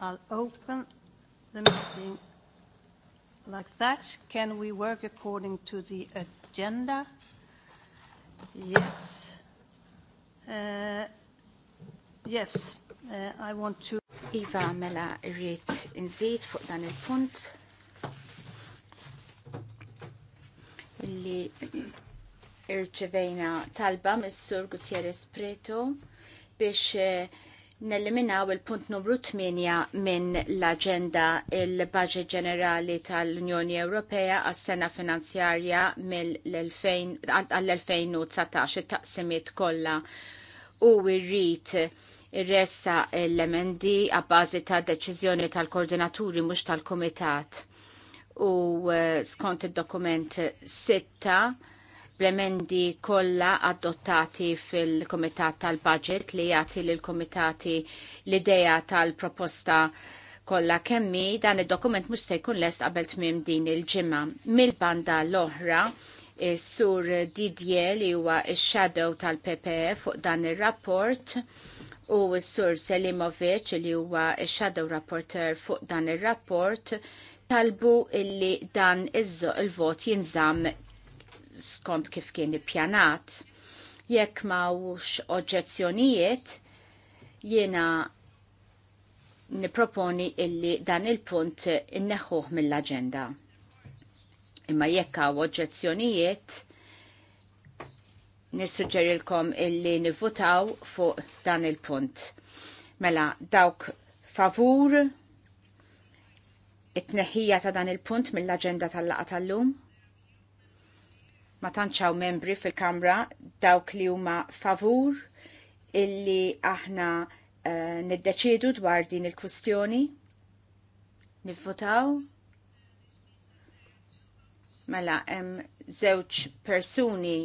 I'll open the meeting like that. Can we work according to the agenda? Yes. Uh, yes, uh, I want to... Iva, mela, rrit nżid fuq dan il-punt. irċevejna talba mis-sur Gutierrez Preto biex eh, Nelliminaw il-punt numru 8 minn l-agenda il-Budget Ġenerali tal-Unjoni Ewropea għas-sena finanzjarja mill-2019 it-taqsimiet kollha u rrit ir-ressa l-emendi għabbażi ta' deċiżjoni tal-koordinaturi mhux tal-komitat u eh, skont id-dokument 6 l-emendi kollha adottati fil-Komitat tal-Budget li jagħti lill komitati l-idea tal-proposta kollha kemmi dan id-dokument mhux se jkun lest qabel tmiem din il-ġimgħa. Mill-banda l-oħra sur Didier li huwa x-shadow tal-PPE fuq dan ir-rapport u s-sur Selimovic li huwa x-shadow rapporter fuq dan ir-rapport talbu illi dan il-vot jinżam skont kif kien ippjanat. Jekk mawx oġġezzjonijiet, jiena niproponi illi dan il-punt inneħuħ mill-aġenda. Imma jekk għaw oġġezzjonijiet, nissuġġerilkom illi nivvutaw fuq dan il-punt. Mela, dawk favur it-neħija ta' dan il-punt mill-agenda tal-laqa tal-lum? ma tantxaw membri fil-Kamra dawk li huma favur illi aħna uh, eh, niddeċidu dwar din il-kwistjoni. Nivvotaw. Mela, hemm żewġ persuni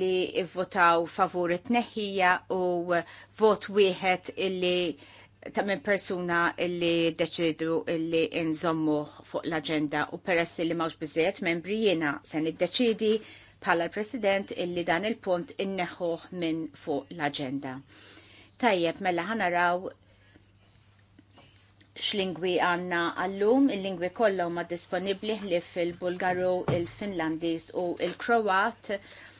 li votaw favur it-tneħħija u vot wieħed illi ta' minn persuna illi deċidu illi nżommu fuq l-agenda u peress li mawx bizziet membri jena se deċidi bħala l-President illi dan il-punt inneħuħ minn fuq l-agenda. Tajjeb, mela ħanaraw x'lingwi għanna għallum, il-lingwi kollha huma disponibbli li fil-Bulgaru, il-Finlandiż u il-Kroat. il u il kroat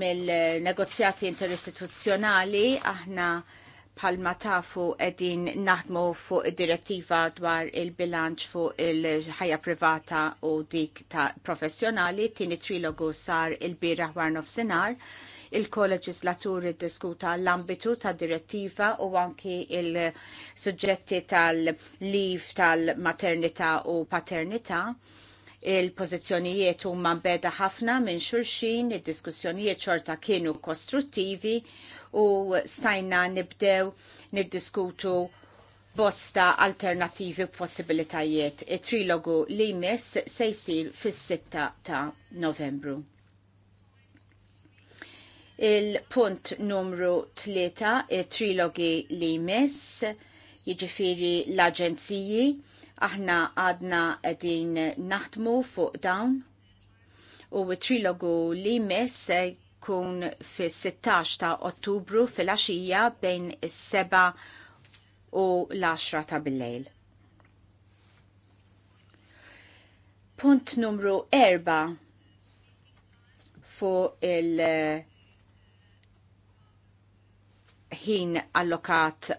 mill-negozjati interistituzzjonali aħna palma tafu edin naħdmu fuq id-direttiva dwar il-bilanċ fuq il-ħajja privata u dik ta' professjonali, tini trilogu sar il-bira war nofsenar il kolleġislaturi diskuta l-ambitu ta' direttiva u anki il-suġġetti tal-lif tal-maternità u paternità il-pozizjonijiet huma mbeda ħafna minn xulxin, id-diskussjonijiet xorta kienu kostruttivi u stajna nibdew niddiskutu bosta alternativi possibilitajiet. Il-trilogu li jmiss se jsir fis-6 ta' Novembru. Il-punt numru 3, il-trilogi li jmiss, jiġifiri l-aġenziji, Aħna għadna qegħdin naħdmu fuq dawn u trilogu li mess kun fis-16 ta' Ottubru fil-għaxija bejn is seba u l-10 ta' bil-lejl. Punt numru 4 fuq il- ħin allokat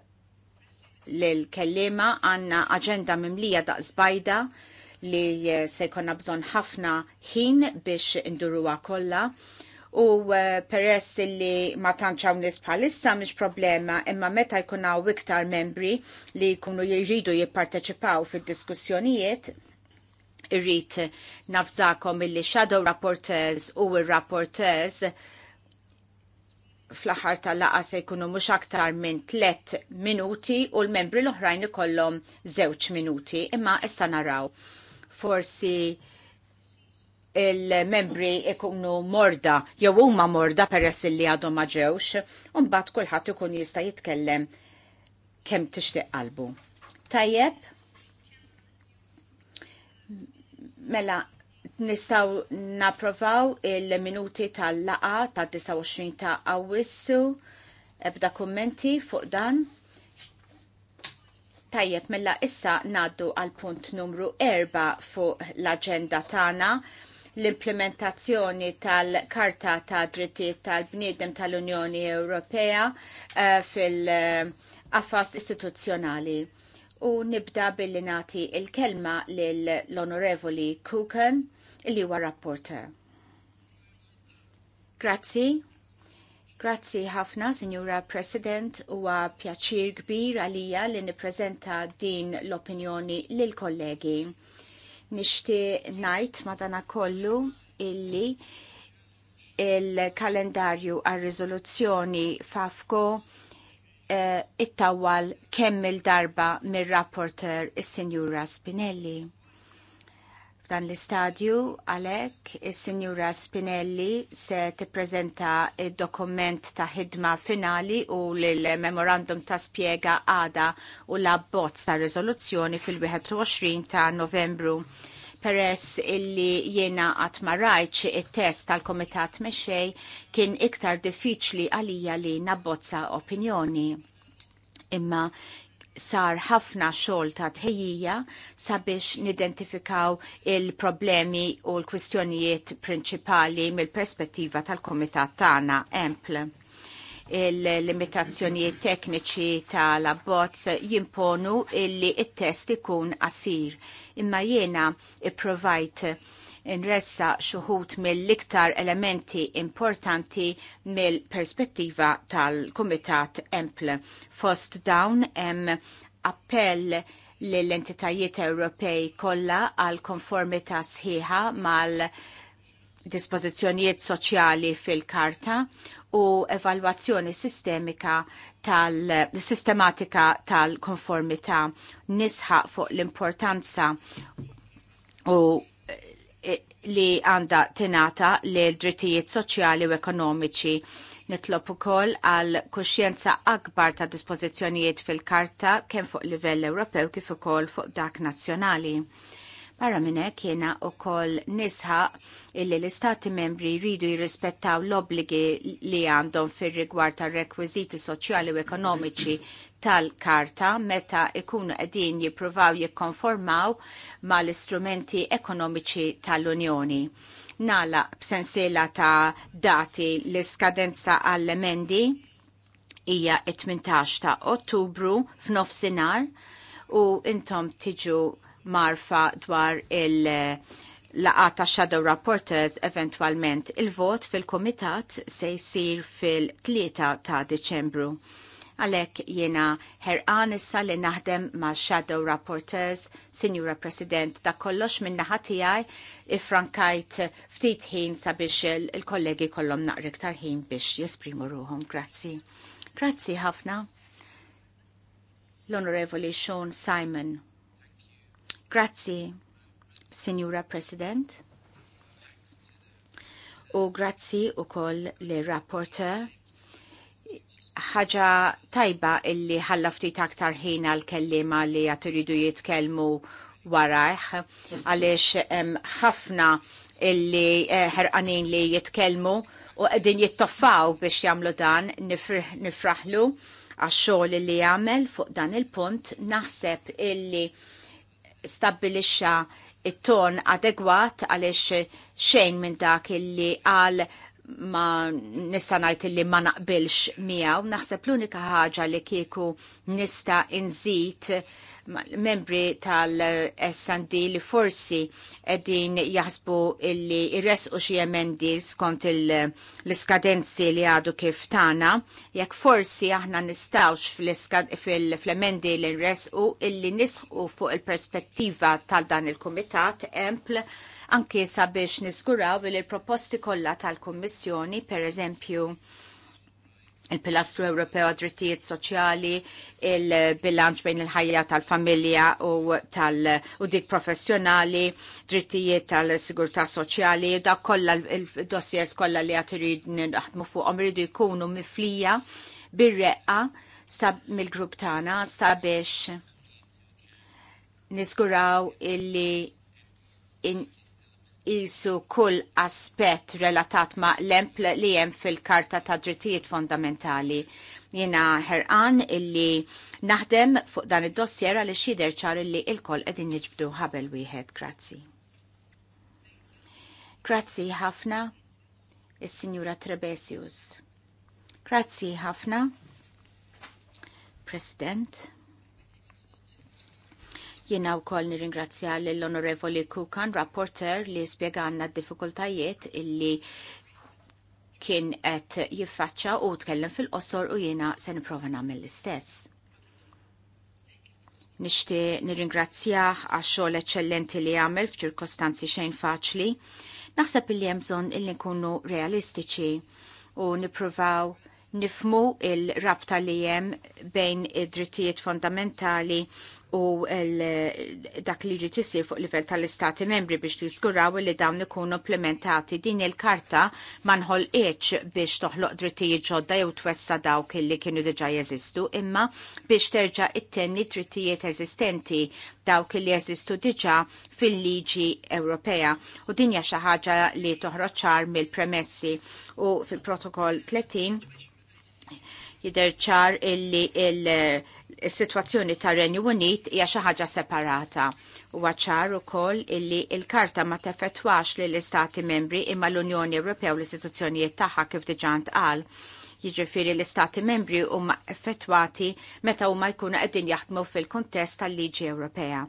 l-kellima għanna agenda mimlija da' zbajda li se jkonna bżon ħafna ħin biex induruwa kollha u eh, peress li ma tantxaw nis bħalissa mhix problema imma meta hawn iktar membri li jkunu jridu jipparteċipaw fid-diskussjonijiet irrit nafżakom illi shadow rapporteurs u il-rapporteurs fl-aħħar tal-laqa se jkunu mhux aktar minn 3 minuti u l-membri l-oħrajn ikollhom żewġ minuti. Imma issa naraw forsi il-membri ikunu morda jew huma morda peress li għadhom ma ġewx, u mbagħad kulħadd ikun jista' jitkellem kemm tixtieq qalbu. Tajjeb, mela nistaw naprovaw il-minuti tal-laqa ta' 29 ta' awissu ebda kommenti fuq dan. Tajjeb, mella issa naddu għal punt numru 4 fuq l-agenda tana l-implementazzjoni tal-Karta ta' Drittijiet tal-Bniedem tal-Unjoni Ewropea eh, fil affas istituzzjonali u nibda billi nati il-kelma l-Onorevoli Kukan illi huwa rapporter. Grazzi. Grazzi ħafna, Sinjura President, huwa pjaċir kbir għalija li nippreżenta din l-opinjoni lil kollegi. Nishti najt madana kollu illi il-kalendarju għal riżoluzzjoni fafko eh, it-tawwal kemm il-darba mir-rapporter is-Sinjura Spinelli. F'dan l-istadju għalhekk is-Sinjura Spinelli se tippreżenta il dokument ta' ħidma finali u l-memorandum ta' spjega għada u l-abbozz ta' riżoluzzjoni fil-21 ta' Novembru peress illi jena għatmarajċ il-test tal-Komitat Mexej kien iktar diffiċli għalija li nabbozza opinjoni. Imma sar ħafna xogħol ta' tħejjija sabiex nidentifikaw il-problemi u l-kwistjonijiet prinċipali mill-perspettiva tal-Komitat tagħna EMPL il-limitazzjonijiet tekniċi tal-abbozz jimponu illi it-test ikun qasir. Imma jiena provajt inressa xuħut mill-iktar elementi importanti mill-perspettiva tal-Kumitat Empl. Fost dawn em appell l-entitajiet Ewropej kollha għal konformità sħiħa mal dispożizzjonijiet soċjali fil-karta u evalwazzjoni sistemika tal-sistematika tal-konformità nisħaq fuq l-importanza u li għanda tenata li l-drittijiet soċjali u ekonomiċi. Nitlob ukoll għal kuxjenza akbar ta' dispożizzjonijiet fil-karta kemm fuq livell Ewropew kif ukoll fuq dak nazzjonali. Barra minn hekk u koll nisħaq illi l-istati membri jridu jirrispettaw l-obligi li għandhom fir rigward ta' rekwiziti soċjali u ekonomiċi tal-karta meta ikunu qegħdin jipruvaw jikkonformaw mal-istrumenti ekonomiċi tal-Unjoni. Nala b'sensiela ta' dati l-iskadenza għall-emendi hija 18 ta' Ottubru f'nofsinhar u intom tiġu marfa dwar il- laqata ta' Shadow Rapporters eventualment il-vot fil-komitat se jisir fil-3 ta' Deċembru. Għalek jena herqan issa li naħdem ma' Shadow Rapporteurs, Signora President, da kollox minna ħatijaj ifrankajt ftit ħin sabiex il-kollegi kollom naqri ktar ħin biex jesprimu ruħom. Grazzi. Grazzi ħafna. L-Onorevoli Sean Simon. Grazzi, Signora President u grazzi u koll li rapporter ħaġa tajba illi ħalla ftit aktar ħin għal kellima li għat iridu jitkellmu warajħ għaliex ħafna illi eh, ħerqanin li jitkellmu u qegħdin jittoffaw biex jagħmlu dan nifraħlu għax-xogħol li jagħmel fuq dan il-punt naħseb illi stabbilixxa it-ton adegwat għaliex xejn minn dak illi għal ma nista' ngħid li ma naqbilx miegħu, naħseb l-unika ħaġa li kieku nista' inżid membri tal-SND li forsi edin jaħsbu illi irres u xie emendi skont l-iskadenzi li għadu kif tana, jekk forsi aħna nistawx fil-emendi li irres u illi nisħu fuq il-perspettiva tal-dan il-komitat empl anki sabiex nisguraw il-proposti kollha tal-Kommissjoni, per eżempju, il-pilastru Ewropew għad-drittijiet soċjali, il-bilanċ bejn il-ħajja tal-familja u tal dik professjonali, drittijiet tal-sigurtà soċjali, da kollha il-dossiers kollha li għad irid naħdmu fuqhom iridu jkunu miflija bir-reqqa sab mill-grupp tagħna sabiex niżguraw illi isu kull aspett relatat ma l-empl li jem fil-karta ta' drittijiet fondamentali. Jina ħerqan illi naħdem fuq dan id-dossier għal xider ċar illi il-koll edin jġbdu ħabel wieħed. Grazzi. Grazzi ħafna, il-Sinjura Trebesius. Grazzi ħafna, President. Jena u koll nirringrazzja l-Onorevoli Kukan, rapporter li spieganna d-difikultajiet illi kien qed jiffaċċa u tkellem fil-qosor u jiena se nipprova nagħmel l-istess. Nishti nirringrazzjah għax xogħol eċċellenti li għamel f'ċirkostanzi xejn faċli. Naħseb illi hemm bżonn illi nkunu realistiċi u nippruvaw nifmu il-rabta li jem bejn id-drittijiet fondamentali u dak li jrid isir fuq livell tal-istati membri biex tiżguraw li dawn ikunu implementati din il-karta ma nħolqitx biex toħloq drittijiet ġodda jew twessa dawk li kienu diġa' jeżistu imma biex terġa' ittenni drittijiet eżistenti dawk li jeżistu diġà fil-liġi Ewropea u din hija xi ħaġa li toħroġ ċar mill-premessi u fil-protokoll 30 jidher ċar illi il- is-sitwazzjoni tar Renju Unit hija xi ħaġa separata. Huwa ċar ukoll illi l-karta ma teffettwax lill istati membri imma l-Unjoni Ewropea u l-istituzzjonijiet tagħha kif diġà ntqal. Jiġifieri l-istati membri huma effettwati meta huma jkunu qegħdin jaħdmu fil-kuntest tal-liġi Ewropea.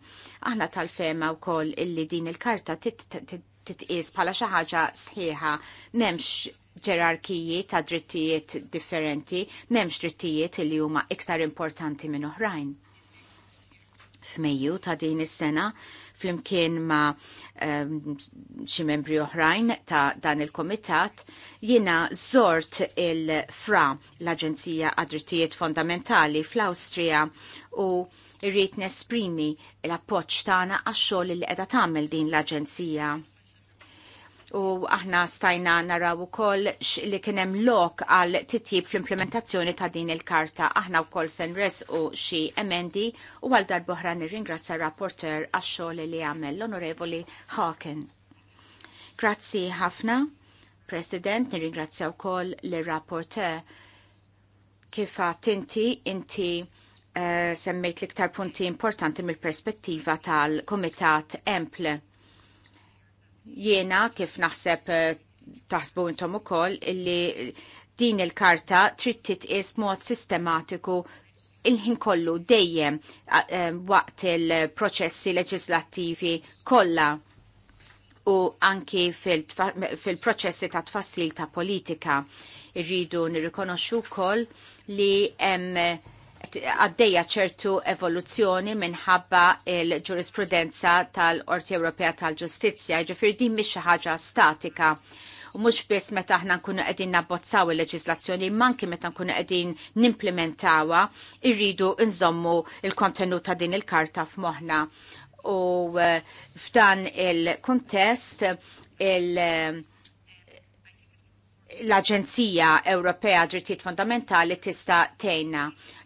Aħna tal-fema wkoll illi din il-karta titqies bħala xi ħaġa sħiħa m'hemmx ġerarkiji ta' drittijiet differenti, memx drittijiet li huma iktar importanti minn oħrajn. F'Mejju ta' din is-sena, flimkien ma' um, xi membri oħrajn ta' dan il-komitat, jina zort il-FRA, l-Aġenzija għad-Drittijiet Fondamentali fl-Awstrija u irrit nesprimi l-appoċ tagħna għax-xogħol li qiegħda tagħmel din l-Aġenzija u aħna stajna naraw ukoll li kien hemm lok għal titjib fl-implementazzjoni ta' din il-karta. Aħna wkoll se u xi emendi u għal darbohra nirringrazzja rapporter għax-xogħol li għamel l-Onorevoli Hawken. Grazzi ħafna, President, nirringrazzja wkoll li rapporter kifa tinti inti uh, semmejt l-iktar punti importanti mill-perspettiva tal-Komitat Emple Jiena kif naħseb eh, taħsbu intom ukoll illi din il-karta trid titqies mod sistematiku il-ħin kollu dejjem eh, waqt il-proċessi leġislattivi kollha u anki fil-proċessi ta' tfassil ta' politika. Irridu nirrikonoxxu wkoll li hemm għaddeja ċertu evoluzzjoni minħabba il-ġurisprudenza tal-Qorti Ewropea tal-Ġustizzja, ġifir din mhix xi ħaġa statika u mhux biss meta aħna nkunu qegħdin nabbozzaw il-leġislazzjoni, manki meta nkunu qegħdin nimplementawa, irridu nżommu il-kontenut ta' din il-karta f'moħħna. U eh, f'dan il-kuntest il- l-Aġenzija Ewropea Drittijiet Fundamentali tista' tgħinna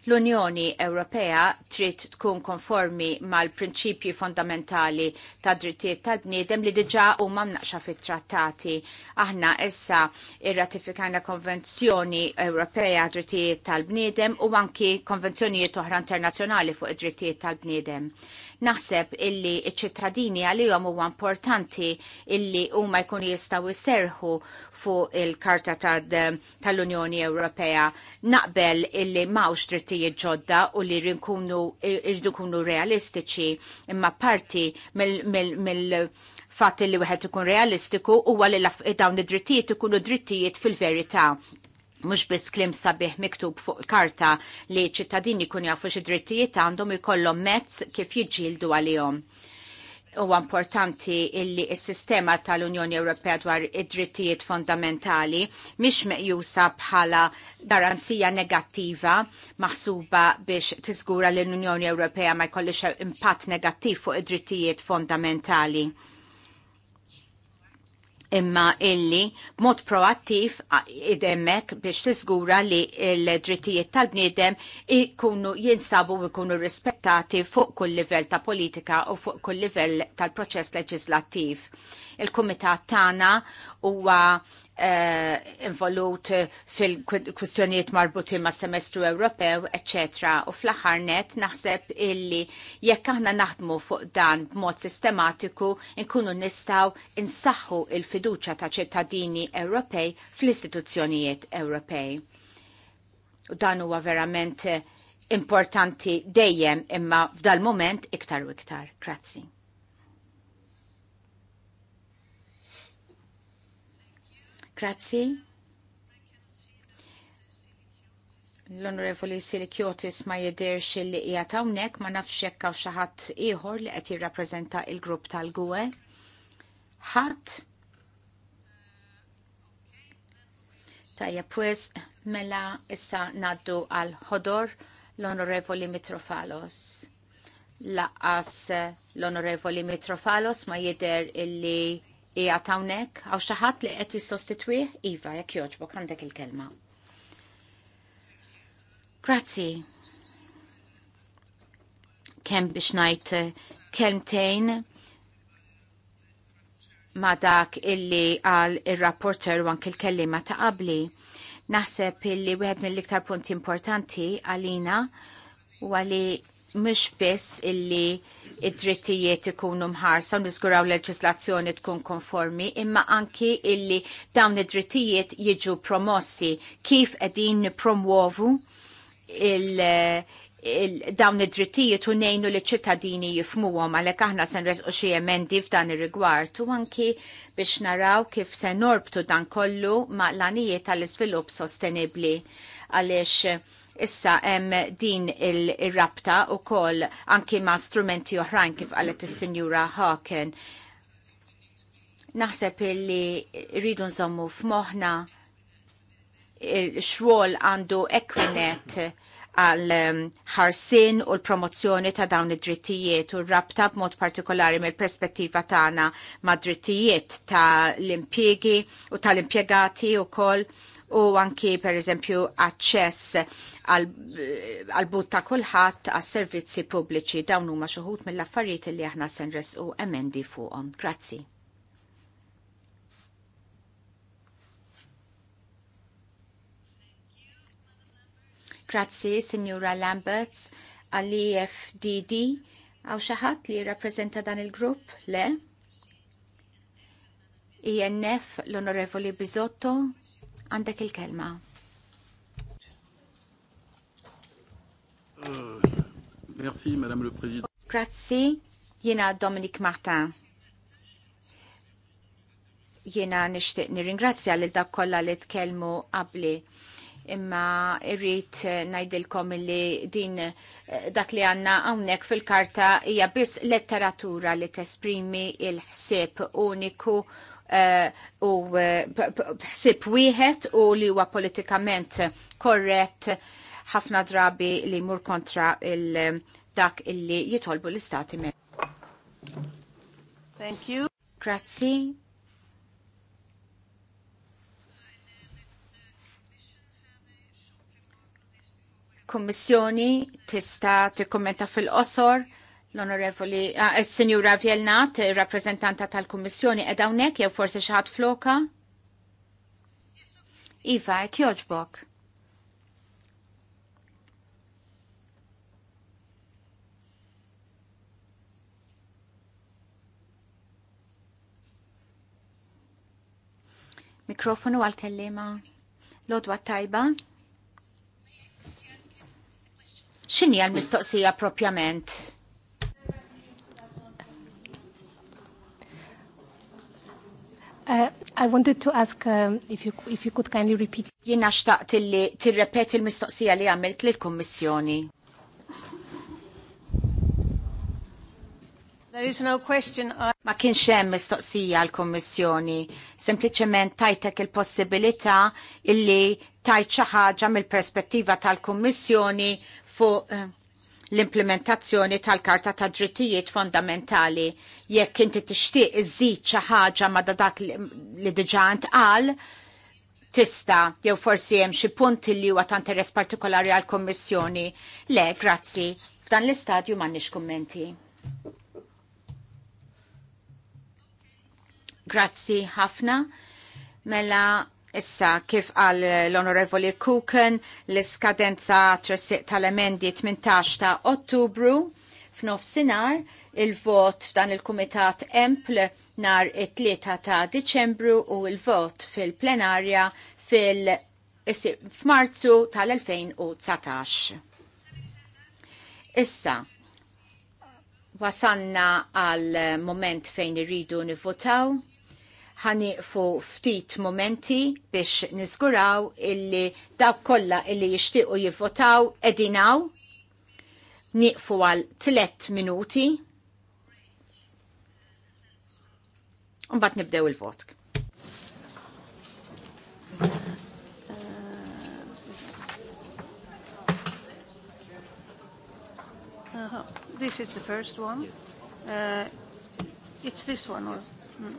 L-Unjoni Ewropea trid tkun konformi mal-prinċipji fondamentali ta' drittijiet tal-bniedem li diġà huma mnaqxa fit-trattati. Aħna issa irratifikajna Konvenzjoni Ewropea drittijiet tal-bniedem u anki konvenzjonijiet oħra internazzjonali fuq id-drittijiet tal-bniedem. Naħseb illi ċittadini għalihom huwa importanti illi huma jkunu jistgħu jserħu fuq il-Karta eh, tal-Unjoni Ewropea naqbel illi m'hawnx drittijiet ġodda u li rridu kunu realistiċi imma parti mill fatt li wieħed ikun realistiku huwa li dawn id-drittijiet ikunu drittijiet fil-verità mux biss klim sabiħ miktub fuq karta li ċittadini kun jafu xi drittijiet għandhom ikollhom mezz kif jiġġieldu għalihom. Huwa importanti illi s-sistema tal-Unjoni Ewropea dwar id-drittijiet fondamentali mhix meqjusa bħala garanzija negattiva maħsuba biex tiżgura l-Unjoni Ewropea ma jkollix impatt negattiv fuq id-drittijiet fondamentali imma illi mod proattiv idemmek biex tiżgura li l-drittijiet tal-bniedem ikunu jinsabu u ikunu rispettati fuq kull livell ta' politika u fuq kull livell tal-proċess leġislattiv. Il-Kumitat tagħna huwa eh, involut fil-kwistjonijiet marbuti ma' semestru Ewropew, etc. U fl-aħħar net naħseb illi jekk aħna naħdmu fuq dan b'mod sistematiku nkunu nistaw insaħħu il-fiduċa ta' ċittadini Ewropej fl-istituzzjonijiet Ewropej. U dan huwa verament importanti dejjem imma f'dal moment iktar u iktar. Grazzi. Grazzi. L-Onorevoli Silikiotis ma jidirx li hija hawnhekk ma nafx hekk xaħat xi ħadd ieħor li qed jirrappreżenta il-grupp tal-Gwe. Ħadd Tajja pwis mela issa naddu għal ħodor l-Onorevoli Mitrofalos. Laqqas l-Onorevoli Mitrofalos ma jidher illi i għatawnek għaw xaħat li għet jistostitwi Iva jek joġbok għandek il-kelma. Grazzi. Kem biex najt eh, kelmtejn ma dak illi għal il-rapporter wank il-kellima ta' qabli. Naħseb illi wieħed mill-iktar punti importanti għalina u għali mhux biss illi id-drittijiet ikunu mħarsa u niżguraw leġislazzjoni tkun konformi imma anki illi dawn id-drittijiet jiġu promossi kif qegħdin nipromuovu il- dawn id-drittijiet u nejnu li ċittadini jifmuhom għalhekk aħna se nresqu xi emendi f'dan ir-rigward u anki biex naraw kif se norbtu dan kollu ma' l-għanijiet tal-iżvilupp sostenibbli għaliex Issa hemm din il-rabta u koll anki ma' strumenti oħrajn kif qalet is-Sinjura Hawken. Naħseb illi rridu nżommu f'moħħna xwol għandu ekwinet għal um, ħarsin u l-promozzjoni ta' dawn id-drittijiet u rabta b'mod partikolari mill perspettiva tagħna ma' drittijiet ta' l u tal-impjegati u koll u anki per eżempju aċċess għal-but ta' kulħadd għas-servizzi pubbliċi dawn huma xi mill-affarijiet li aħna se nresqu emendi fuqhom. Grazzi. Grazzi, Signora Lamberts, għall-EFDD. Għaw xaħat li rappresenta dan il-grupp? Le? INF, e l-Onorevoli Bizotto, għandek il-kelma. Merci, Madame le Président. Grazzi, jena Dominik Martin. Jena nishtiq nirringrazzja lil dak kollha li tkellmu qabli imma irrit najdilkom li din eh, dak li għanna għawnek fil-karta hija biss letteratura li tesprimi il-ħsieb uniku eh, u eh, ħsieb wieħed u li huwa politikament korrett ħafna drabi li mur kontra il eh, dak illi jitolbu l-istati me. Thank you. Grazzi. Kommissjoni tista tikkommenta fil-qosor l-onorevoli, ah, il-Sinjura eh, Vjelnat, rappresentanta tal-Kommissjoni, edawnek, jew forse xaħat floka? Iva, kjoġbok. Mikrofonu għal-kellima. Lodwa tajba. X'inhi għal-mistoqsija propjament? Uh, I wanted to ask um, if, you, if you could kindly repeat. Jina xtaqt li tirrepeti l-mistoqsija li għamilt l-Kommissjoni. There is no question. Ma kienx hemm mistoqsija għall kummissjoni sempliċement tajtek il-possibilità illi tajt xi ħaġa mill-perspettiva tal-Kummissjoni fuq eh, l-implementazzjoni tal-Karta ta' Drittijiet Fondamentali jekk inti tixtieq iżid xi ħaġa ma' dak li diġà ntqal tista, jew forsi hemm xi punti li huwa ta' interess partikolari għall kummissjoni Le, grazzi. F'dan l-istadju m'għandniex kummenti. Grazzi ħafna. Mela Issa, kif għal l-Onorevoli Kuken, l-skadenza tal-emendi 18 ta' Ottubru, sinar, il-vot f'dan il-Kumitat Empl nar it-3 ta' Deċembru u il-vot fil-plenarja fil f'Marzu tal-2019. Issa, wasanna għal moment fejn irridu nivvotaw ħaniqfu ftit momenti biex niżguraw illi dawk kollha illi jixtiequ jivvotaw edinaw nieqfu għal tlet minuti. Mbagħad nibdew il-vot. Uh This is the first one. Uh, it's this one. Or, mm.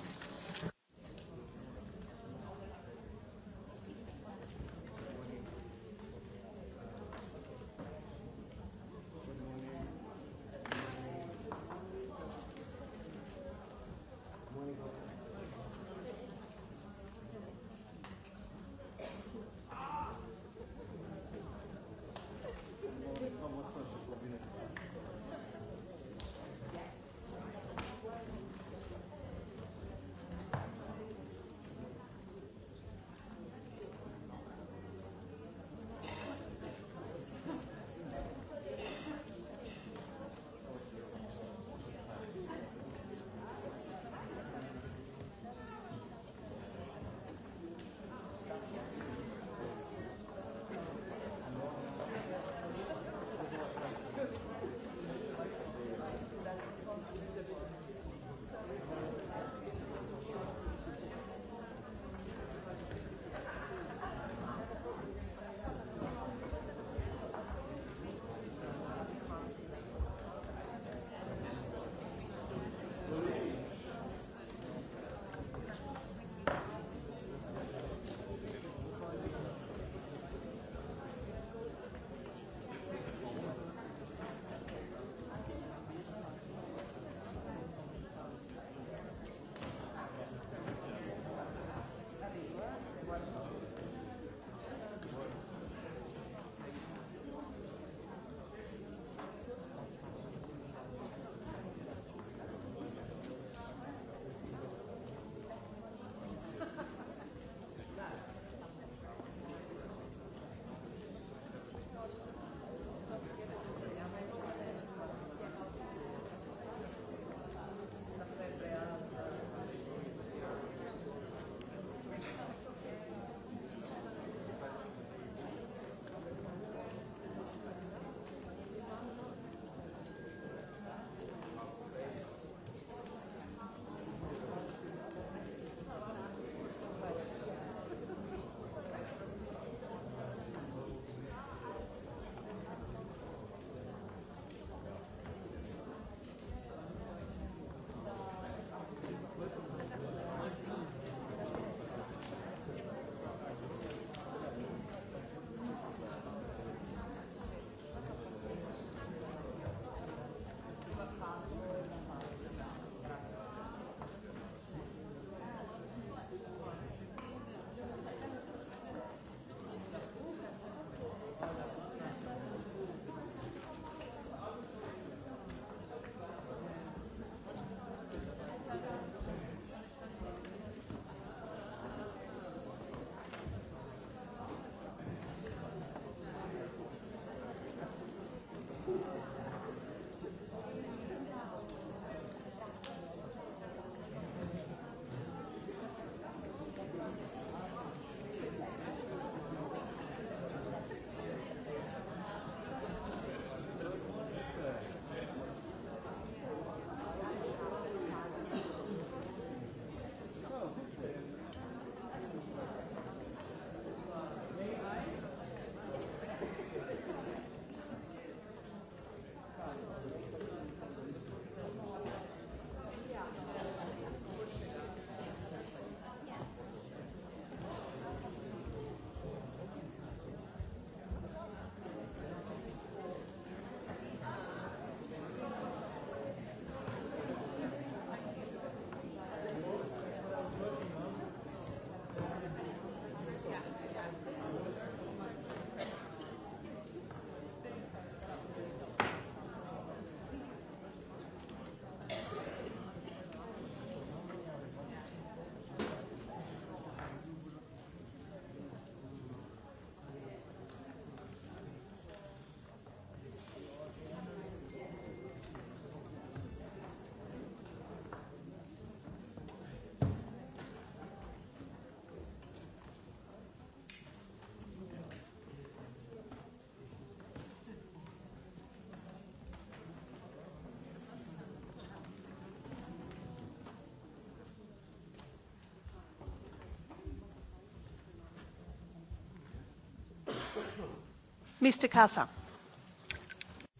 Mr. Casa.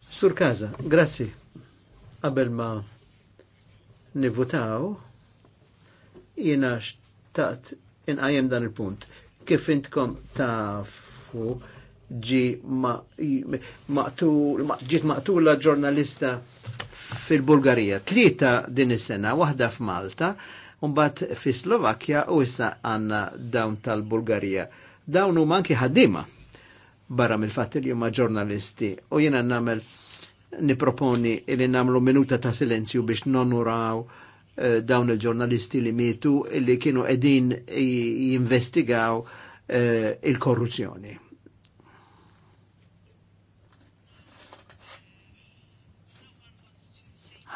Sur Casa, grazie. Qabel ma nivutaw, jena xtaqt inqajem dan il-punt. Kif intkom tafu ġi ġiet maqtula ġurnalista fil-Bulgarija. Tlieta din is-sena, waħda f'Malta, Umbat fi Slovakkja u issa għanna dawn tal-Bulgarija. Dawn u manki ħaddima barra mill-fatt li huma ġurnalisti u jiena nagħmel niproponi li nagħmlu minuta ta' silenzju biex nonuraw eh, dawn il-ġurnalisti li mietu li kienu qegħdin jinvestigaw eh, il-korruzzjoni.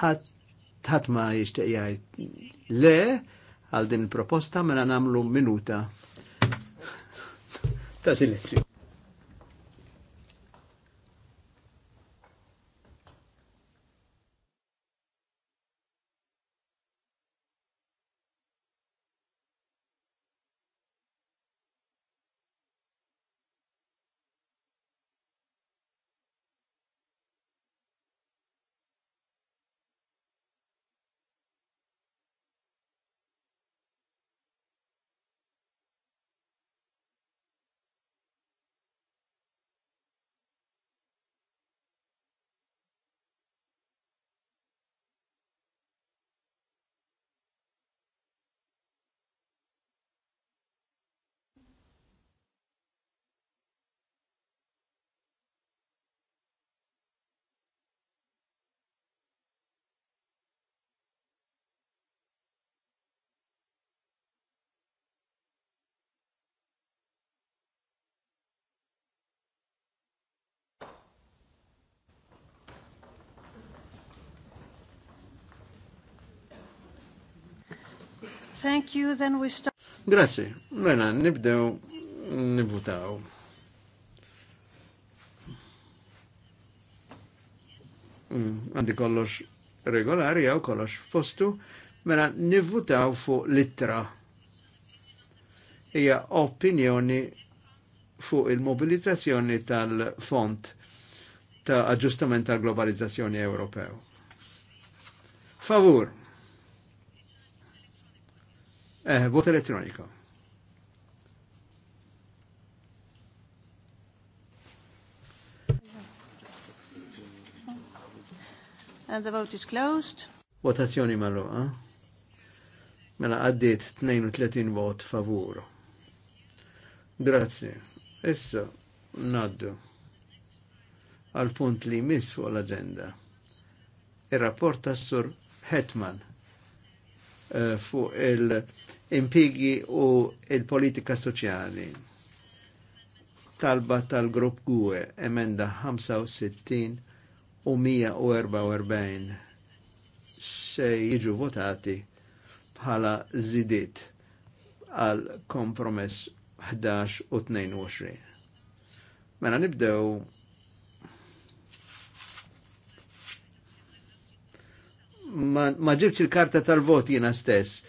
Ħadd ma jixtieq jgħid le għal din il-proposta mela nagħmlu minuta ta' silenzju. Thank you, then we start. Grazie. Mela, nibdew nivutaw. Mm, għandi mm, kollox regolari għaw kollox fostu, mela nivutaw fuq littra. Ija opinjoni fuq il-mobilizzazzjoni tal-font ta' aġġustament tal-globalizzazzjoni Ewropew. Favur. Eh, vot elettronika. And the vote is closed. Votazzjoni marruqa. Eh? Mela għaddit 32 vot favur. Grazie. Issa naddu għal punt li miss fuq l-agenda. Il-rapport tas-sur Hetman eh, fuq il- impigi u il-politika soċjali. Talba tal-grupp GUE, emenda 65 u 144 se jiġu votati bħala zidit għal kompromess 11 u 22. Mela nibdew ma, ma ġibċ il-karta tal-vot jina stess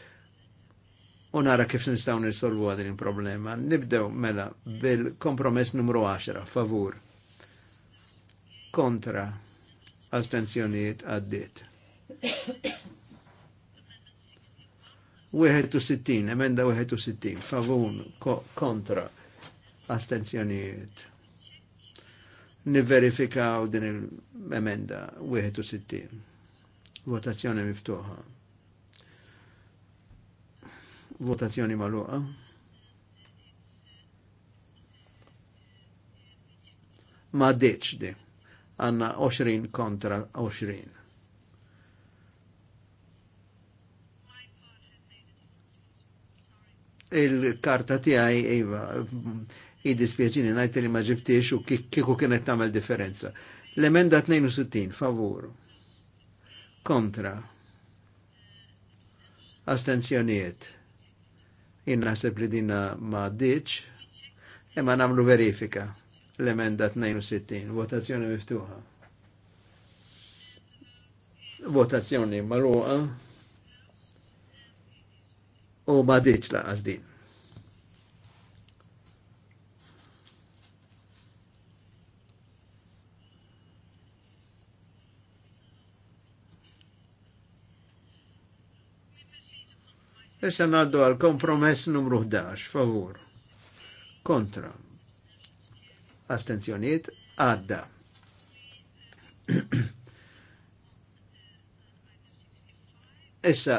u nara kif nistaw nirsolvu għadin il-problema. Nibdew mela bil-kompromess numru 10, favur. Kontra Astenzjoniet għaddit. 61, emenda 61, favun, kontra, Astenzjoniet. Niverifikaw din il-emenda 61. Votazzjoni miftuħa. Votazzjoni maluqa. Ma deċ di. Għanna 20 kontra 20. il-karta tiegħi iva id dispieċini najt li ma ġibtiex u kiku kienet tamel differenza. L-emenda 62, favur. Kontra. Astenzjonijiet. Innaħseb li dinna ma ditx, imma namlu verifika l-emenda 62, votazzjoni miftuħa. Votazzjoni marruqa u ma ditx laqas din. Issa naddu għal kompromess numru 11, favur. Kontra. Astenzjoniet, għadda. Issa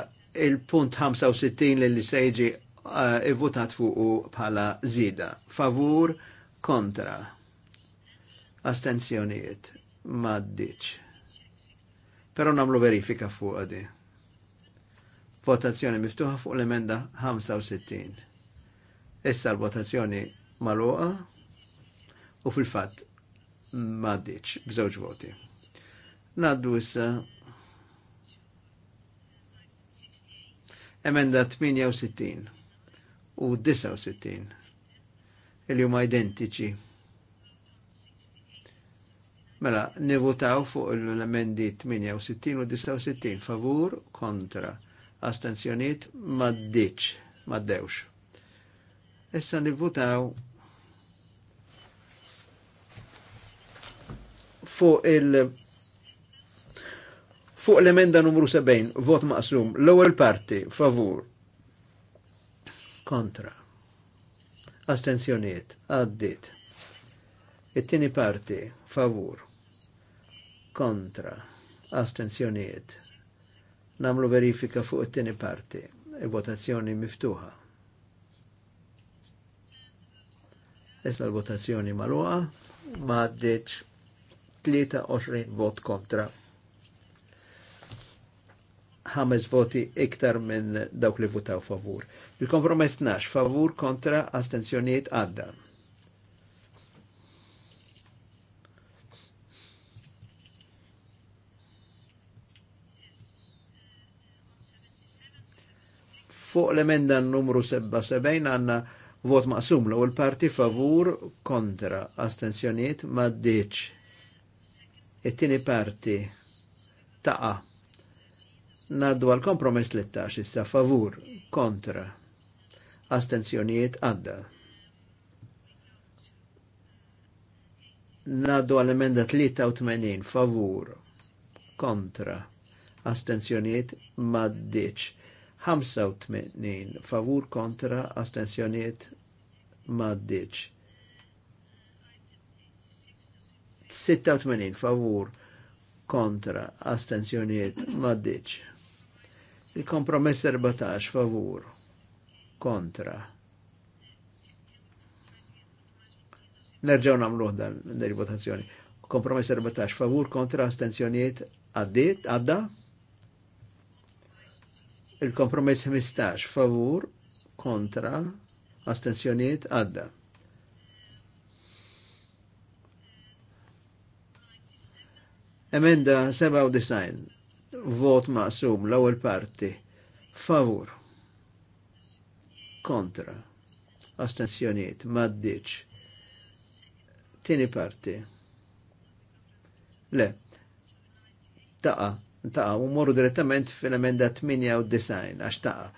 il-punt 65 li sejġi eh, votat fuq bħala zida. Favur, kontra. Astenzjoniet, maddiċ. Pero namlu verifika fuq għadi. Votazzjoni miftuħa fuq l-emenda 65. Issa l-votazzjoni maluqa u fil-fatt maddiċ b'żewġ voti. Naddu issa emenda 68 u 69 il huma identiċi. Mela, nivotaw fuq l-emendi 68 u 69 favur kontra astenzjoniet maddiċ, maddewx. Issa nivvutaw fuq il- fuq l-emenda numru 70, vot maqsum, l-ewwel parti, favur, kontra, astenzjoniet, għaddit. It-tieni parti, favur, kontra, astenzjoniet, namlu verifika fuq it-tieni parti, il-votazzjoni miftuħa. Issa l-votazzjoni magħluqa m'għaddiex 23 vot kontra. Ħames voti iktar minn dawk li votaw favur. Il-kompromess nax favur kontra astenzjonijiet għaddan. Fuq l-emenda numru 77 għanna vot maqsum l parti favur kontra astensjoniet ma ddiċ. It-tieni parti taqa. Naddu għal kompromess l 13 issa favur kontra astensjoniet għadda. Naddu għal emenda 83 favur kontra astenzjoniet deċ 85 favur kontra astensjoniet maddiċ. 86 favur kontra astensjoniet maddiċ. Il-kompromess 14 favur kontra. Nerġaw namluħ dan votazzjoni. Kompromess 14 favur kontra astensjoniet għaddit, għadda? Il-kompromess 15 favur kontra astensjoniet għadda. Emenda 97 vot maqsum l-ewwel parti favur kontra astensjoniet maddiċ tieni parti le ta' ta' u morru direttament fil-emenda 8 design, għax ta'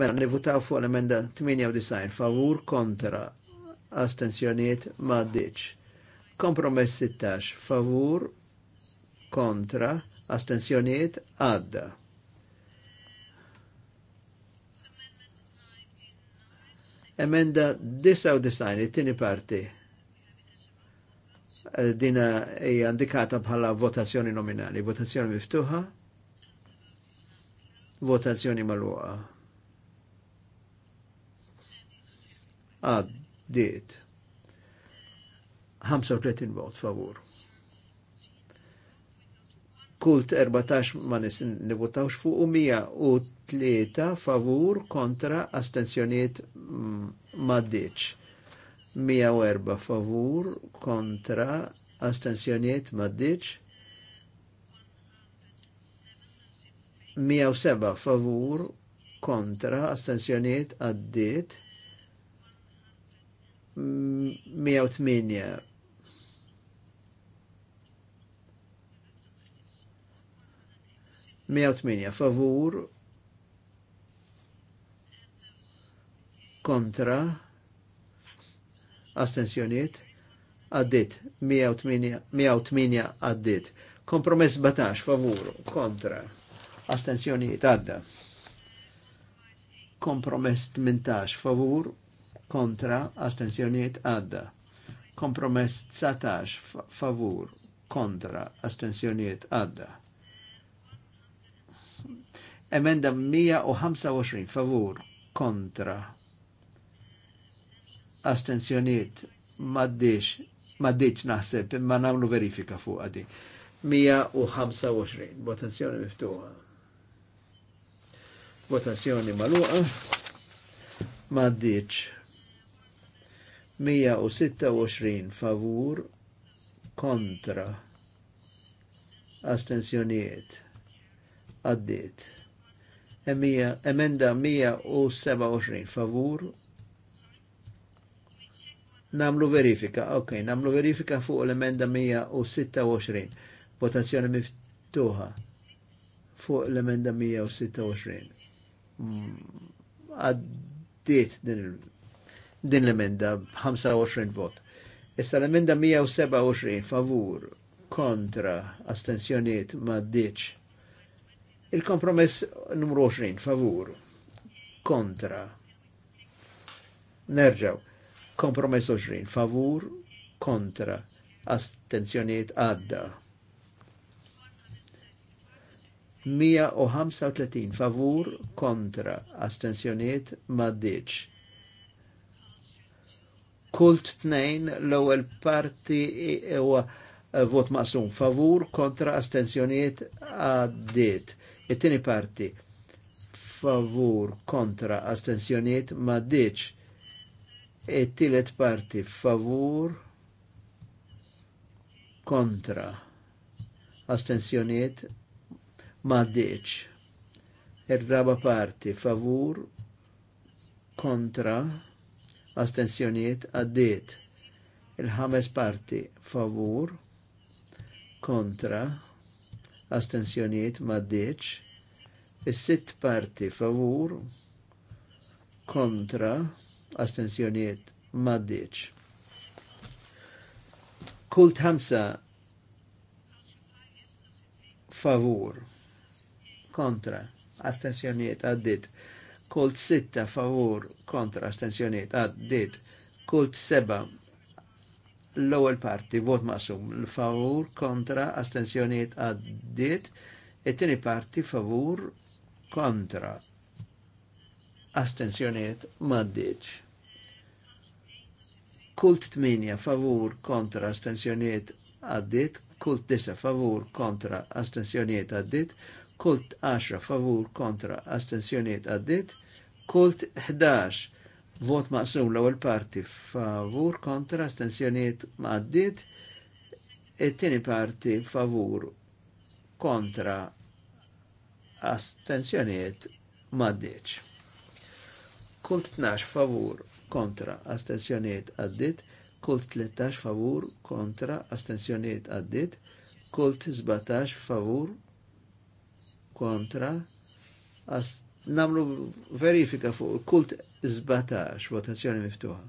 mela nivutaw fuq l-emenda design. favur kontra astensjoniet ma' diċ. Kompromess 16 favur kontra astensjoniet għadda. Emenda design, it-tieni parti Eh, dina hija indikata bħala votazzjoni nominali, votazzjoni miftuħa, votazzjoni magħluqa. Għaddiet. 35 vot favur. Kult 14 ma nivotawx fuq u 103 favur kontra astenzjoniet maddiċ. 104 favur kontra astensjoniet maddiċ 107 favur kontra astensjoniet għaddit 108 108 favur kontra astensjoniet għaddit 108 għaddit kompromess batax, favur kontra astensjoniet għadda kompromess 18 favur kontra astensjoniet għadda kompromess 19 favur kontra astensjoniet għadda emenda 125 favur kontra astenzjoniet maddiċ, maddiċ naħseb, ma namlu verifika fuq għadi. 125, votazzjoni miftuħa. Votazzjoni maluqa, maddiċ. 126 favur kontra astenzjoniet għaddit. Emenda 127 favur namlu verifika, ok, namlu verifika fuq l-emenda 126, votazzjoni miftuħa fuq l-emenda 126. Mm, Għaddit din, l-emenda 25 vot. Issa l-emenda 127 favur kontra astensjoniet ma ddiċ. Il-kompromess numru 20 favur kontra. Nerġaw Kompromess oġrin, favur, kontra, astenzjoniet għadda. 135 favur, kontra, astenzjoniet maddiċ. Kult tnejn l-ewwel parti huwa eh, vot maqsum favur kontra astenzjoniet għaddit. It-tieni parti favur kontra astenzjoniet maddiċ E tielet parti favur kontra astensjoniet ma deċ. Ir-raba parti favur kontra astensjoniet għaddiet. Il-ħames parti favur kontra astensjoniet ma deċ. Is-sitt parti favur kontra astensjoniet maddiċ. Kult ħamsa favur kontra astensjoniet għaddit. Kult sitta favur kontra astensjoniet għaddit. Kult seba l-ewwel parti vot masum. l-favur kontra astensjoniet għaddit. It-tieni parti favur kontra astensjoniet maddiċ. Kult 8 favur kontra astensjoniet għaddit, kult 9 favur kontra astensjoniet għaddit, kult 10 favur kontra astensjoniet għaddit, kult 11 vot maqsum l-ewwel parti favur kontra astensjoniet għaddit, it-tieni parti favur kontra astensjoniet maddiċ. Kult 12 favur kontra astensjoniet għaddit. Kult 13 favur kontra astensjoniet għaddit. Kult 17 favur kontra ast namlu verifika fuq kult 17 votazzjoni miftuħa.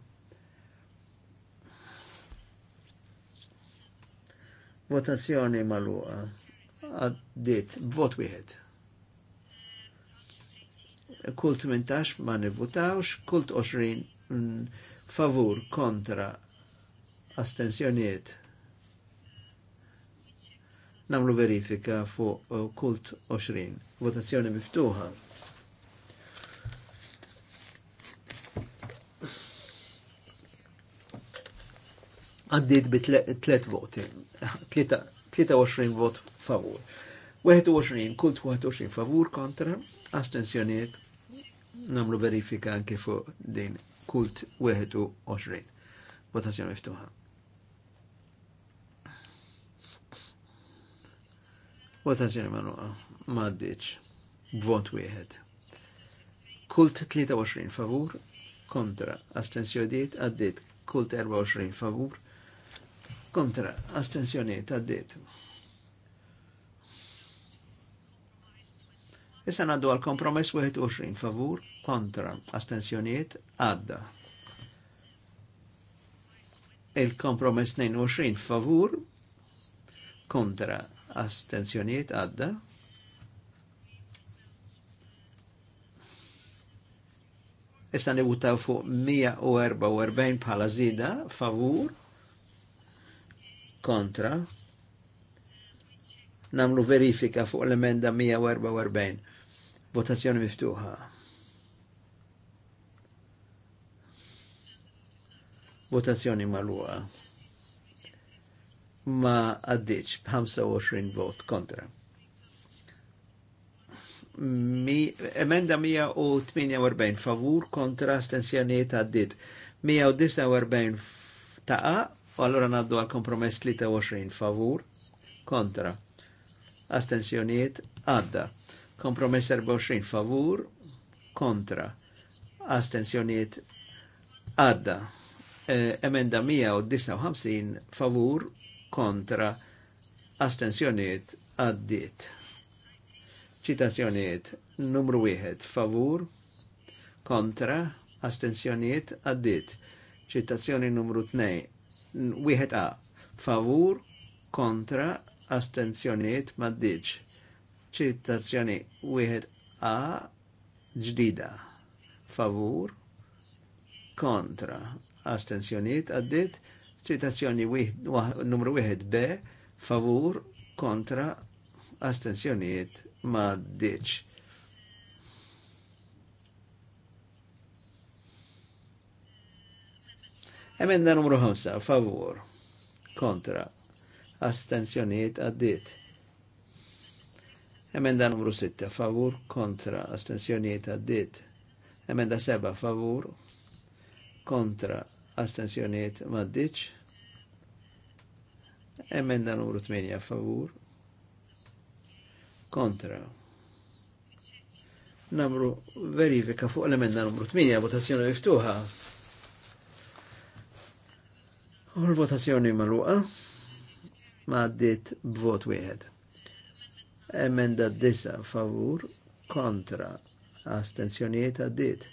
Votazzjoni maluqa għaddit vot wieħed kult 18 ma nivvutawx, kult 20 mm, favur kontra astensjoniet. Namlu verifika fu kult 20. Votazzjoni miftuħa. Għaddit bi tlet voti. 23 vot favur. 21 kult 21 favur kontra astensjoniet namlu verifika anke fu din kult 21. Votazzjoni miftuħa. Votazzjoni manuqa, maddiċ, vot wieħed. Kult 23 favur, kontra, astensjoniet għaddit, kult 24 favur, kontra, astensjoniet għaddit. Issa għaddu għal kompromess 21 favur kontra astensjoniet għadda. Il-kompromess 22 favur kontra astensjoniet għadda. Issa nivutaw fuq 144 bħala zida favur kontra namlu verifika fuq l-emenda 144. Votazzjoni miftuħa. Votazzjoni magħluqa. Ma għaddiċ b'25 vot kontra. Mi, emenda 148 favur kontra stenzjoniet għaddit. 149 taqa, u allora naddu għal kompromess 23 favur kontra Astenzjoniet għadda. Kompromess 24 favur kontra astensjoniet għadda. E, emenda 159 favur kontra astensjoniet għaddit. Citazzjoniet numru 1 favur kontra astensjoniet għaddit. Citazzjoni numru 2 wieħed A favur kontra astensjoniet maddiċ ċittazzjoni wieħed A ġdida favur kontra astensjoniet għaddit ċitazzjoni numru wieħed B favur kontra astensjoniet ma ddiċ. Emenda numru 5, favur, kontra, astensjoniet għaddit. Emenda numru 6, favur, kontra, astensjonijiet għaddit. Emenda 7, favur, kontra, astensjonijiet maddiċ. Emenda numru 8, favur, kontra. Namru verifika fuq l-emenda numru 8, votazzjoni miftuħa. U l-votazzjoni maluqa ma b'vot wieħed. Emenda disa favur kontra astenzjoniet għaddit.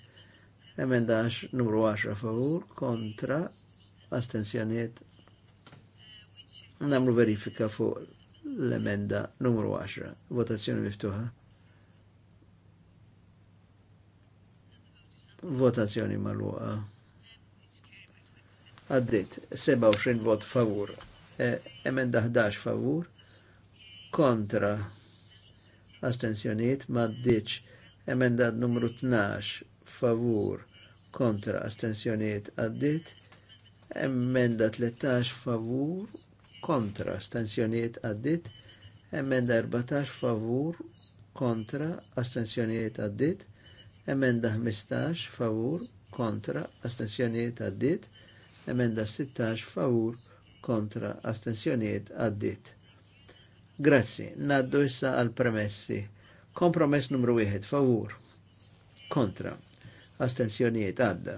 Emenda numru 10 favur kontra astenzjoniet. Namlu verifika fuq l-emenda numru 10. Votazzjoni miftuħa. Votazzjoni maluqa. Għaddit 27 vot favur. E, emenda 11 favur kontra astensjoniet maddiċ. Emenda numru 12 favur kontra astensjoniet għaddit. Emenda 13 favur kontra astensjoniet għaddit. Emenda 14 favur kontra astensjoniet għaddit. Emenda 15 favur kontra astensjoniet għaddit. Emenda 16 favur kontra astensjoniet għaddit Grazzi, naddu issa għal premessi. Kompromess numru 1, favur. Kontra. Astenzjonijiet għadda.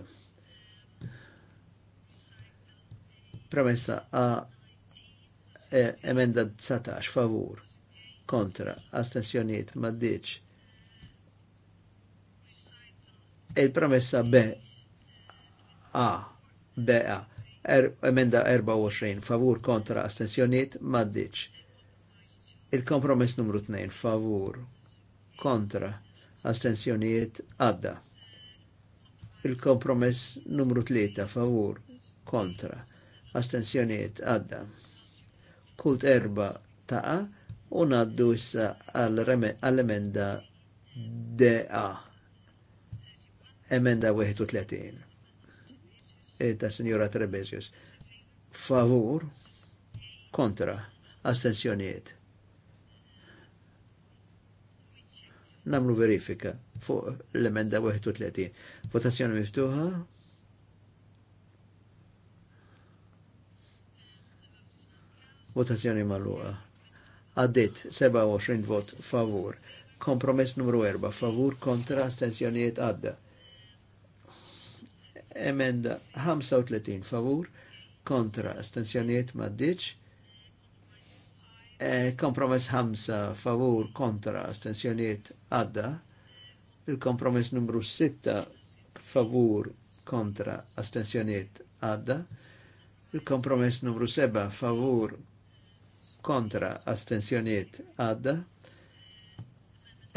Premessa a e, emenda 19, favur. Kontra. Astenzjonijiet maddiċ. E il-premessa B. A. B. A. Er, emenda 24, favur kontra astenzjoniet maddiċ Il-kompromess numru 2 favur kontra astensjonijiet għadda. Il-kompromess numru 3 favur kontra astensjonijiet għadda. Kult erba taqa u naddu issa għall-emenda DA. Emenda 31. Eta ta' Signora Trebezius. Favur kontra astensjonijiet namlu verifika fuq l-emenda 31. Votazzjoni miftuħa. Votazzjoni maluqa. Għaddit 27 vot favur. Kompromess numru 4 favur kontra astensjonijiet għadda. Emenda 35 favur kontra astensjonijiet maddiċ. Eh, kompromess ħamsa favur kontra astensjoniet għadda. Il-kompromess numru 6 favur kontra astensjoniet għadda. Il-kompromess numru 7 favur kontra astensjoniet għadda.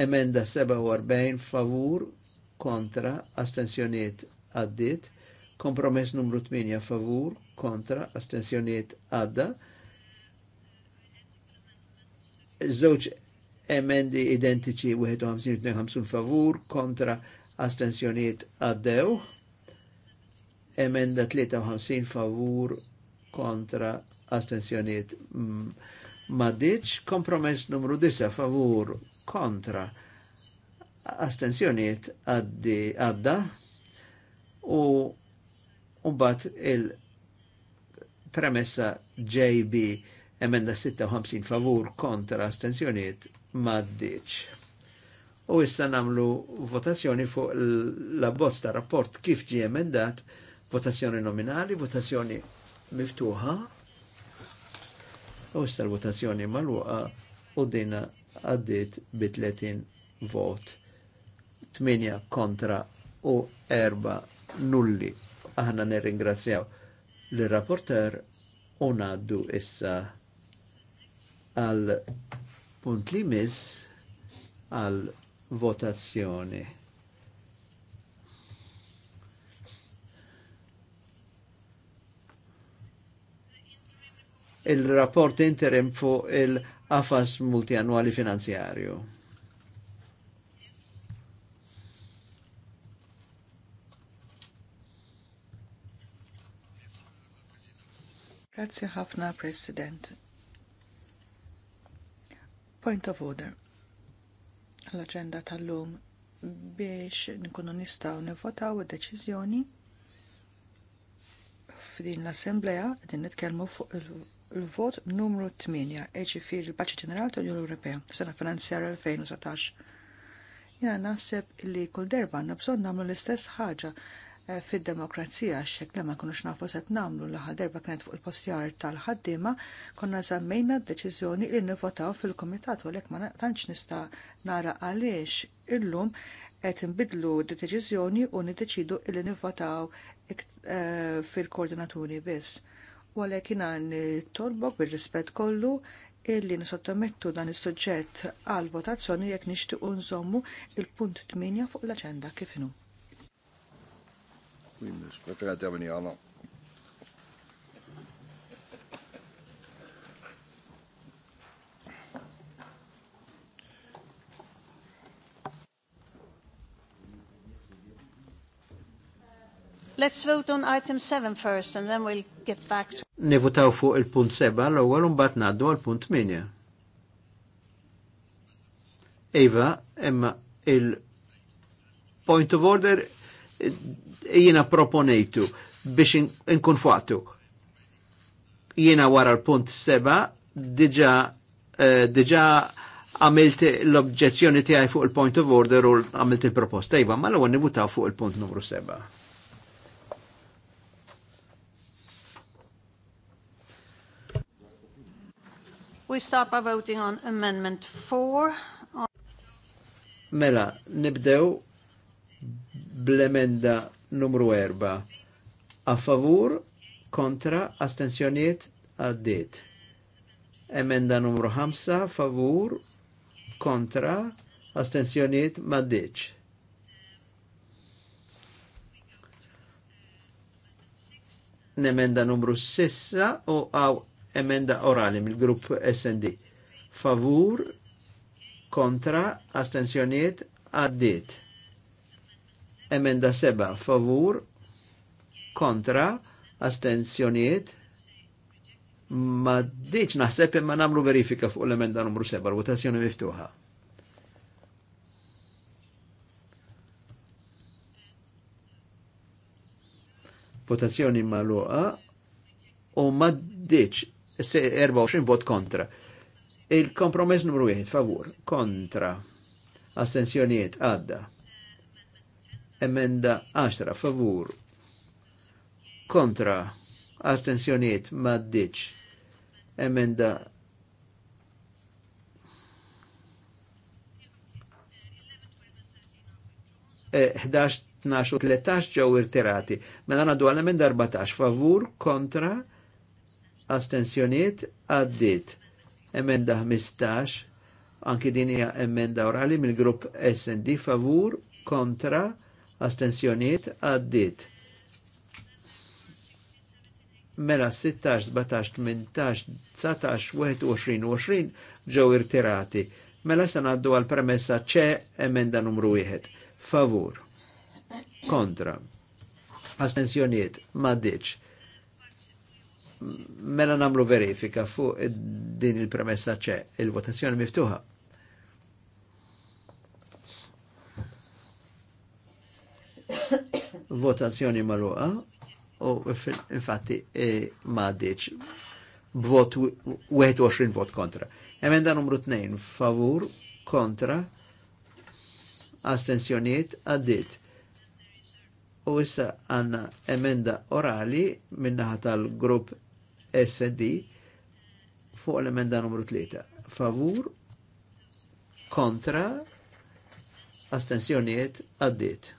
Emenda 47 favur kontra astensjoniet għaddit. Kompromess numru 8 favur kontra astensjoniet għadda Żewġ emendi identiċi 51-52 favur kontra astensjoniet għaddew. Emenda 53 favur kontra astensjoniet mm, maddiċ. Kompromess numru 9 favur kontra astensjoniet għadda u mbagħad il-premessa JB Emenda 56 favur kontra astensjoniet maddiċ. U issa namlu votazzjoni fuq l-abbozz ta' rapport kif ġi emendat, votazzjoni nominali, votazzjoni miftuħa, u issa l-votazzjoni maluqa u dina għaddit bi 30 vot. 8 kontra u 4 nulli. Aħna nirringrazzjaw l-rapporter u naddu issa għal punt li miss għal votazzjoni. il-rapport interim fuq il Afas multianwali finanzjarju. Grazie ħafna, President. Point of order. L-agenda tal-lum biex nkunu nistaw nivvotaw id-deċiżjoni f'din l-Assemblea din nitkellmu fuq il-vot numru 8, fir il-Baċi Ġenerali tal-Unjoni Ewropea, sena finanzjarja 2017. Jena naħseb li kull derba, nabżon namlu nagħmlu l-istess ħaġa Eh, fid-demokrazija xek li ma kunux nafu set namlu laħa darba kienet fuq il-postjar tal-ħaddima konna zammejna d-deċizjoni li nivotaw fil-komitat u lek ma tantx nista nara għaliex illum qed nbidlu d-deċizjoni u niddeċidu illi nivvotaw eh, fil-koordinaturi biss. U għalhekk jiena nitolbok bir-rispett kollu illi nisottomettu dan is-suġġett għal votazzjoni jekk nixtiequ nżommu il-punt 8 fuq l aġenda kif inhu. Oui, mais je préfère intervenir avant. Let's vote on item 7 first and then we'll get back to Nivutaw fuq il-punt 7 l-ewwel mbagħad ngħaddu għal punt 8. Iva, imma il-point of order jiena proponejtu biex nkun fuqtu. Jiena wara l-punt seba diġa uh, diġa għamilt l-obġezzjoni tiegħi fuq il-point of order u għamilt il-proposta. Iva, ma l-għan nivutaw fuq il-punt numru seba'. We stop by voting on Amendment 4. Mela, nibdew bl-emenda numru 4. A favur, kontra, astensjoniet għaddit. Emenda numru 5, favur, kontra, astensjoniet maddiċ. Nemenda numru 6 u għaw emenda orali mill-grupp SND. Favur, kontra, astensjoniet għaddit Emenda seba' favur kontra astenzjoniet ma diċ naħseb imma namlu verifika fuq l-emenda numru seba' votazzjoni miftuħa. Votazzjoni maluqa u ma diċ 24 vot kontra. Il-kompromess numru 1 favur kontra astenzjoniet għadda. Emenda 10 favur kontra astensjoniet maddiċ. Emenda e 11, 12 u 13 ġew irtirati. Mela għandu għal emenda 14 favur kontra astensjoniet għaddit. Emenda 15 anki din emenda orali mill-grupp SD favur kontra astensjoniet għaddit. Mela 16, 17, 18, 19, 21, 20 ġew irtirati. Mela se għaddu għal premessa ċe emenda numru 1. Favur. Kontra. Astensjoniet maddiċ. Mela namlu verifika fuq din il-premessa ċe. Il-votazzjoni miftuħa. votazzjoni marruqa u infatti e ma għaddiċ b'vot 21 vot kontra. Emenda numru 2 favur kontra astensjoniet għaddit. U issa għanna emenda orali minnaħa tal-grupp SD fuq l-emenda numru 3. Favur kontra astensjoniet għaddit.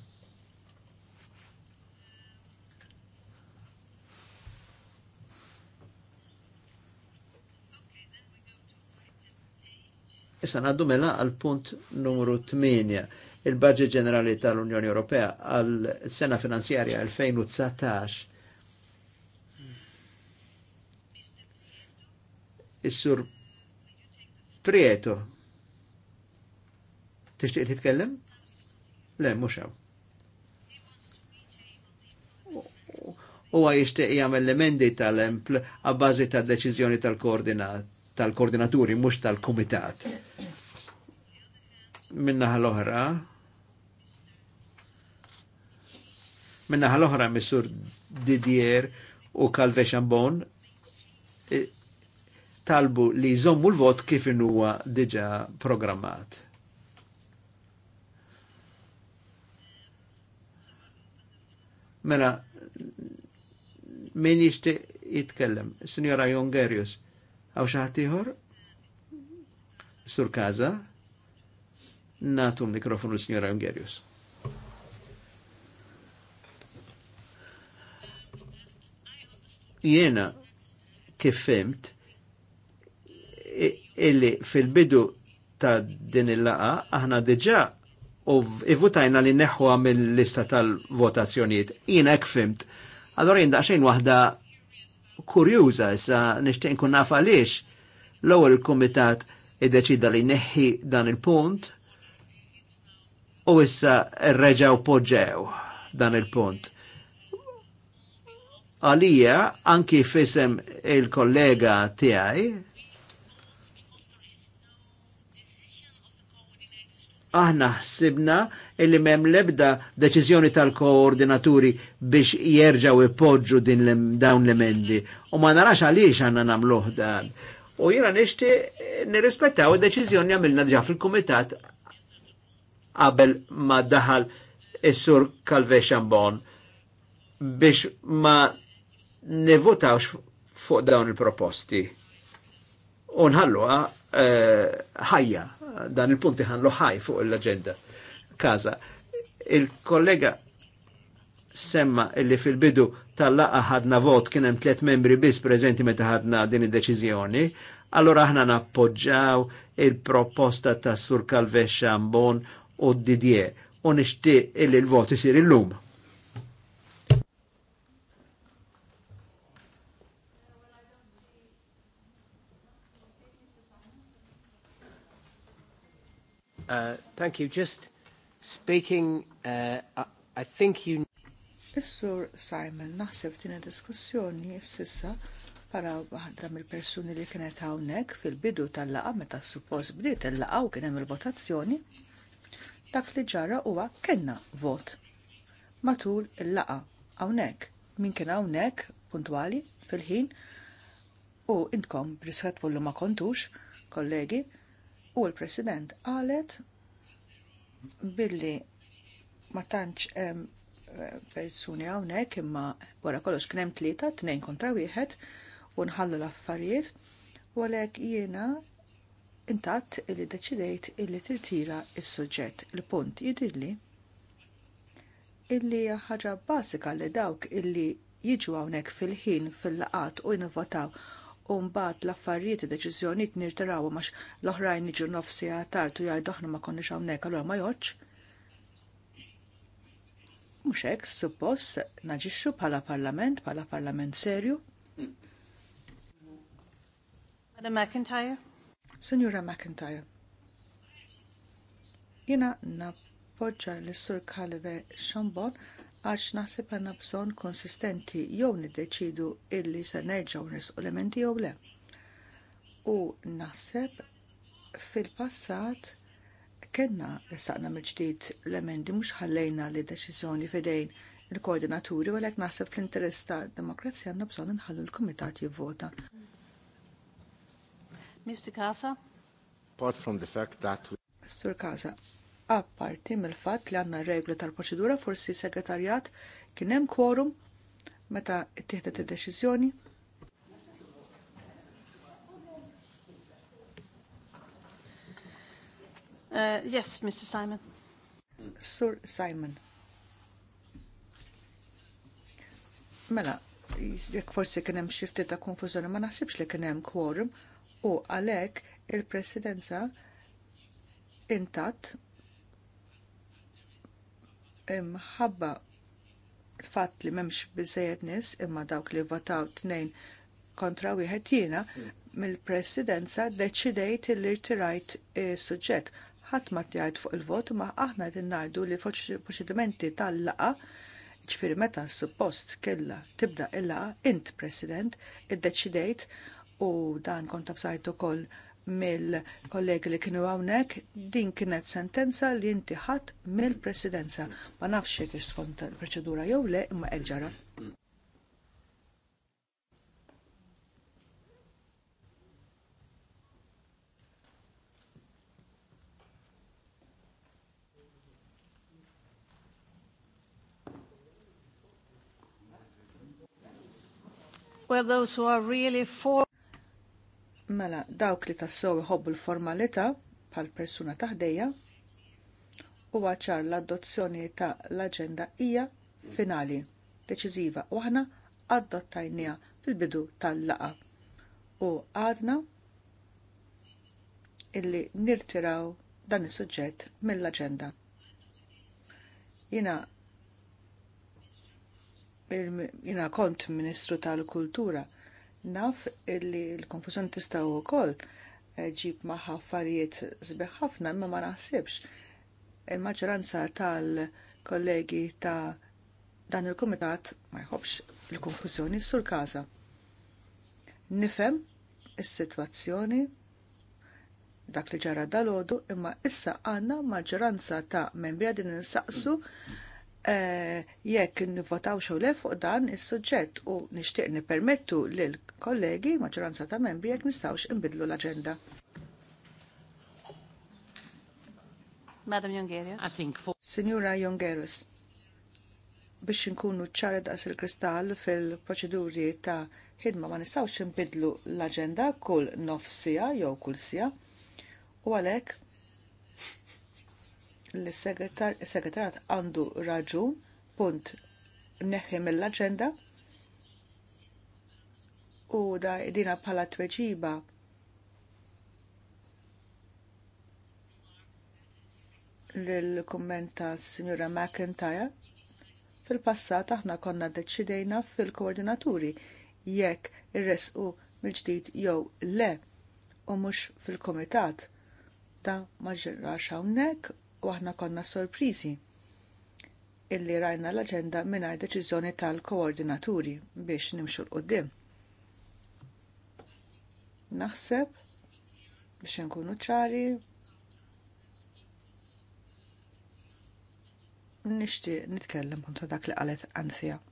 Issa għaddu mela għal punt numru 8, il-Budget Generali tal-Unjoni Ewropea għal sena finanzjarja 2019. Is-sur Prieto. Tixtieq titkellem? Le, mhux hawn. Huwa jixtieq jagħmel l-emendi tal-empl għabbażi tad-deċiżjoni tal-koordinat tal-koordinaturi, mux tal-komitat. Minna ħal-oħra, minna ħal-oħra missur Didier u Calve Chambon e, talbu li jżommu l-vot kif huwa diġa programmat. Mela, min jishti jitkellem, Signora Jongerius, Għaw xaħtiħor? Sur kaza? Natu mikrofonu l-Signora Ungerius. Jena kif femt illi fil-bidu ta' din il-laqa aħna diġa u votajna li neħwa mill-lista tal-votazzjoniet. Jena kif fimt. Għadur jenda xejn wahda kurjuża issa nixtieq nkun naf għaliex l-ewwel il-kumitat iddeċida li neħħi dan il-punt u issa rreġgħu poġġew dan il-punt. Għalija, anki fisem il-kollega tiegħi, aħna ħsibna illi mem lebda deċiżjoni tal-koordinaturi biex jerġaw ipoġġu din dawn l-emendi. U ma narax għaliex għanna namluħ dan. U jena nishti nirrispettaw deċiżjoni għamilna ġa fil-komitat qabel ma daħal is-sur Calve Bon biex ma nevotawx fuq dawn il-proposti. Unħalluha eh, ħajja, dan il-punti ħan loħaj fuq l-agenda. Kaza, il-kollega semma illi fil-bidu tal-laqa ħadna vot kien hemm tliet membri biss preżenti meta ħadna din id-deċiżjoni, allora aħna nappoġġaw il-proposta ta' Sur Calvesh Ambon u Didier u nixtieq illi l-vot isir illum. Uh, thank you. Just speaking, uh, I think you... Is-sur Simon, naħseb tina diskussjoni s-sissa para waħda mill-persuni li kienet hawnhekk fil-bidu tal-laqa meta suppost bdiet il-laqa u kien hemm il-votazzjoni, dak li ġara huwa kellna vot matul il-laqa hawnhekk. Min kien hawnhekk puntwali fil-ħin u intkom brisħet pollu ma kontux, kollegi, u l-President qalet billi ma tantx hemm eh, persuni hawnhekk imma wara kollox kien hemm tlieta tnejn kontra wieħed u nħallu l-affarijiet u għalhekk jiena intatt illi deċidejt illi tirtira s suġġett Il Il-punt jidhirli illi ħaġa basika li dawk illi jiġu hawnhekk fil-ħin fil-laqat u jinvotaw u mbagħad l-affarijiet u deċiżjonijiet nirtiraw għax l-oħrajn niġu nofsi u jgħidu aħna ma konniex hawnhekk allura ma joċ. Mhux hekk suppost naġixxu bħala parlament, bħala parlament serju. Madam McIntyre? Signora McIntyre. Jiena nappoġġa l-Sur Calve Chambon għax naħseb għandna bżonn konsistenti jew niddeċidu illi se nerġgħu nisqu elementi jew le. U naħseb fil-passat kellna saqna mġdijt l-emendi mhux ħallejna li deċiżjoni fidejn il-koordinaturi u għalhekk naħseb fl-interess ta' demokrazija għanna bżon inħallu l komitat jivvota. Mr. Casa? Apart from the fact that we... Sur Casa, apparti mill-fatt li għandna reglu tal-proċedura forsi segretarjat kien hemm quorum meta ttieħdet id-deċiżjoni Uh, yes, Mr. Simon. Sur Simon. Mela, jekk forsi kien hemm xi ftit ta' konfużjoni ma naħsibx li kien hemm quorum u għalhekk il-presidenza intat imħabba fatt li memx bizzejed nis imma dawk li votaw tnejn kontra wieħed jiena mill-presidenza deċidejt li rtirajt suġġett ħadd ma tjajt fuq il-vot ma aħna din ngħidu li proċedimenti tal laqgħa ġifieri meta suppost kella tibda il laqa int President iddeċidejt u dan kont sajt ukoll mill-kollegi li kienu għawnek, din kienet sentenza li intiħat mill-presidenza. Ma nafx is skont il-proċedura jew le imma hekk ġara. Well, those who are really for Mela, dawk li tassew iħobbu l-formalità bħall persuna ħdejja huwa ċar l-adozzjoni ta' l-aġenda hija finali, deċiżiva u aħna adottajniha fil-bidu tal-laqa. U għadna illi nirtiraw dan is-suġġett mill-aġenda. Jina jina kont Ministru tal-Kultura Naf illi l tistaw tista' kol eh, ġib maħħa affarijiet sbeħ ħafna imma ma naħsibx. Il-maġġoranza tal-kollegi ta' dan il-komitat ma jħobx il konfusjoni sur kaza. Nifem is-sitwazzjoni dak li ġara dal-ħodu imma issa għanna maġġoranza ta' membri għadin saqsu Eh, jekk nivvotaw le fuq dan is-suġġett u nixtieq nippermettu lil kollegi maġġoranza ta' membri jekk nistgħux inbidlu l-aġenda. Madam Jongerius. Signora Jongerius, biex inkunu ċara daqs il-kristall fil-proċeduri ta' ħidma ma nistgħux inbidlu l-aġenda kull nofsija jew kull sija u għalhekk s segretarat għandu raġun punt neħi mill-agenda u da dina pala tweġiba l-kommenta signora McIntyre fil-passat aħna konna deċidejna fil-koordinaturi jekk u mill-ġdid jew le u mhux fil-komitat ta' ma xawnek hawnhekk u aħna konna sorpriżi illi rajna l aġenda mingħajr deċiżjoni tal-koordinaturi biex nimxu l-qoddim. Naħseb biex nkunu ċari nixtieq nitkellem kontra dak li qalet anzija.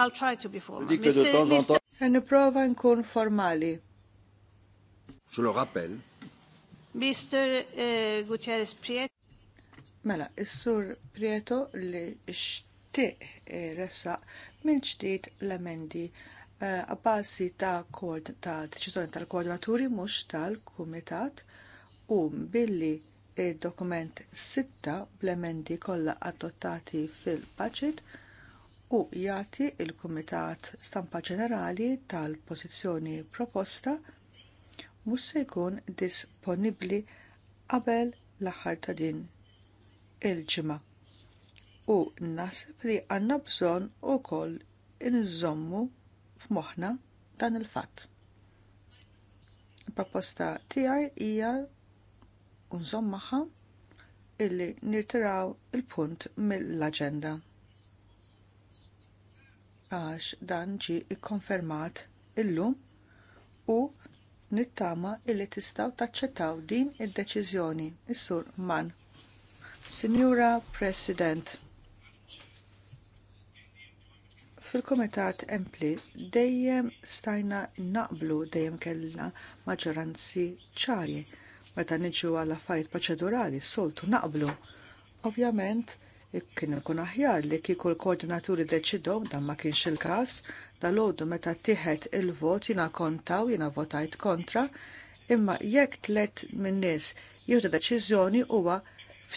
I'll try to be formal. Dik Mr. Mr. en e nkun formali. Je le rappelle. Mr. Uh, eh, Gutierrez Prieto. Mela, is-sur Prieto li xtiq e, eh, ressa minn ġdid l-emendi għabbasi eh, uh, ta' kord ta' deċizjoni tal-koordinaturi mhux tal-kumitat u um, billi id-dokument sitta bl-emendi kollha adottati fil-budget u jagħti il-Kumitat Stampa Ġenerali tal-Pożizzjoni proposta mhux se jkun disponibbli qabel l-aħħar ta' din il-ġimgħa. U naħseb li għandna bżonn ukoll inżommu f'moħħna dan il-fatt. Il-proposta tiegħi hija nżomm magħha illi nirtiraw il-punt mill-aġenda għax dan ġie ikkonfermat illum u nittama illi tistgħu taċċettaw din id-deċiżjoni is-sur Mann. Sinjura President, fil-Komitat Empli dejjem stajna naqblu dejjem kellna maġġoranzi ċari meta niġu għall affarijiet proċedurali soltu naqblu. Ovvjament, kienu jkun aħjar li kieku l-koordinaturi deċidom dan ma kienx il-każ dal-għodu meta tieħed il-vot jina kontaw jina votajt kontra imma jekk tlet minn nies jieħdu deċiżjoni huwa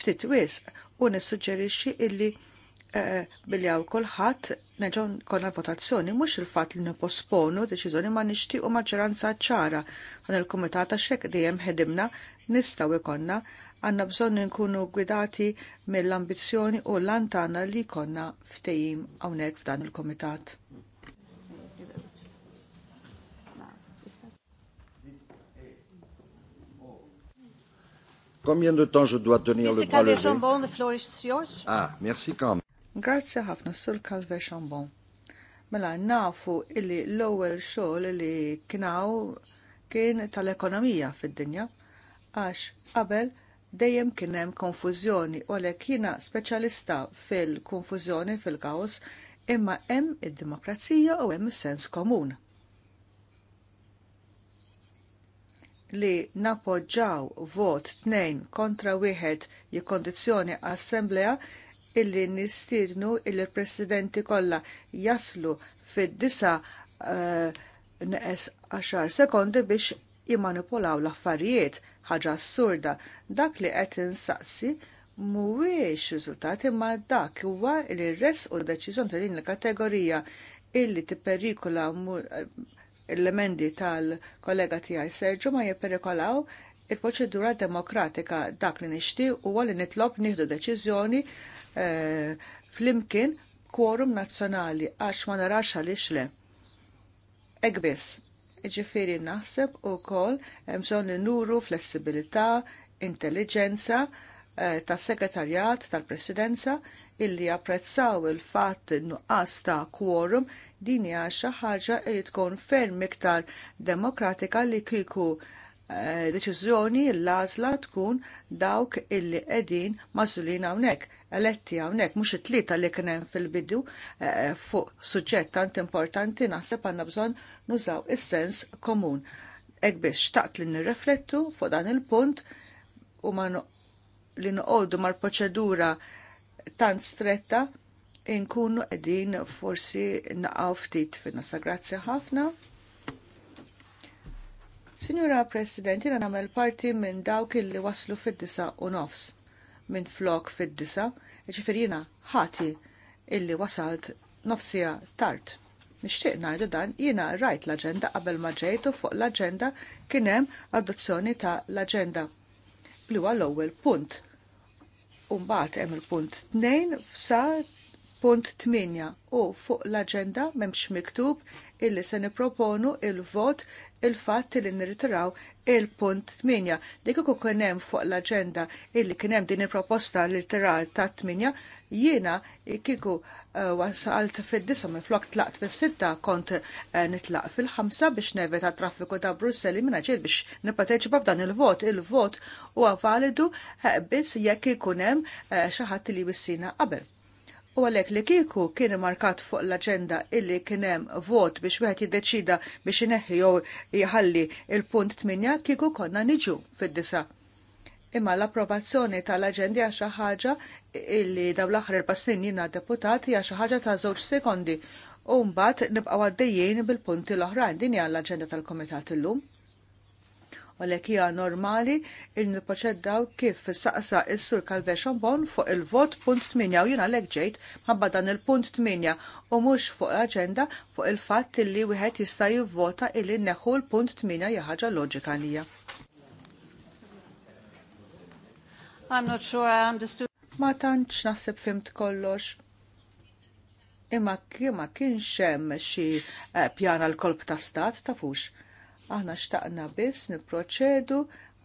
ftit wisq u nissuġġerixxi illi eh, biljaw kolħat neġon konna votazzjoni, mux il-fat li niposponu deċizjoni ma u maġġoranza ċara. Għan il-komitata xek dejjem ħedimna nistaw ikonna għanna bżonn nkunu gwidati mill-ambizzjoni u l-antana li konna ftejim hawnhekk f'dan il-komitat. Combien de temps je dois tenir le bras levé? Mr. Calvé-Chambon, the floor is yours. Ah, merci quand même. Grazie ħafna sur Calvé-Chambon. Mela nafu illi l-ewwel xogħol li kienaw kien tal-ekonomija fid-dinja għax qabel dejjem kien hemm konfużjoni u għalhekk jiena speċjalista fil-konfużjoni fil-kaos imma hemm id-demokrazija u hemm is-sens komun. Li napoġġaw vot tnejn kontra wieħed jikkondizzjoni assembleja illi nistiednu illi l-presidenti kollha jaslu fid-disa uh, neqes 10 sekondi biex jimanipulaw l-affarijiet ħaġa assurda. Dak li qed insaqsi mhuwiex riżultat imma dak huwa li res u deċiżjon ta' din il-kategorija illi tipperikola l-emendi tal-kollega tiegħi Serġu ma jipperikolaw il-proċedura demokratika dak li nixtieq huwa li nitlob nieħdu deċiżjoni eh, flimkien kworum nazzjonali għax ma narax għaliex le. Ekbis, ġifiri naħseb u kol jemżon l nuru flessibilità, intelligenza eh, ta' segretarjat tal-presidenza illi apprezzaw il-fat nuqqas ta' quorum din hija xi ħaġa li tkun ferm iktar demokratika li kieku eh, deċiżjoni l-għażla tkun dawk illi qegħdin mażulin hawnhekk eletti hawnhekk mhux it-tlieta li kien hemm fil-bidu eh, eh, fuq suġġett tant importanti naħseb għandna bżonn nużaw is-sens komun. Ek biex xtaqt li nirreflettu fuq dan il-punt u ma li noqogħdu mal-proċedura tant stretta inkunu qegħdin forsi naqgħu ftit fin-nasa. Grazzi ħafna. Signora President, jiena nagħmel parti minn dawk illi waslu fid-disa u nofs minn flok fid-disa, ġifirina ħati illi wasalt nofsija tard. Nixtieq ngħidu dan jiena rajt l-aġenda qabel ma u fuq l-aġenda kien hemm adozzjoni ta' l-aġenda. Li huwa l-ewwel punt. U mbagħad hemm il-punt 2 sa punt 8 u fuq l-aġenda m'hemmx miktub illi se niproponu il-vot il-fatt li nirritiraw il-punt 8. Dik ukoll kien hemm fuq l-aġenda illi kien hemm din il-proposta l tirar ta' 8 jiena kieku eh, wasalt fid-disa minn flok tlaqt fis-sitta kont eh, nitlaq fil-ħamsa biex neveta traffiku ta' Brusseli minn ġiel biex nipparteċipa f'dan il-vot. Il-vot huwa validu eh, biss jekk ikun hemm xi ħadd li wissina qabel U għalek li kieku kien markat fuq l-agenda illi kienem vot biex wieħed jiddeċida biex ineħħi jew jħalli il-punt 8 kieku konna niġu fid-disa. Imma l-approvazzjoni tal-agendi għax xi ħaġa illi daw l-aħħar erba' snin jiena deputat hija xi ħaġa ta' żewġ sekondi u mbagħad nibqgħu għaddejjin bil-punti l-oħrajn din hija l-aġenda tal-Kumitat illum għalek hija normali il niproċeddaw kif saqsa is sur Calvation Bon fuq il-vot punt 8 u jina għalek ġejt ħabba dan il-punt 8 u mux fuq l-agenda fuq il-fat li wieħed jista' jivvota illi neħu l-punt 8 jaħġa loġika lija. I'm not sure I understood. Ma tantx naħseb fimt kollox imma ma kienx hemm xi eh, pjana l-kolb ta' stat tafux. Aħna xtaqna biss niproċedu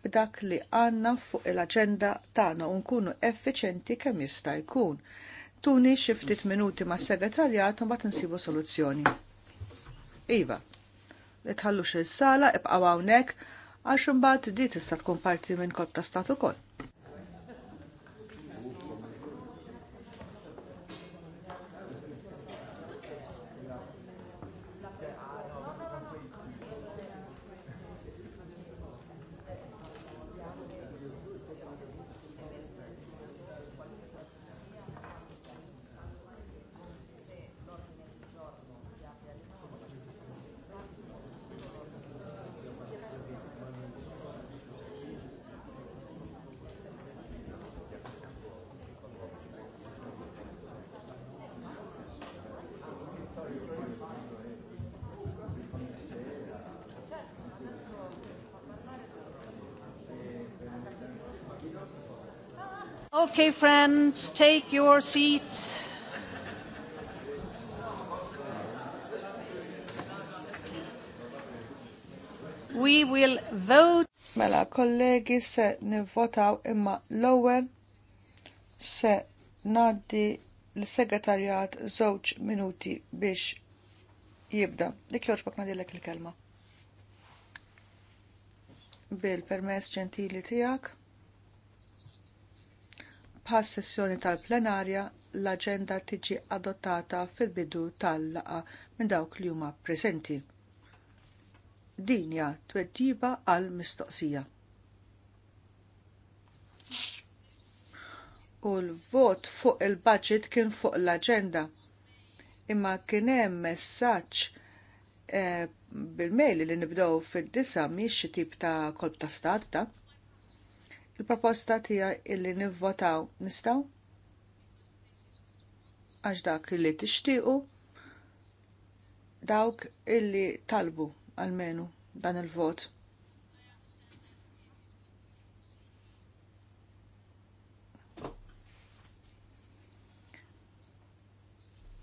b'dak li għanna fuq l-aġenda tagħna u nkunu effiċenti kemm jista' jkun. Tuni xi ftit minuti ma' segretarjat u mbagħad insibu soluzzjoni. Iva, nitħallux il-sala ibqgħu hawnhekk għax imbagħad di tista' tkun parti minn kotta statu kont. Okay, friends, take your seats. We will vote. Mela, kollegi, se nivvotaw imma l-ewwel se naddi l-segretarjat żewġ minuti biex jibda. Dik joġbok nadilek il-kelma. Bil-permess ġentili tiegħek bħas sessjoni tal-plenarja l-aġenda tiġi adottata fil-bidu tal laqgħa minn dawk li huma preżenti. Din hija għal mistoqsija. U l-vot fuq il-budget kien fuq l-aġenda. Imma kien hemm messaġġ eh, bil-mejl li nibdew fid-disa mhix xi tip ta' kolb ta' stat ta' il-proposta tija illi nivvotaw nistaw għax dak li tishtiqu, dawk illi talbu għalmenu dan il-vot.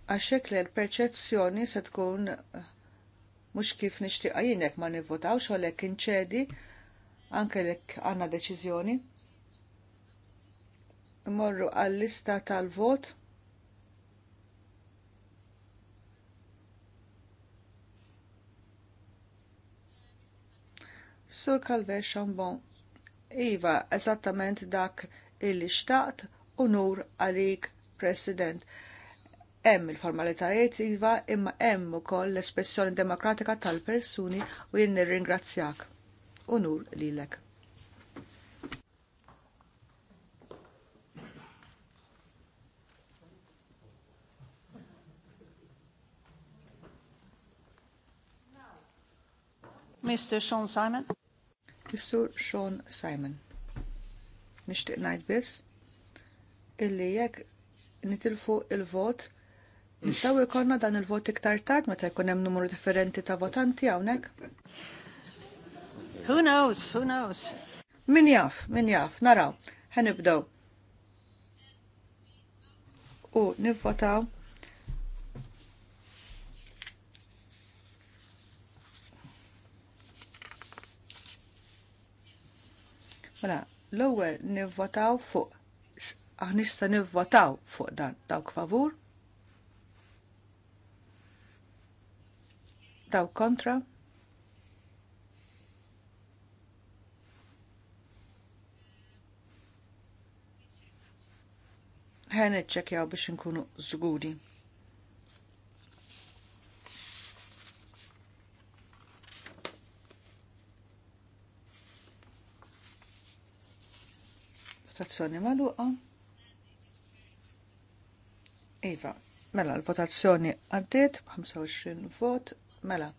għaxek li l-perċezzjoni se tkun eh, mux kif nishtiqa jinek ma nivvotawx għalek inċedi anke lek għanna deċiżjoni. Morru għall-lista tal-vot. Sur Calvé Chambon. Iva, eżattament dak illi xtaqt u nur għalik President. Hemm il-formalitajiet iva imma hemm ukoll l-espressjoni demokratika tal-persuni u jien nirringrazzjak unur lilek. Mr. Sean Simon. Mr. Sean Simon. Nixtieq ngħid biss illi jek nitilfu il-vot nistgħu jkollna dan il-vot iktar tard meta jkun hemm numru differenti ta' votanti hawnhekk. Who knows, who knows? Min jaf, min jaf, naraw, ħanibdow. U nivvotaw. Mela, l-ewwel nivvotaw fuq aħna nista' nivvotaw fuq dan dawk favur. Daw kontra. ħan iċċekjaw biex nkunu żguri. Votazzjoni maluqa. Iva, mela l-votazzjoni għaddiet 25 vot, mela.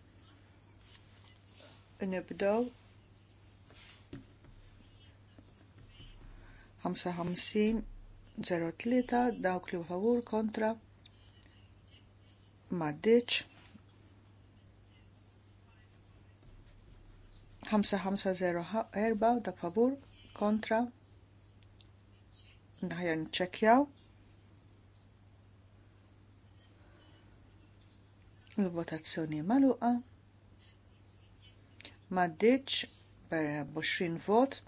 Nibdow 55 0-3 dawk li favur kontra maddiċ 5-5-0-4 dawk favur kontra naħjar nċekjaw l votazzjoni maluqa maddiċ b'20 vot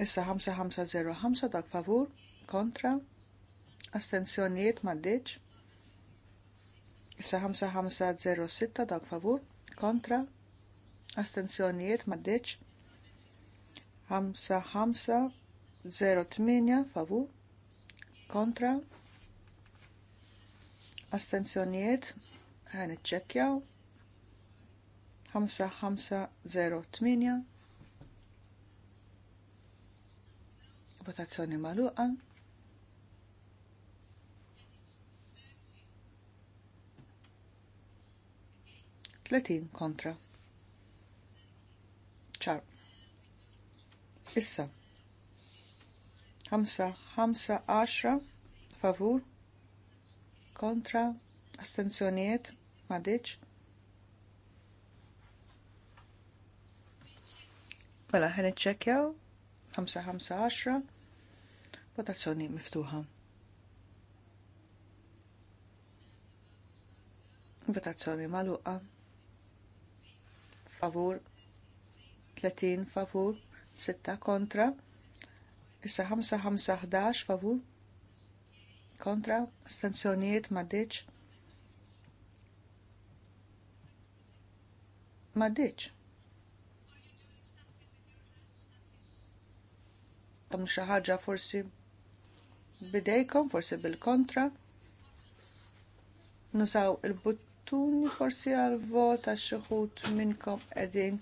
Issa 5505 dak favur kontra astenzjonijiet maddeċ. Issa 5506 dak favur kontra astenzjonijiet maddeċ. 5508 favur kontra astenzjonijiet għan iċċekjaw 5508 reputazzjoni maluqa. Tletin kontra. ċar. Issa. Hamsa, hamsa, ashra, favur, kontra, astenzjoniet, madiċ. Mela, ħen iċċekjaw, hamsa, hamsa, ashra, Votazzjoni miftuħa. Votazzjoni maluqa. Favur 30 favur 6 kontra. Issa 5-5-11 favur kontra astenzjonijiet maddeċ. Maddeċ. Tam xi ħaġa forsi bidejkom, forsi bil-kontra. Nusaw il-buttuni forsi għal-vot għax xuħut minnkom edin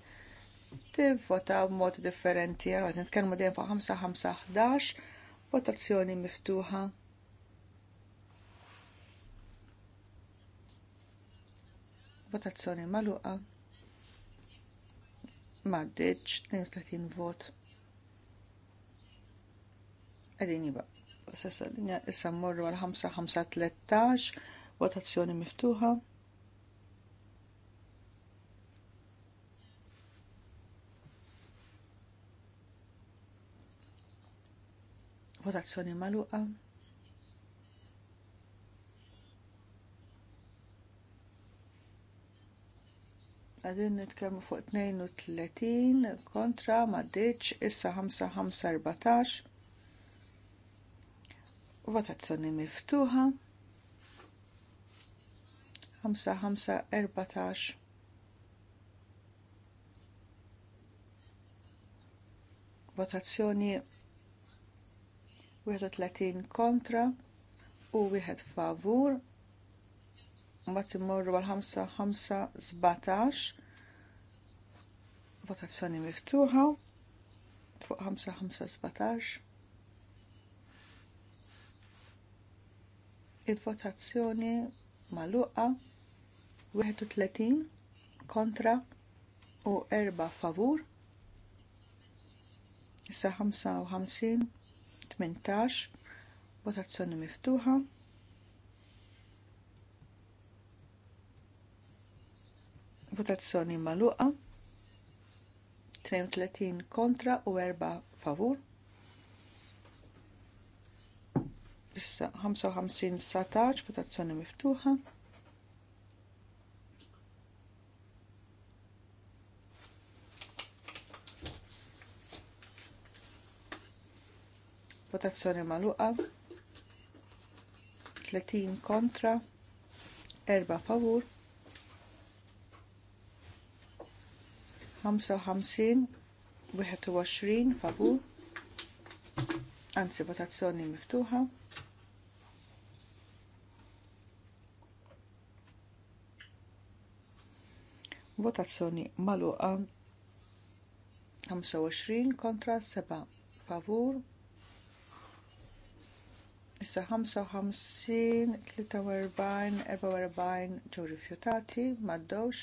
t-vota mod differenti. Għarra, nitkellmu dejjem fuq 5-5-11, votazzjoni miftuħa. Votazzjoni maluqa. Maddiċ 32 vot. Għedin jibqa' sessa linja issa morru għal 5-5-13 votazzjoni miftuħa. Votazzjoni maluqa. Għadin nitkemmu fuq 32 kontra ma' issa 5-5-14 Votazzjoni miftuħa. 5-5-14 Votazzjoni 31 kontra u 1 favur. mbatt immorru għal 5-5-17 votazzjoni miftuħa fuq 5-5-17 il-votazzjoni maluqa 31 kontra u 4 favur issa 55 18 votazzjoni miftuħa votazzjoni maluqa 32 kontra u 4 favur 55-19 votazzjoni miftuħa. Votazzjoni maluqa. 30 kontra, 4 favur. 55, 21 favur. Anzi, votazzjoni miftuħa. Votazzjoni maluqa 25 kontra 7 favur. Issa 55, 43, 44 ġew rifjutati, maddowx.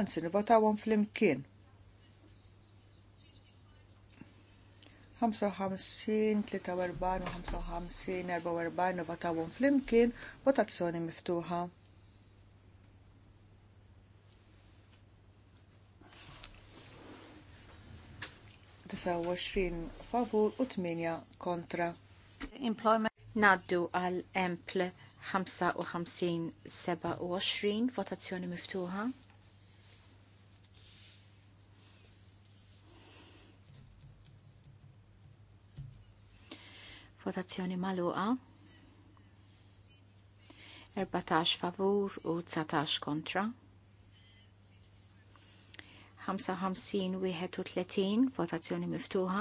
Anzi, nivotawhom fl-imkien. 55, 43 55, 44 nivotawhom fl-imkien, votazzjoni miftuħa. 29 favur u 8 kontra. Employment. Naddu għal empl 55-27 votazzjoni miftuħa. Votazzjoni maluqa. 14 favur u 19 kontra. 55-31 votazzjoni miftuħa.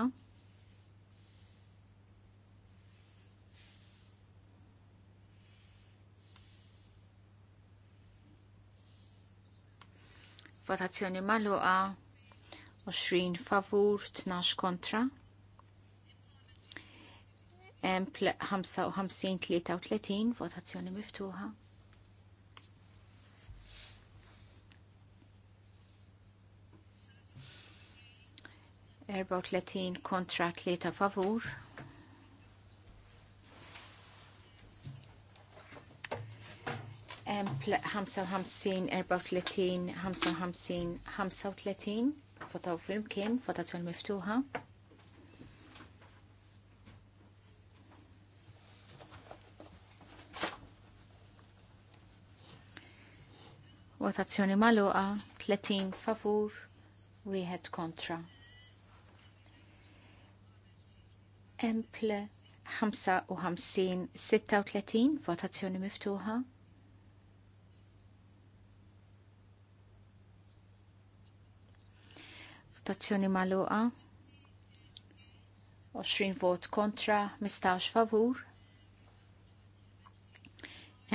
Votazzjoni maluqa 20 favur, 12 kontra. Empl 55-33 votazzjoni miftuħa. 34 kontra 3 favur. Empl 55, 34, 55, 35, votaw flimkien, votazzjoni miftuħa. Votazzjoni maluqa, 30 favur, 1 kontra. Emple 55-36 votazzjoni miftuħa. Votazzjoni maluqa. 20 vot kontra, 15 favur.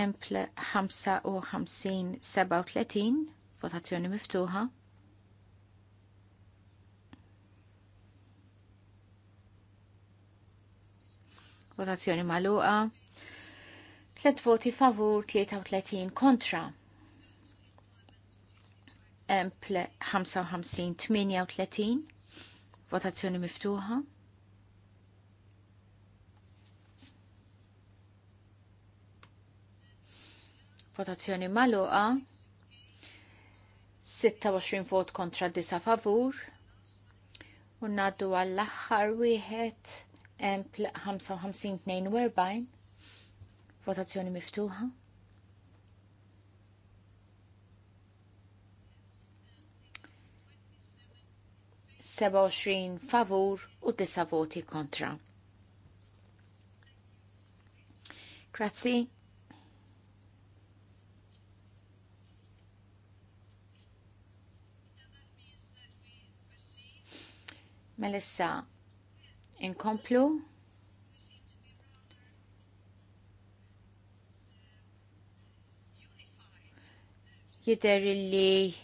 Emple 55-37 votazzjoni miftuħa. Votazzjoni maluqa. Tlet voti favur, 33 kontra. Emple 55-38. Votazzjoni miftuħa. Votazzjoni maluqa. 26 vot kontra 9 favur. U naddu għall-axħar wieħed Empl 55 votazzjoni miftuħa. Seba favur u tisa voti kontra. Grazzi. Melissa, Inkomplu. Jider li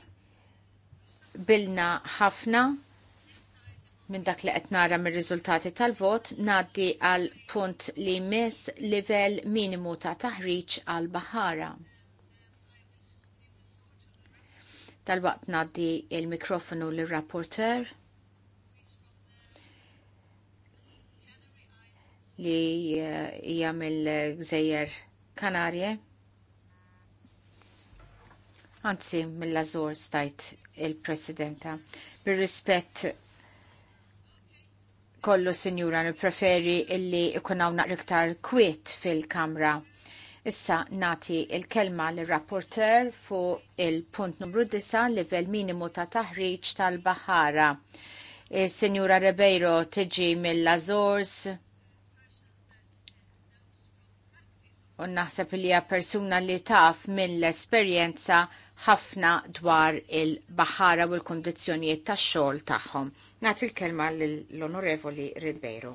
bilna ħafna minn dak li qed nara mir-riżultati tal-vot ngħaddi għal punt li miss livell minimu ta' taħriġ għal baħara. Tal-waqt ngħaddi il-mikrofonu lir rapporteur li eh, hija mill-Gżejjer Kanarje. Anzi, mill-Azur stajt il-Presidenta. Bir-rispett kollu, Sinjura, preferi illi ikunaw naqriktar kwiet fil-Kamra. Issa nati il-kelma l-rapporter fu il-punt numru 9 livell minimu ta' taħriġ tal-Bahara. Eh, Sinjura Rebeiro tiġi mill-Azores u naħseb li persuna li taf mill-esperjenza ħafna dwar il-baħara u l kondizjonijiet tax-xogħol tagħhom. Nagħti l-kelma l-Onorevoli Ribeiro.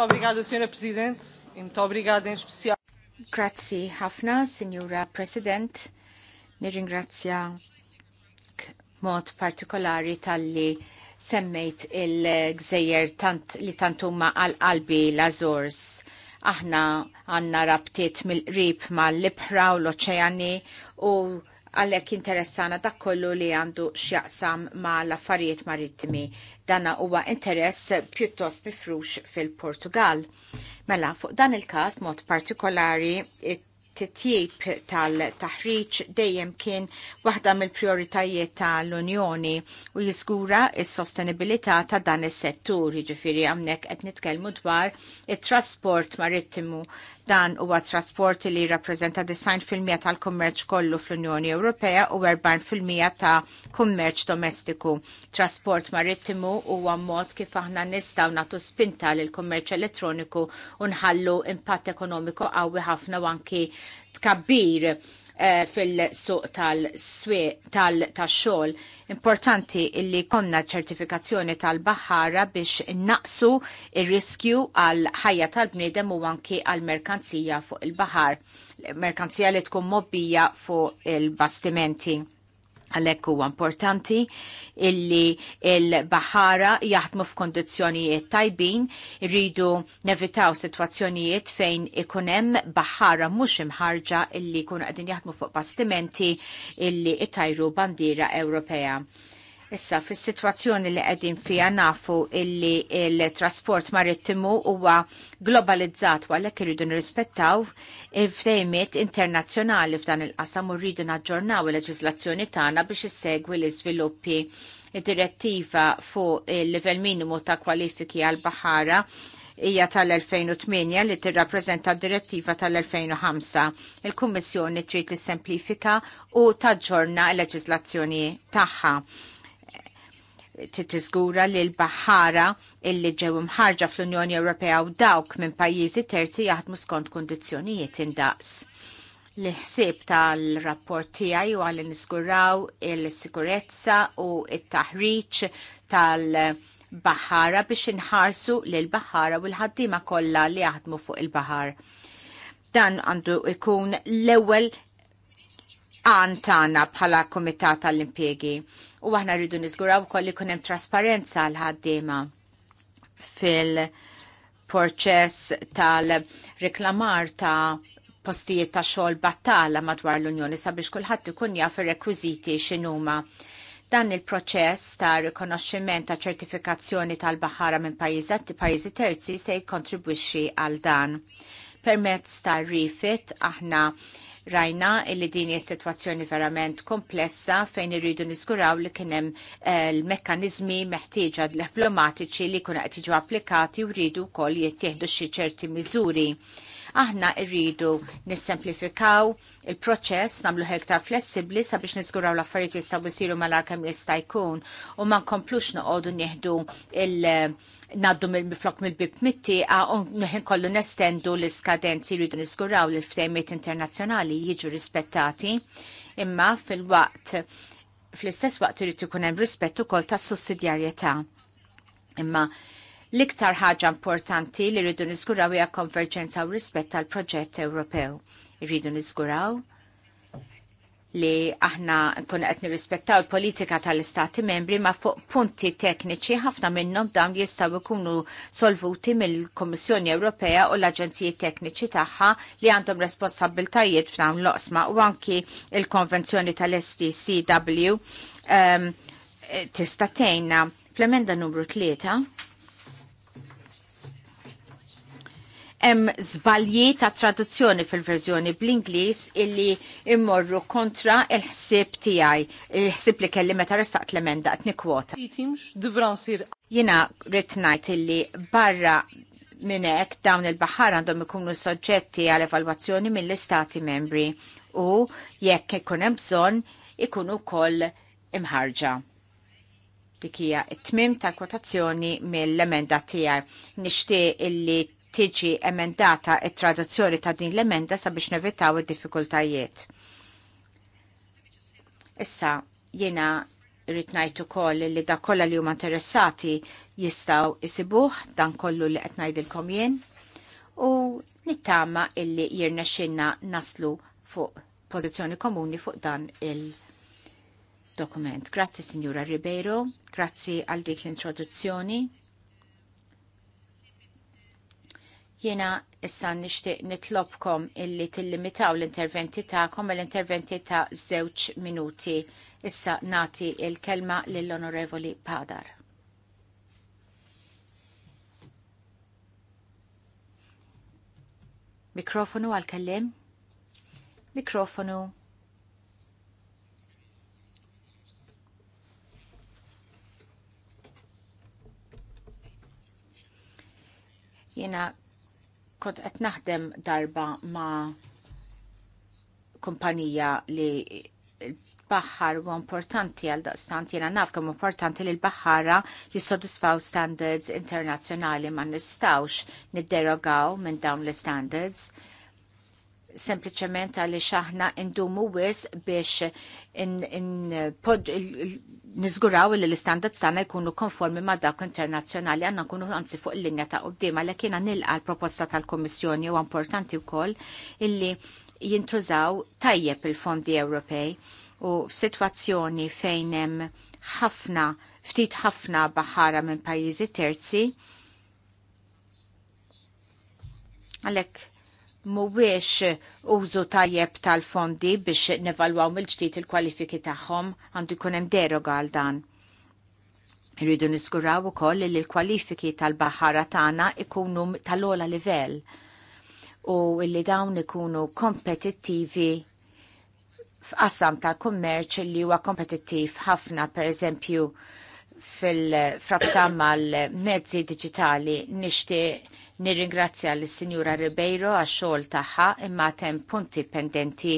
Tobrigado, Sr. President. Muito in e em especial. Grazzi ħafna, Signora President. Nirringrazzja mod partikolari tal-li semmejt il-gżejjer tant li tantuma għal-qalbi l-Azors. Aħna għanna rabtiet mill-qrib mal-libħra u l-oċeani u għallek interessana dak kollu li għandu xjaqsam ma l-affarijiet marittimi. Dana huwa interess pjuttost mifrux fil-Portugal. Mela, fuq dan il-kas mod partikolari, it it tal-taħriġ dejjem kien waħda mill-prioritajiet tal-Unjoni u jiżgura s-sostenibilità ta' dan is-settur, jiġifieri hawnhekk qed nitkellmu dwar it-trasport marittimu Dan huwa trasport li rappreżenta 90% tal-kummerċ kollu fl-Unjoni Ewropea u 40% ta' kummerċ domestiku. Trasport marittimu huwa mod kif aħna nistgħu nagħtu spinta lil kummerċ elettroniku u nħallu impatt ekonomiku qawwi ħafna anki tkabbir Eh, fil-suq tal tax-xogħol. Importanti illi konna ċertifikazzjoni tal-baħħara biex naqsu il-riskju għal ħajja tal-bniedem u anki għal merkanzija fuq il-baħar, merkanzija li tkun mobbija fuq il-bastimenti għalek huwa importanti illi il-bahara jaħdmu f'kondizzjonijiet tajbin, rridu nevitaw situazzjonijiet fejn ikunem bahara mhux imħarġa illi kunu qegħdin jaħdmu fuq bastimenti illi itajru bandira Ewropea. Issa, fis situazzjoni li qegħdin fija nafu illi il-trasport marittimu huwa globalizzat għalek irridu nirrispettaw il-ftejmiet internazzjonali f'dan il-qasam u rridu naġġornaw il-leġislazzjoni tagħna biex issegwi l-iżviluppi id-direttiva fuq il-livell minimu ta' kwalifiki għal baħara hija tal-2008 li tirrappreżenta d-direttiva tal-2005. Il-Kummissjoni trid tissemplifika u taġġorna l-leġislazzjoni tagħha titiżgura li l bahara illi ġew imħarġa fl-Unjoni Ewropea u dawk minn pajjiżi terzi jaħdmu skont kundizzjonijiet indaqs. L-ħsieb tal-rapport tiegħi u għalli nisguraw il-sikurezza u it-taħriġ tal- bahara biex inħarsu lil bahara u l-ħaddima kollha li jaħdmu fuq il-bahar. Dan għandu ikun l-ewwel għan tagħna bħala Kumitat tal-Impjegi U aħna rridu niżguraw ukoll li kunem hemm trasparenza għal ħaddiema fil-proċess tal-reklamar ta' postijiet ta' xogħol battala madwar l-Unjoni sabiex kulħadd ikun jaf ir-rekwiżiti x'inhuma dan il-proċess ta' rikonoxximent ta' ċertifikazzjoni tal-baħara minn pajjiżi terzi se jikkontribwixxi għal dan. Permezz ta' rifit aħna Rajna illi din hija sitwazzjoni verament komplessa fejn irridu niżguraw li kien hemm eh, l-mekkaniżmi meħtieġa diplomatiċi li jkunu qed applikati u rridu wkoll jittieħdu xi ċerti miżuri Aħna rridu nissemplifikaw il-proċess, namlu hektar flessibli sabiex nisguraw l-affarijiet jistgħu jsiru malar kemm jista' jkun u ma nkomplux noqogħdu nieħdu il- naddu mill miflok mill-bib mitti nħin kollu nestendu l-iskadenzi rridu nisguraw li ftejmiet internazzjonali jiġu rispettati imma fil-waqt fl-istess waqt irid ikun hemm rispett ukoll tas sussidjarjetà. Imma L-iktar ħaġa importanti li rridu niżguraw hija konverġenza u rispett tal-proġett Ewropew. Irridu niżguraw li aħna nkun qed nirrispettaw il-politika tal-istati membri ma fuq punti tekniċi ħafna minnhom dawn jistgħu jkunu solvuti mill-Kummissjoni Ewropea u l-Aġenziji Tekniċi tagħha li għandhom responsabbiltajiet f'dawn l-oqsma u anki il-Konvenzjoni tal-STCW um, ehm, tista' tgħinna fl-emenda numru 3 hemm żbalji ta' traduzzjoni fil-verżjoni bl-Ingliż illi immorru kontra il-ħsieb tiegħi, il-ħsieb li kelli meta restaqt l-emenda qed nikkwota. Jiena rrid ngħid illi barra minn hekk dawn il-baħar għandhom ikunu soġġetti għal evalwazzjoni mill-istati membri u jekk ikun hemm bżonn ikunu wkoll imħarġa. dikija it t tmim tal-kwotazzjoni mill-emenda tiegħi. Nixtieq illi tiġi emendata e traduzzjoni ta' din l-emenda sabiex nevitaw id-diffikultajiet. Issa, jena rritnajtu kol li da kolla li huma interessati jistaw isibuħ dan kollu li qed ngħidilkom jien u nittama illi jirna xinna naslu fuq pożizzjoni komuni fuq dan il-dokument. Grazzi Signora Ribeiro, grazzi għal dik l-introduzzjoni. Jena issa nishtiq nitlobkom illi tillimitaw l-interventi tagħkom l-interventi ta' żewġ minuti. Issa nati il-kelma lill-Onorevoli Padar. Mikrofonu għal-kellim? Mikrofonu. Jena kont qed naħdem darba ma' kumpanija li l baħħar u importanti għal daqstant jena naf kemm importanti li l-baħħara jissodisfaw standards internazzjonali ma nistawx nidderogaw minn dawn l-standards sempliċement għalli xaħna indumu wis biex nizguraw li l-istandard sana jkunu konformi ma dak internazzjonali għanna nkunu għanzi fuq il-linja ta' qoddima li kiena nilqa l-proposta tal komissjoni u importanti wkoll illi jintużaw tajjeb il-fondi Ewropej u f'sitwazzjoni fejn hemm ħafna ftit ħafna baħara minn pajjiżi terzi għalhekk mhuwiex użu tajjeb tal-fondi biex nevalwaw mill-ġdid il-kwalifiki tagħhom għandu jkun hemm deroga għal dan. Irridu niskuraw ukoll li l-kwalifiki tal-baħara tagħna ikunu tal-ola livell u li dawn ikunu kompetittivi f'qassam tal-kummerċ li huwa kompetittiv ħafna pereżempju fil-frabta mal-mezzi digitali nixtieq Nirringrazzja l sinjura Ribeiro għax xogħol tagħha imma tem punti pendenti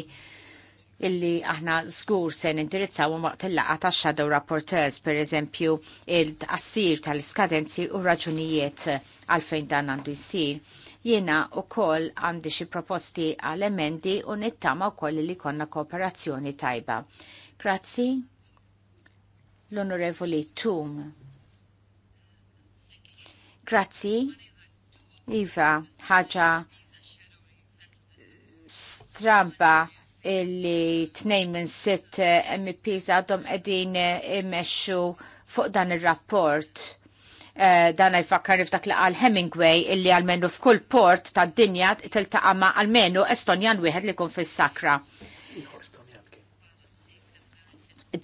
illi aħna żgur se nindirizzaw waqt il-laqa ta' shadow rapporteurs, per eżempju, il-tqassir tal-iskadenzi u raġunijiet għalfejn dan għandu jsir. Jiena u għandi xi proposti għal emendi u nittama u koll li konna kooperazzjoni tajba. Grazzi. L-Onorevoli Tum. Grazzi. Iva, ħaġa stramba illi tnejn minn sitt eh, MPs għadhom qegħdin eh, imesċu fuq dan ir-rapport. Eh, dan jfakkar f'dak li qal Hemingway illi għalmenu f'kull port tad dinja tiltaqa' ma' għalmenu Estonjan wieħed li jkun fis-sakra.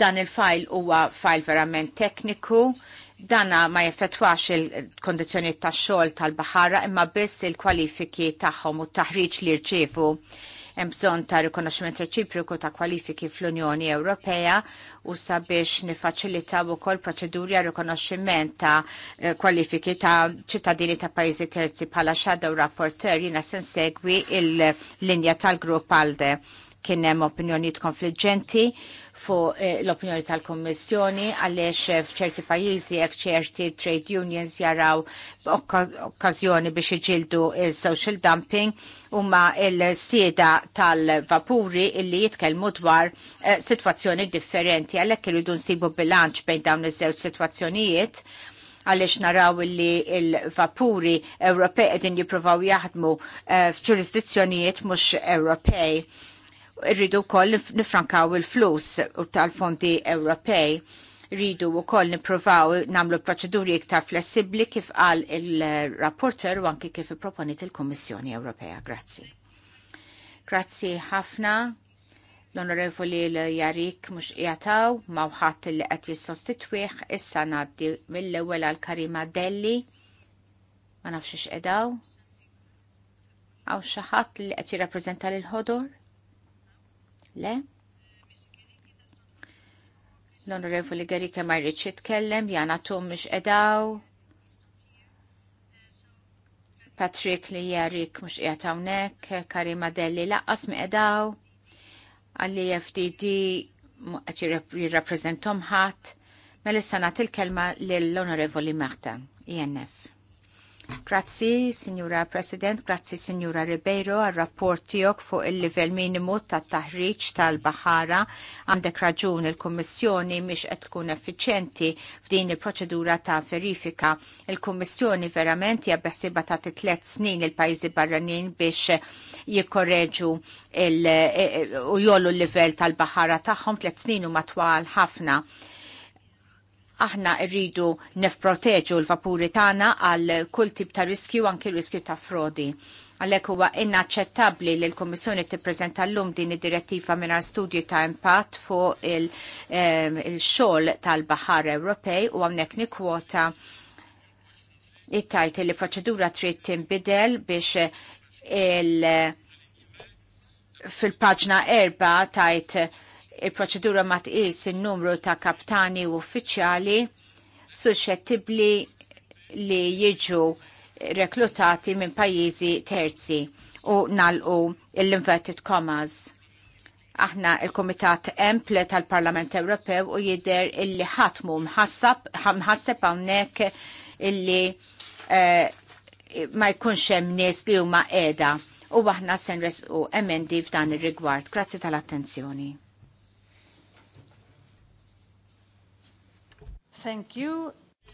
Dan il-fajl huwa fajl verament tekniku Dana ma jeffetwax il-kondizjoni tax xogħol tal-baħara imma biss il-kwalifiki tagħhom u taħriċ li rċifu. hemm bżonn ta' rikonoxximent reċipruku ta' kwalifiki fl-Unjoni Ewropea u sabiex u ukoll proċeduri għal rikonoxximent ta' eh, kwalifiki ta' ċittadini ta' pajjiżi terzi bħala u rapporter jiena sen segwi il-linja tal-grupp Alde kien hemm opinjonijiet konfliġġenti fuq eh, l-opinjoni tal-Kommissjoni għaliex eh, f'ċerti pajjiżi jekk ċerti trade unions jaraw okkażjoni biex iġildu il-social dumping huma l-sieda tal-vapuri illi jitkellmu dwar eh, sitwazzjoni differenti għalhekk irridu nsibu bilanċ bejn dawn iż-żewġ sitwazzjonijiet għalix naraw li il-vapuri Ewropej edin jiprofaw jaħdmu f'ġurisdizzjonijiet mux Ewropej rridu wkoll nifrankaw il-flus tal-fondi Ewropej rridu u koll niprofaw namlu proċeduri iktar flessibli kif qal il-rapporter u anki kif proponit il-Kommissjoni Ewropea. Grazzi. Grazzi ħafna. L-Onorevoli l-Jarik mux jataw, mawħat li qed jissostitwih, issa naddi mill-ewwel għal Karima Delli. Ma nafx x'edaw. Għaw xaħat li qed jirrappreżenta l-ħodur? Le? L-Onorevoli Gerike ma jridx jitkellem, Jana Tum mhux edaw. Patrick li jarik mux qiegħed hawnhekk, Karima Delli laqqas mi edaw. Għalli FDD għati jirrappreżentom ħadd. Melissa nagħti il-kelma lill-Onorevoli Marta, INF. Grazzi, Signora President, grazzi, Signora Ribeiro, għal rapportijok fuq il-livell minimu ta' taħriġ tal-Bahara. Għandek raġun il-Kommissjoni miex qed tkun effiċenti f'din il-proċedura ta' verifika. Il-Kommissjoni verament hija beħsiba ta' tlet snin il-pajjiżi barranin biex jikorreġu u jollu l-livell tal-Bahara tagħhom tliet snin u matwal ħafna aħna rridu nefproteġu l-vapuri tagħna għal kull tip ta' riskju anki riskju ta' frodi. Għalhekk huwa inaċċettabbli li l-Kummissjoni tippreżenta llum din id-direttiva mingħajr studju ta' impatt fuq ehm, il-xogħol il xogħol tal baħar Ewropej u hawnhekk nikkwota it-tajt li proċedura trid tinbidel biex il- fil-paġna erba tajt il-proċedura ma tqis in-numru ta' kaptani u uffiċjali suscettibbli li jiġu reklutati minn pajjiżi terzi u nalqu l-inverted commas. Aħna il-Komitat Emple tal-Parlament Ewropew u jider illi ħatmu mħasseb għawnek hawnhekk illi eh, ma jkunx hemm nies li huma qiegħda u aħna se nresqu emendi f'dan ir-rigward. Grazzi tal-attenzjoni. Thank you.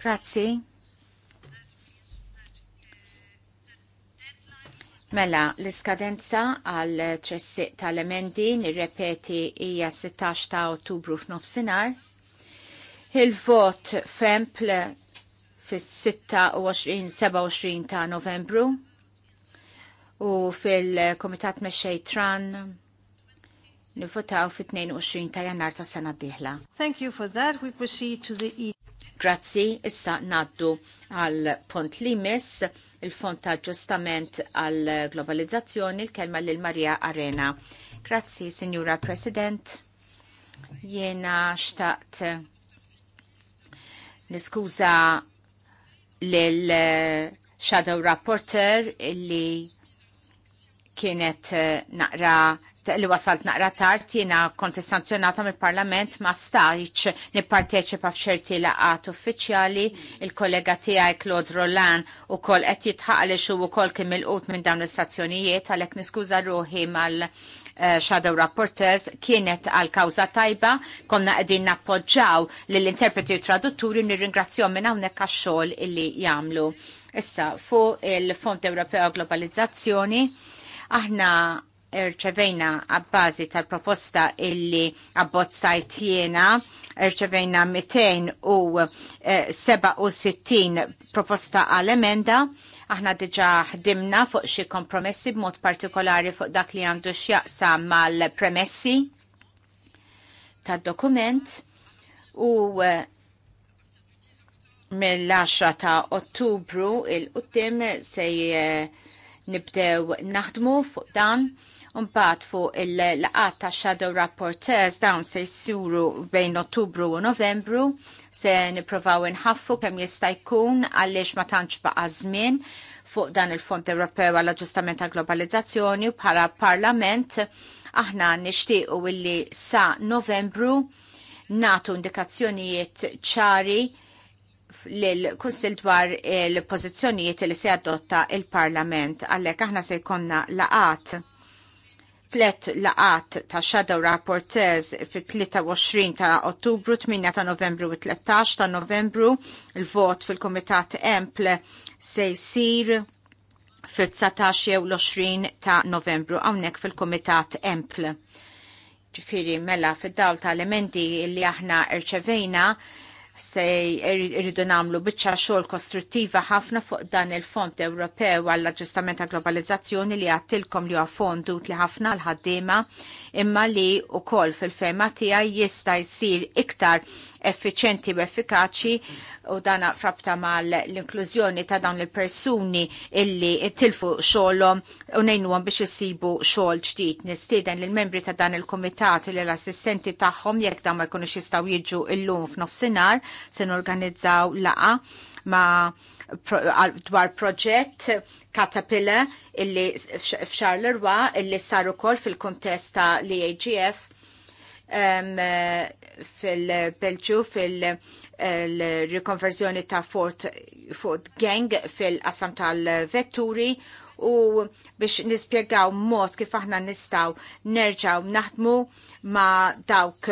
Grazzi. Mela, l-iskadenza għal tressiq tal-emendi nirrepeti hija 16 ta' Ottubru f'nofsinhar. Il-vot fempl fis-26-27 ta' Novembru u fil-Komitat Mexxej Tran nivvotaw fit-22 ta' jannar ta' sena diħla. Thank you for that. We proceed to the E. Grazzi, issa naddu għal punt limis, il-fond ta' ġustament għal globalizzazzjoni, il-kelma lil Maria Arena. Grazzi, Signora President. Jena xtaqt niskuza l eh, Shadow Rapporteur illi kienet eh, naqra li wasalt naqra tard jiena kont sanzjonata mill-Parlament ma stajċ nipparteċipa f'ċerti laqat uffiċjali il-kollega tiegħi Claude Roland ukoll qed jitħaqalex u wkoll kien milqut minn dawn l-istazzjonijiet għalhekk niskuża ruħi mal eh, Shadow rapporters. kienet għal kawza tajba, konna qegħdin nappoġġaw lill-interpreti u tradutturi nirringrazzjom minn hawnhekk għax-xogħol illi jagħmlu. Issa fuq il-Fond Ewropew Globalizzazzjoni aħna irċevejna għabbażi tal-proposta illi għabbozzajt jena irċevejna 267 eh, proposta għal-emenda aħna diġa ħdimna fuq xi kompromessi b'mod partikolari fuq dak li għandu x'jaqsa mal-premessi tad-dokument u eh, mill-10 ta' Ottubru il-qudiem se eh, nibdew naħdmu fuq dan Mbagħad fuq il-laqat ta' Shadow Rapporteurs dawn se jissuru bejn Ottubru u Novembru se nipprovaw inħaffu kemm jista' jkun għaliex ma tantx baqa' żmien fuq dan il-Fond Ewropew għall aġġustament tal globalizzazzjoni bħala Parlament aħna nixtiequ illi sa Novembru natu indikazzjonijiet ċari lil kunsil dwar il pożizzjonijiet li se adotta il-Parlament Għalhekk aħna se jkollna laqat tlet laqat ta' Shadow Rapportez fil-23 ta' Ottubru, 8 ta' Novembru u 13 ta' Novembru. Il-vot fil-Komitat Emple se jsir fil-19 jew l-20 ta' Novembru hawnhekk fil-Komitat Emple. Ġifiri, mela fid-dawl ta' elementi li aħna rċevejna se irridu namlu biċċa xogħol kostruttiva ħafna fuq dan il-Fond Ewropew għall aġġustament ta' globalizzazzjoni li għattilkom li huwa fond utli ħafna l ħaddiema imma li wkoll fil-fema tija jista' jsir iktar effiċenti u effikaċi u dana frabta mal l-inklużjoni ta' dawn il-persuni illi tilfu xolom u għan biex isibu xogħol ġdid. Nistieden l membri ta' dan il-komitat li l-assistenti tagħhom jekk da' ma jkunux jistgħu jiġu illum f'nofsinhar se norganizzaw laqa ma' dwar proġett Caterpillar illi f'xar l-erwa illi sar ukoll fil-kontesta li AGF Eh, fil pelċu eh, fil rikonversjoni ta' Fort, Fort Gang fil-qassam tal-vetturi u biex nispjegaw mod kif aħna nistaw nerġaw naħdmu ma dawk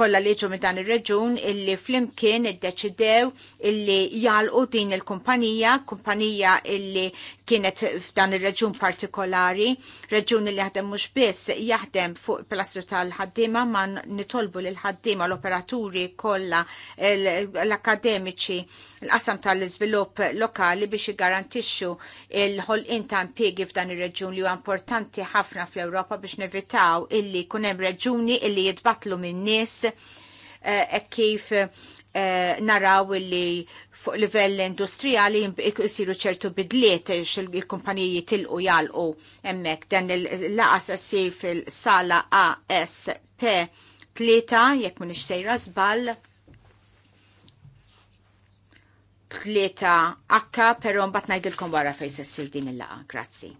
kollha li ġu minn dan ir-reġun illi flimkien iddeċidew illi jalqu din il-kumpanija, kumpanija illi kienet f'dan ir-reġun partikolari, reġun li jaħdem mhux biss jaħdem fuq plastru tal-ħaddiema ma nitolbu l ħaddiema l-operaturi kollha l-akademiċi l-qasam tal-iżvilupp lokali biex jiggarantixxu il-ħolqien ta' impjiegi f'dan ir-reġjun li huwa importanti ħafna fl-Ewropa biex nevitaw illi kun hemm reġuni illi jitbatlu min-nies eh, e kif eh, naraw illi fuq livell industrijali jisiru ċertu bidliet il-kumpaniji tilqu jalqu emmek dan il-laqas sir fil-sala ASP 3 jekk mhux sejra żball tlieta akka, però mbagħad najdilkom wara fej sessir din il-laqa. Grazzi.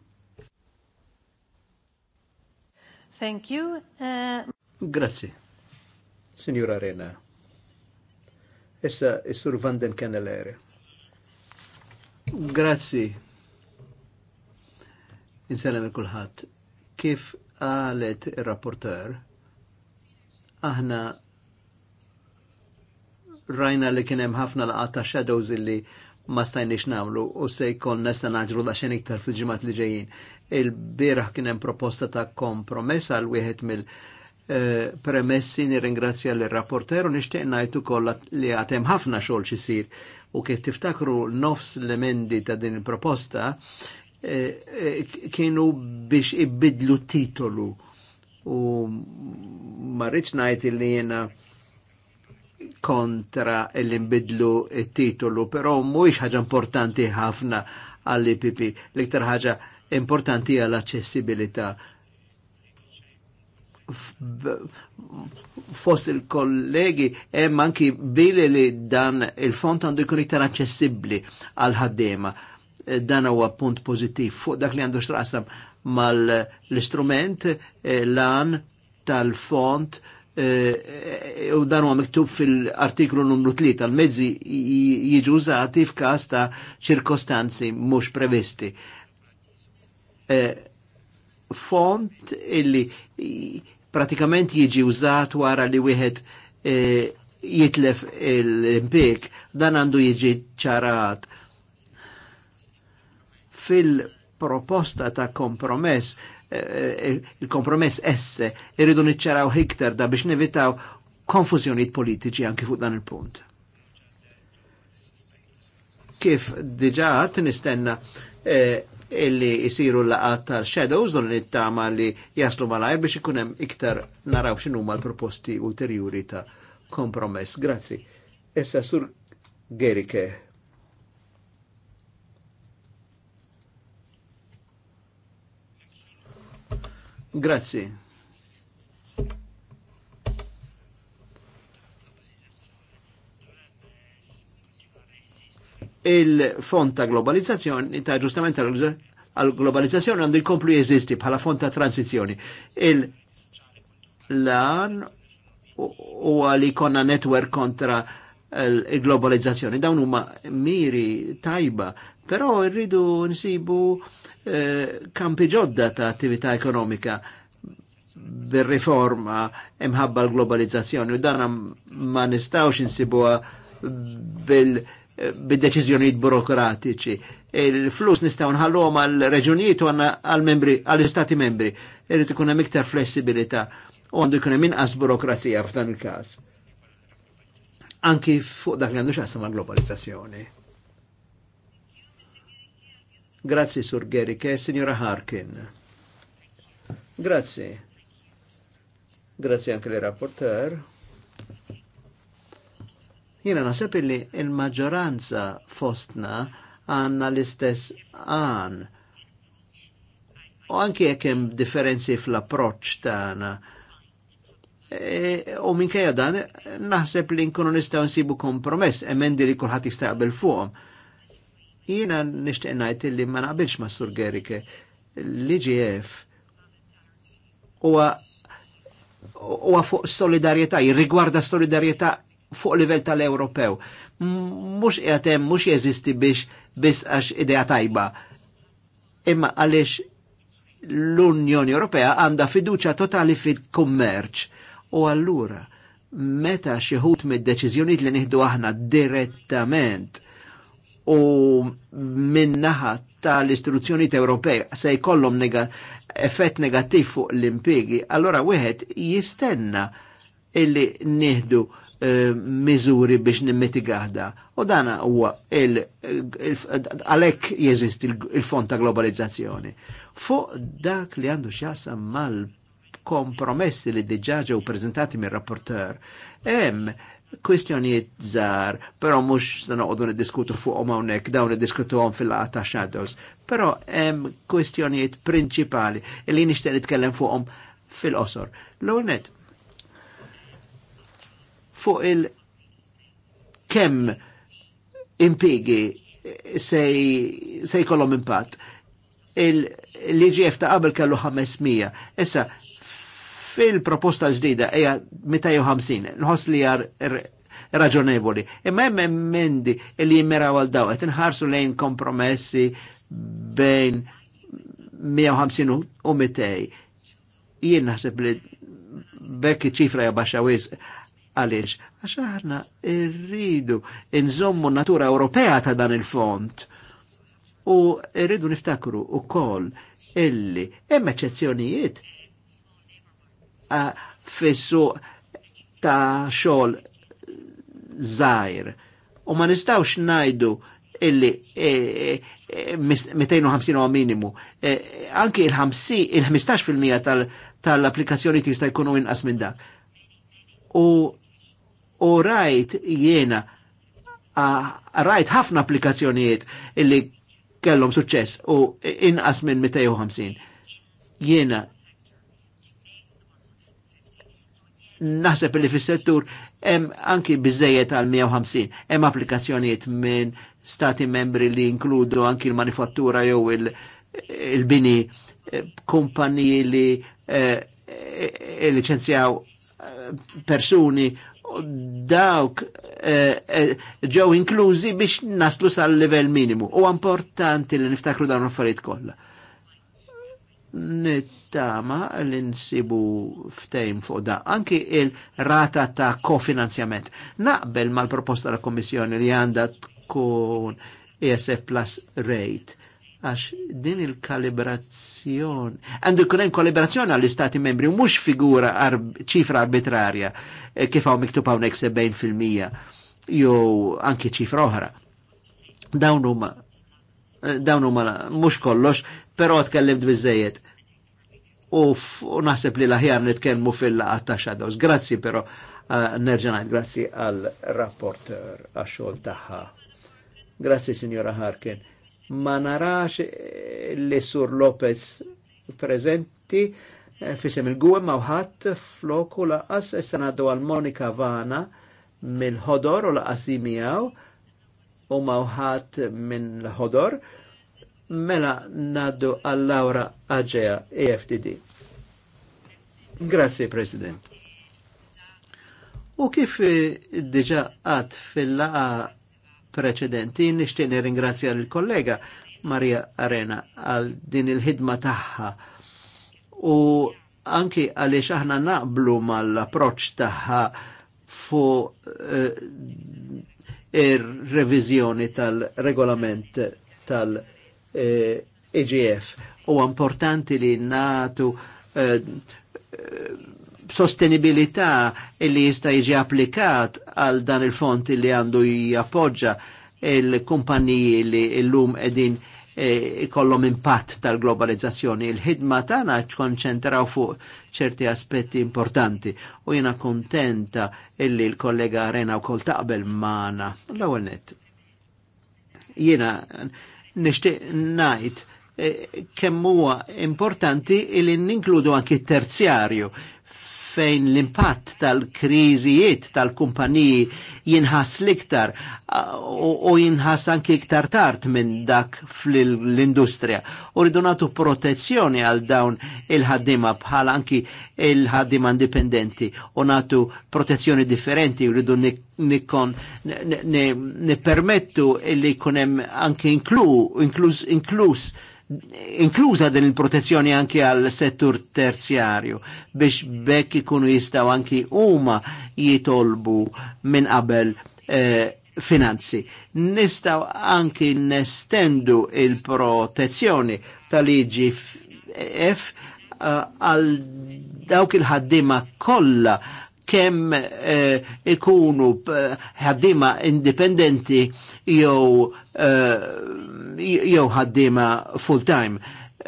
Thank you. Uh... Grazzi. Signora Rena. Essa is-Sur Vanden Kenneler. Grazzi. Insellem il kulħat Kif għalet il-rapporter, aħna rajna li kienem ħafna laqat ta' shadows illi ma stajniex namlu u se jkoll nesta naġru da xen iktar fil-ġimat li ġejjin. il kien kienem proposta ta' kompromess għal wieħed mill- eh, premessi nirringrazzja l-rapporter u nixtieq ngħid ukoll li għatem ħafna xogħol xisir u kif tiftakru nofs l-emendi ta' din il-proposta eh, kienu biex ibidlu titolu u marriċ najt li jena kontra l-imbidlu titolu, però mhuwiex ħaġa importanti ħafna għall-IPP. L-iktar ħaġa importanti għall accessibilità fost il-kollegi e manki bile li dan il-font għandu jkun iktar accessibli għal ħaddiema. Dan huwa punt pożittiv fuq dak li għandu xtraqsam mal-istrument eh, lan tal-font Eh, eh, u dan huwa miktub fil-artiklu numru 3 tal-mezzi jiġu użati f'każ ta' ċirkostanzi mhux previsti. Eh, font illi pratikament jiġi użat wara li wieħed jitlef l-impik, dan għandu jiġi ċarat. Fil-proposta ta' kompromess il-kompromess esse irridu niċċaraw hiktar da biex nevitaw konfuzjoniet politiċi anki fuq dan il-punt. Kif diġa nistenna eh, illi jisiru laqat tal-shadows don li t-tama li jaslu malajr biex ikunem iktar naraw xinu mal proposti ulterjuri ta' kompromess. Grazzi. Essa sur Gerike. Grazie. il fonta ta' globalizzazzjoni, ta' ġustament għal-globalizzazzjoni għandu jkomplu jeżisti bħala fond ta' transizjoni. Il-lan u għali konna network kontra il-globalizzazzjoni. Dawn huma miri tajba, però rridu nsibu uh, Eh, kampi ġodda ta' attività ekonomika bir-riforma imħabba l-globalizzazzjoni u dan ma nistawx insibuha bil-deċiżjonijiet burokratiċi. Il-flus nistaw nħallhom għal reġunijiet u għal-membri, għal-istati membri. Irrid ikun hemm iktar flessibilità u għandu jkun hemm inqas burokrazija f'dan il-każ. Anki fuq dak li għandu x'assam għal-globalizzazzjoni. Grazzi, Sur Gerike, Signora Harkin. Grazzi. Grazzi anche le rapporteur Jena nasab li il-maġġoranza fostna għanna l-istess għan. U anki jekem differenzi fl-approċ tagħna. E, u minn dan naħseb li nkunu nistgħu nsibu kompromess emendi li kulħadd jista' jaqbel fuqhom Jiena nixtieq ngħid illi ma naqbilx ma' Sur Gerike l-IGF huwa fuq solidarjetà, jirrigwarda solidarjetà fuq livell tal-Ewropew. Mhux qiegħed hemm mhux jeżisti biex biss għax idea tajba. Imma għaliex l-Unjoni Ewropea għandha fiduċa totali fil-kummerċ. U allura meta xi ħut mid-deċiżjonijiet li nieħdu aħna direttament u minnaħa tal-istituzzjoni Ewropej se jkollhom nega, effett negattiv fuq l-impigi, allora wieħed jistenna illi nieħdu eh, miżuri biex nimmitigahda. U dan huwa għalhekk jeżisti il-fond ta' globalizzazzjoni. Fuq dak li għandu x'jasam mal-kompromessi li diġaġew prezentati mir rapporteur hemm kwistjonijiet żgħar, però mhux se noqogħdu fuq fuqhom hawnhekk dawn għom fil laqata ta' shadows. Però hemm kwistjonijiet prinċipali li nixtieq nitkellem fuqhom fil-qosor. l għunet fuq il kemm impigi se jkollhom impat il-liġi ta' qabel kellu 500. Issa, fil-proposta ġdida eja 250, nħos li jar raġonevoli. Imma hemm emmendi li jimmeraw għal daw, qed inħarsu lejn kompromessi bejn 150 u 200. Jien naħseb li bekki ċifra jabaxa wis għalix. għax aħna irridu nżommu natura Ewropea ta' dan il-font. U irridu niftakru u koll illi hemm eccezzjonijiet fissu ta' xol zaħir. U ma nistawx najdu illi 250 e, e, huwa minimu. E, anki il-15% tal-applikazzjoni tista' jkunu inqas minn dak. U rajt jiena rajt ħafna applikazzjonijiet illi kellhom suċċess u inqas minn 250. Jiena naħseb li fis-settur hemm anki biżejjed għal 150 hemm applikazzjonijiet minn stati membri li inkludu anki l-manifattura jew il-bini eh, kumpaniji li eh, licenzjaw eh, persuni dawk ġew inklużi biex naslu sal livell minimu. U importanti li niftakru dawn l-affarijiet kollha nittama l-insibu ftejm fuq da. Anki il-rata ta' kofinanzjament. Naqbel mal-proposta la' kommissjoni li għanda tkun ESF plus rate. Għax din il-kalibrazzjoni, għandu jkun hemm kalibrazzjoni għall-istati membri, mhux figura ċifra arbitrarja eh, kif hawn miktub hawnhekk 70% jew anki ċifra oħra. Dawn huma Eh, dawn huma mhux kollox, però tkellimt biżejjed. U naħseb li l-aħjar nitkellmu fil-laqgħa ta' shadows. Grazzi però eh, nerġa' ngħid grazzi għal rapporter għax-xogħol tagħha. Grazzi Sinjora Harkin. Ma narax eh, li Sur Lopez prezenti fisem il-gwem mawħat floku laqas issa ngħaddu għal Monika Vana mill-ħodor u laqas imijaw u mawħat minn l ħodor, mela naddu għall-Laura Aġeja EFTD. Grazie, President. U kif eh, diġa għad fil-laqa preċedenti, nishtieni ringrazzja l-kollega Maria Arena għal din il-ħidma taħħa u anki għaliex aħna naqblu mal-approċ taħħa fu eh, il-revizjoni tal-regolament tal-EGF. U importanti li natu eh, eh, sostenibilità li jista' jiġi applikat għal dan il fond li għandu jappoġġa il-kumpaniji li l-lum edin E, ikollom impatt tal-globalizzazzjoni. Il-ħidma tagħna tkonċentraw fuq ċerti aspetti importanti u jiena kontenta illi l-kollega Arena wkoll taqbel magħna. L-ewwel net. Jiena nixtieq ngħid e, kemm huwa importanti li ninkludu anki terzjarju fejn l-impatt tal-kriżijiet tal-kumpaniji jinħas l-iktar uh, u jinħas anki iktar tard minn dak fl-industrija. U rridu nagħtu protezzjoni għal dawn il-ħaddima bħal anki il-ħaddima indipendenti u nagħtu protezzjoni differenti u rridu nikon nipermettu li jkun hemm anki inkluż inkluż inkluża din il-protezzjoni anki għal settur terzjarju biex bekk ikunu jistaw anki huma jitolbu minn qabel eh, finanzi. Nistaw anki nestendu il-protezzjoni tal-liġi F eh, għal dawk il-ħaddima kollha kemm eh, ikunu eh, ħaddima indipendenti jew Eh, jew ħaddiema full-time.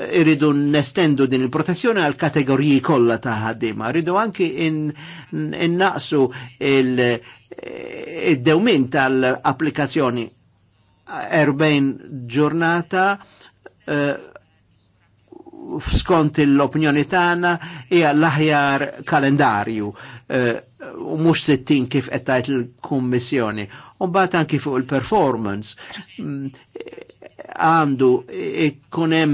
Irridu nestendu din il-protezzjoni għal kategoriji kollha ta' ħaddiema. Irridu anki innaqsu in il-dewmin il eh, dewmin tal applikazzjoni 40 ġurnata eh, skont l-opinjoni tagħna hija l-aħjar kalendarju u mhux 60 kif qed tgħid il-Kummissjoni. Umbat anki fuq il-performance mm, għandu ikkunem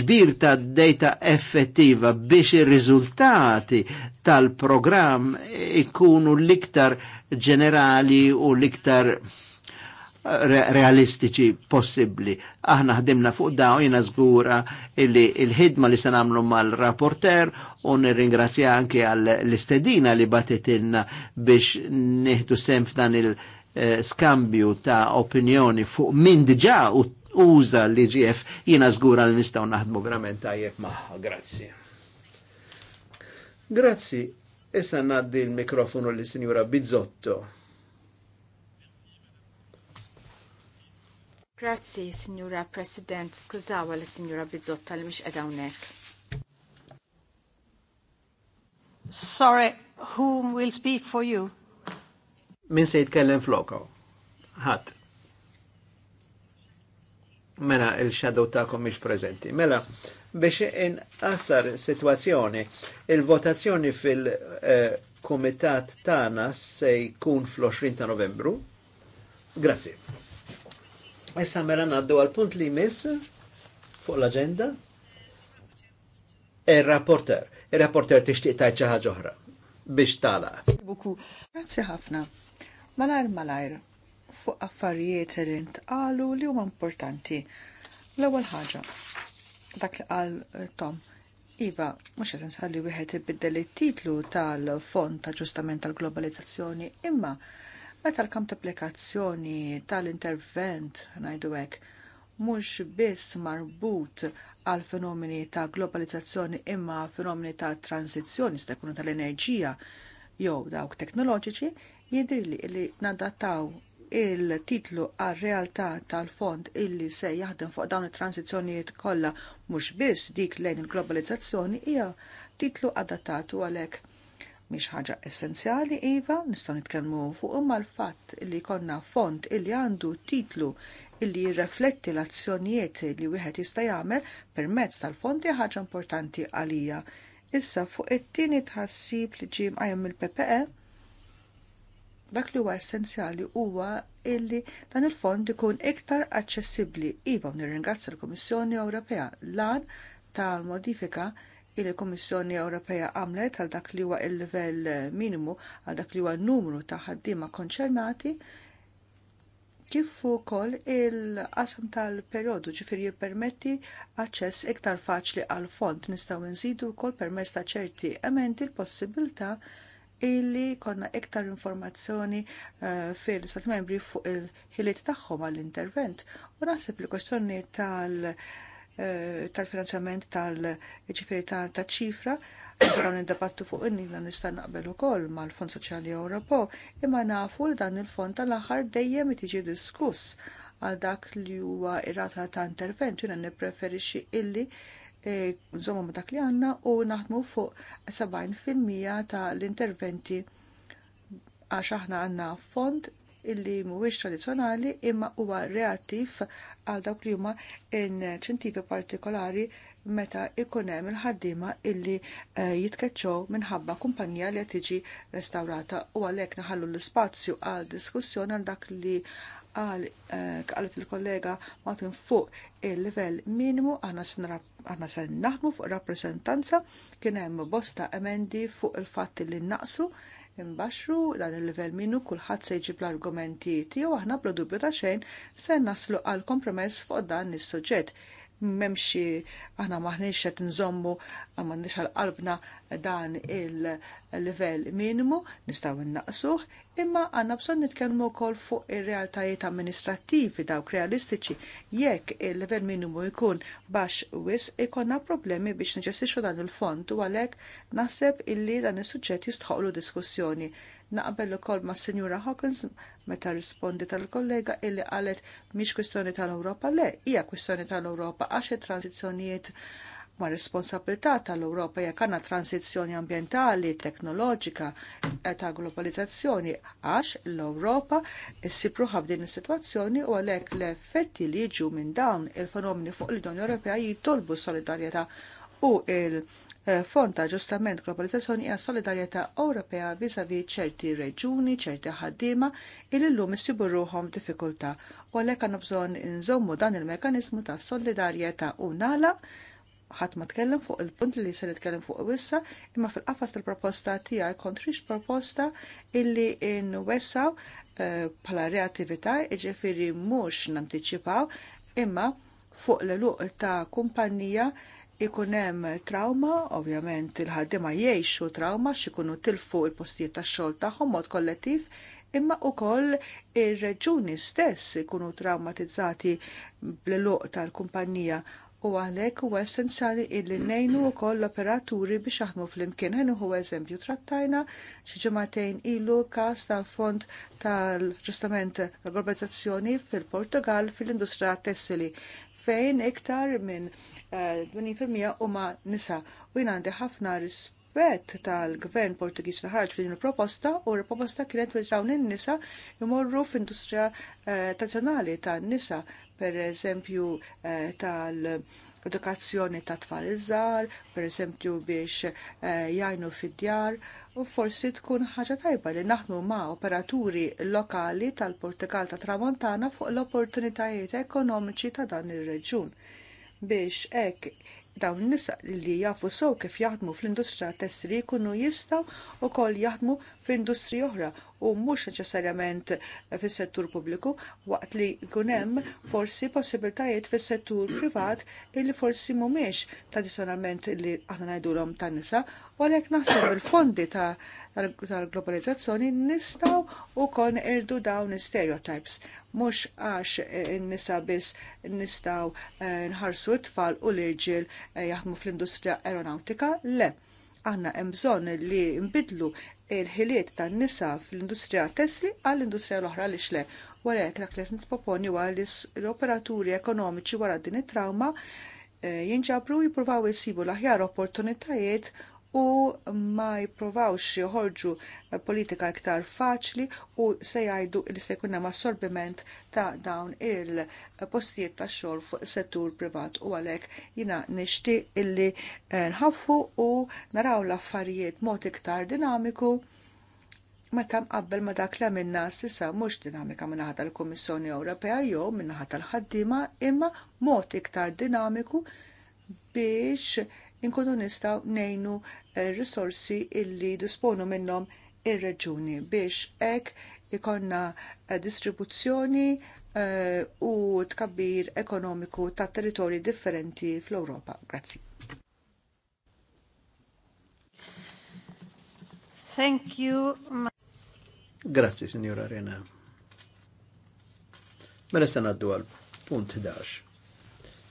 ġbir ta' data effettiva biex ir rizultati tal program ikkunu l-iktar ġenerali u l-iktar realistiċi possibli. Aħna ħdimna fuq dawn jina zgura illi il-ħidma li se nagħmlu mal-rapporter u nirringrazzja anke għall-istedina li batetilna biex nieħdu sem f'dan il-skambju eh, ta' opinjoni fuq min diġà u uża l-IGF jina zgura li nistgħu naħdmu verament tajjeb magħha. Grazzi. Grazzi. Issa naddi l-mikrofonu li Sinjura Bizzotto. Grazzi, Signora President. Skużawa li Signora Bizzotta li mhix qed hawnhekk. Sorry, whom will speak for you? Min se jitkellem flokaw? Ħadd. Mela il-shadow ta'kom mhix preżenti. Mela, biex inqasar situazzjoni, il-votazzjoni fil eh, kumitat tagħna se jkun fl-20 ta' Novembru. Grazie. Issa mela naddu għal punt li jmiss fuq l-agenda. Il-rapporter, il-rapporter tixtieq tgħid xi ħaġa oħra biex tala. Buku, grazzi ħafna. Malajr malajr, fuq affarijiet li ntqalu li huma importanti. L-ewwel ħaġa, dak li qal eh, Tom, Iva, mux jasen sħalli wieħed ibiddel it-titlu tal-Fond ta' ġustament tal-globalizzazzjoni, imma Meta l kamt applikazzjoni tal-intervent ngħidu hekk mhux biss marbut għal fenomeni ta' globalizzazzjoni imma fenomeni ta' tranzizzjoni se jkunu tal-enerġija jew dawk teknoloġiċi jidhirli li nadattaw il-titlu għal realtà tal-fond illi se jaħdem fuq dawn it-tranzizzjonijiet kollha mhux biss dik lejn il-globalizzazzjoni hija titlu adattatu għalhekk miex ħaġa essenzjali iva, nistgħu nitkellmu fuq imma l-fatt li konna font illi għandu titlu illi jirrefletti l-azzjonijiet li wieħed jista' jagħmel permezz tal-fondi ħaġa importanti għalija. Issa fuq it-tieni tħassib li ġie mqajjem mill-PPE, dak li huwa essenzjali huwa illi dan il-fond ikun iktar aċċessibbli. Iva nirringrazzja l-Kummissjoni Ewropea lan tal-modifika il kummissjoni Ewropea għamlet għal dak li huwa il-livell minimu għal dak li huwa numru ta' ħaddiema konċernati kif ukoll il-qasam tal-perjodu ġifier jippermetti aċċess iktar faċli għal fond nistgħu nżidu wkoll permezz ta' ċerti emendi l-possibilità illi konna iktar informazzjoni eh, fil-stat membri fuq il-ħiliet tagħhom għall-intervent. U naħseb li kwestjoni tal- Eh, tal-finanzjament tal-ġifiri ta' ċifra, nistaw nindabattu fuq in nista' naqbel ukoll mal-Fond Soċjali Ewropew, imma nafu li dan il-fond tal-aħħar dejjem tiġi diskuss għal dak li huwa irrata ta' intervent, jiena nippreferixxi illi eh, nżommu ma dak li għandna u naħdmu fuq 70% ta' l-interventi għax aħna għandna fond illi mhuwiex tradizzjonali imma huwa reattiv għal dawk li huma inċentivi partikolari meta ikun hemm il-ħaddiema illi eh, jitkeċċew minħabba kumpanija li qed tiġi restawrata u għalhekk naħallu l-ispazju għal diskussjoni għal dak li għal eh, il-kollega matin fuq il-level minimu għana sen naħmu fuq rappresentanza kien hemm bosta emendi fuq il-fatt li naqsu imbaxxu dan il-livell minnu kulħadd se jġib l-argumenti tiegħu aħna bla dubju ta' xejn se naslu għal kompromess fuq dan is-suġġett. Memxi aħna maħniex qed nżommu m'għandniex għal qalbna dan il- livell minimu nistgħu innaqsuh, imma għandna bżonn nitkellmu wkoll fuq ir-realtajiet amministrattivi dawk realistiċi. Jekk il-livell minimu jkun baxx wis ikonna problemi biex niġestixxu dan il-fond u għalhekk naħseb illi dan is-suġġett jistħoqlu diskussjoni. Naqbel ukoll ma' Sinjura Hawkins meta rispondi tal-kollega illi qalet mhix kwistjoni tal-Ewropa le, hija kwistjoni tal-Ewropa għax it-tranzizzjonijiet ma' responsabilità tal-Ewropa jekk għandna transizzjoni ambjentali, teknoloġika e ta' globalizzazzjoni għax l-Ewropa issibruħa b'din is-sitwazzjoni u għalhekk l-effetti li jiġu minn dawn il-fenomeni fuq l-Unjoni Ewropea jitolbu solidarjetà u il- eh, Fond ta' ġustament globalizzazzjoni hija solidarjetà Ewropea viżavi ċerti reġuni, ċerti ħaddiema il llum issibu ruhom diffikultà u għalhekk għandna bżonn inżommu dan il-mekanizmu ta' solidarjetà u nala ħadd ma tkellem fuq il-punt li se nitkellem fuq wissa, imma fil-qafas tal-proposta tija kontrix proposta illi nwessaw eh, bħala reattività, iġifiri mhux nanticipaw, imma fuq l-luq ta' kumpanija ikun hemm trauma, ovvjament il ħaddima jgħixu trauma x'ikunu tilfu il-postijiet tax-xogħol tagħhom mod kollettiv, imma koll ir-reġuni stess ikunu traumatizzati bl-luq tal-kumpanija u għalhekk huwa essenzjali illi ngħinu wkoll l-operaturi biex jaħdmu flimkien. Ħen huwa eżempju trattajna xi ġimagħtejn ilu każ tal-Fond tal-Ġustament tal-Globalizzazzjoni fil-Portugal fil-Industrija tessili fejn iktar minn 80% eh, huma nisa u jien għandi ħafna rispett tal-gvern Portugiż li ħarġ fil proposta u l-proposta kienet biex dawn in-nisa jmorru f'industrija eh, tradizzjonali tan-nisa per eżempju eh, tal- edukazzjoni ta' tfal iżgħar, per pereżempju biex eh, jgħajnu fid-djar, u forsi tkun ħaġa tajba li naħdmu ma' operaturi lokali tal-Portugal ta' Tramontana fuq l-opportunitajiet ekonomiċi ta' dan ir-reġjun biex hekk dawn nisa li jafu sew kif jaħdmu fl-industrija tessri jkunu jistgħu wkoll jaħdmu f'industri oħra u mhux neċessarjament fis-settur pubbliku waqt li jkun hemm forsi possibiltajiet fis-settur privat illi forsi mhumiex tradizzjonalment li aħna ngħidulhom tan-nisa u għalhekk naħseb il-fondi tal-globalizzazzjoni nistgħu wkoll irdu dawn stereotypes mhux għax in-nisa biss nistgħu eh, nħarsu t-tfal u l-irġiel eh, jaħdmu fl-industrija aeronautika, le għanna bżonn li nbidlu il-ħiliet ta' nisa fil industrija tesli għall-industrija l-oħra li xle. Warek dak li nitproponi huwa li l-operaturi ekonomiċi wara din it-trauma eh, jinġabru jippruvaw isibu l-aħjar opportunitajiet u ma jipprovawx joħorġu eh, politika iktar faċli u se jgħidu li se jkun hemm assorbiment ta' dawn il-postijiet ta' xogħol fuq settur privat u għalhekk jiena nixtieq illi eh, nħaffu u naraw l-affarijiet mod iktar dinamiku meta mqabbel ma dak li għamilna sissa mhux dinamika minn ħadd l-Kummissjoni Ewropea jew minn ħadd tal-ħaddiema imma mod iktar dinamiku biex inkunu nistaw nejnu eh, risorsi illi disponu minnom ir-reġuni biex ek ikonna eh, distribuzzjoni eh, u tkabbir ekonomiku ta' territori differenti fl-Europa. Grazzi. Thank you. Grazzi, signora Rena. Mela se għaddu għal punt 11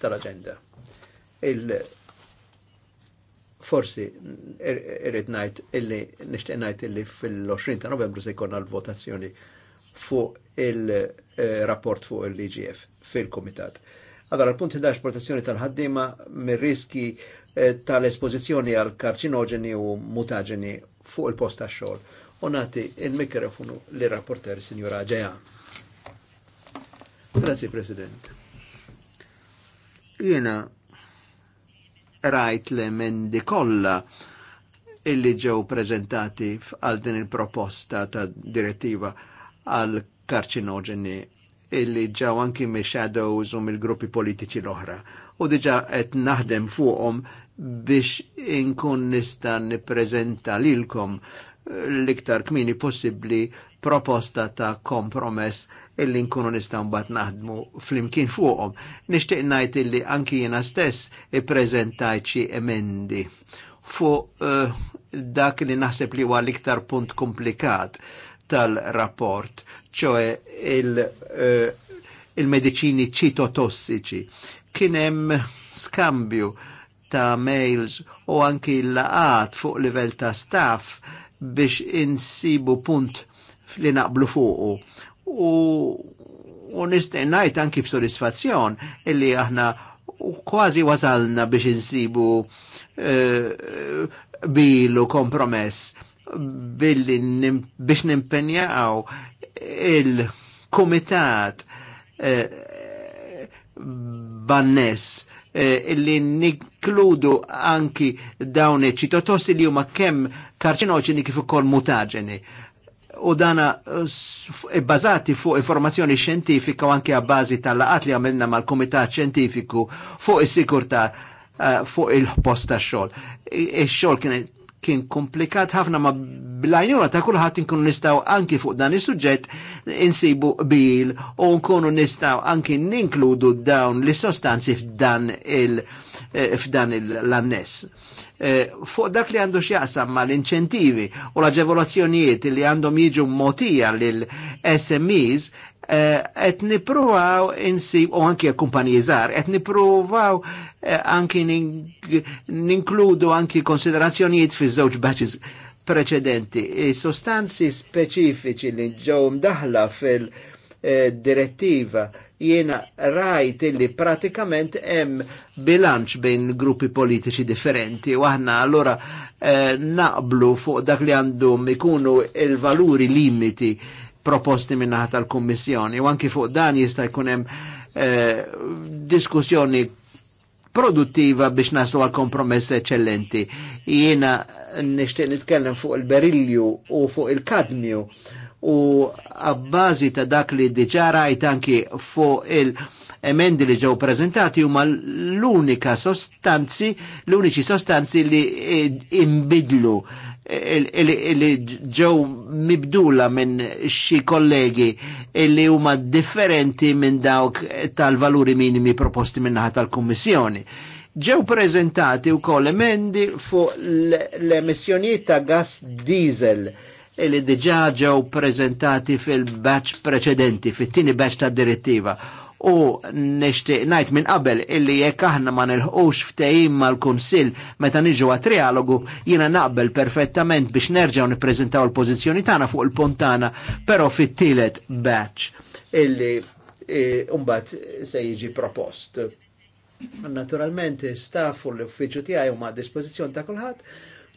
tal-agenda. Il- Forsi er-, irrit najt illi nishtiq najt illi fil-20 ta' novembru se jkollna l-votazzjoni fuq il-rapport fuq l-IGF fil-Komitat. Allora, l-punt 11 protezzjoni tal-ħaddima mir-riski eh, tal espozizjoni għal karċinogeni u mutaġeni fuq il-post ta' xogħol. U nagħti il-mikrofonu li rapporter Sinjura Ġeja. Grazie President. Jiena rajt l-emendi kolla illi ġew prezentati għal din il-proposta ta' direttiva għal karċinogeni illi ġew anki me shadows u mill-gruppi politiċi l-oħra. U diġa qed naħdem fuqhom biex inkun nista' nippreżenta lilkom l-iktar kmini possibli proposta ta' kompromess illi nkunu nistaw mbagħad naħdmu flimkien fuqhom. Nixtieq ngħid illi anki jiena stess ippreżentajt xi emendi fuq uh, dak li naħseb li huwa l-iktar punt komplikat tal-rapport, ċoe eh, il-medicini uh, il ċitotossiċi. Kien hemm skambju ta' mails u anki l-laqat fuq livell ta' staff biex insibu punt li naqblu fuqu. U, u anki b'sodisfazzjon illi aħna kważi wasalna biex insibu uh, eh, bilu kompromess billi nim, biex nimpenjaw il-komitat uh, eh, bannes Eh, li nikludu anki dawn iċitotossi li huma kemm karċinoġeni kif ukoll mutaġeni u dana eh, bazati fuq informazzjoni xjentifika u anke għabbażi tal-laqat li għamilna mal-Komitat Xjentifiku fuq is-sikurta eh, fuq il-post ta' xogħol. Ix-xogħol kienet kien komplikat ħafna ma blajnuna ta' kullħat nkunu nistaw anki fuq dan is-suġġett insibu bil u nkunu nistaw anki ninkludu dawn li sostanzi f'dan il- eh, f'dan l-annes. Eh, fuq dak li għandu xjaqsam ma l-inċentivi u l-aġevolazzjonijiet li għandhom jiġu motija lill SMEs, qed eh, nippruvaw insib u anke kumpaniji żgħar qed nippruvaw eh, anki ninkludu anki konsiderazzjonijiet fiż-żewġ batches preċedenti. Sostanzi speċifiċi li ġew mdaħla fil- eh, direttiva jiena rajt illi pratikament hemm bilanċ bejn gruppi politiċi differenti u aħna allora naqblu fuq dak li għandhom ikunu il-valuri limiti proposti minnaħat tal-Kummissjoni. U anki fuq dan jista' jkun hemm eh, diskussjoni produttiva biex naslu għal kompromess eccellenti. Jiena nixtieq nitkellem fuq il-berilju u fuq il-kadmju u għabbażi ta' dak li diġara anki fuq il- emendi li ġew prezentati huma l-unika sostanzi, l-uniċi sostanzi li imbidlu li ġew mibdula minn xi kollegi li huma differenti minn dawk tal-valuri minimi proposti minnaħa tal-Kummissjoni. Ġew prezentati wkoll emendi fuq l-emissjonijiet ta' gas diesel li diġà ġew prezentati fil-batch preċedenti, fit tini batch ta' direttiva u nixtieq ngħid minn qabel illi jekk aħna ma nilħqux ftehim mal-Kunsill meta niġu għat trialogu jiena naqbel perfettament biex nerġgħu nippreżentaw il-pożizzjoni tagħna fuq il-puntana però fit-tielet batch illi e, mbagħad umbat se jiġi propost. Naturalment staff u l-uffiċċju tiegħi huma a dispożizzjoni ta' kulħadd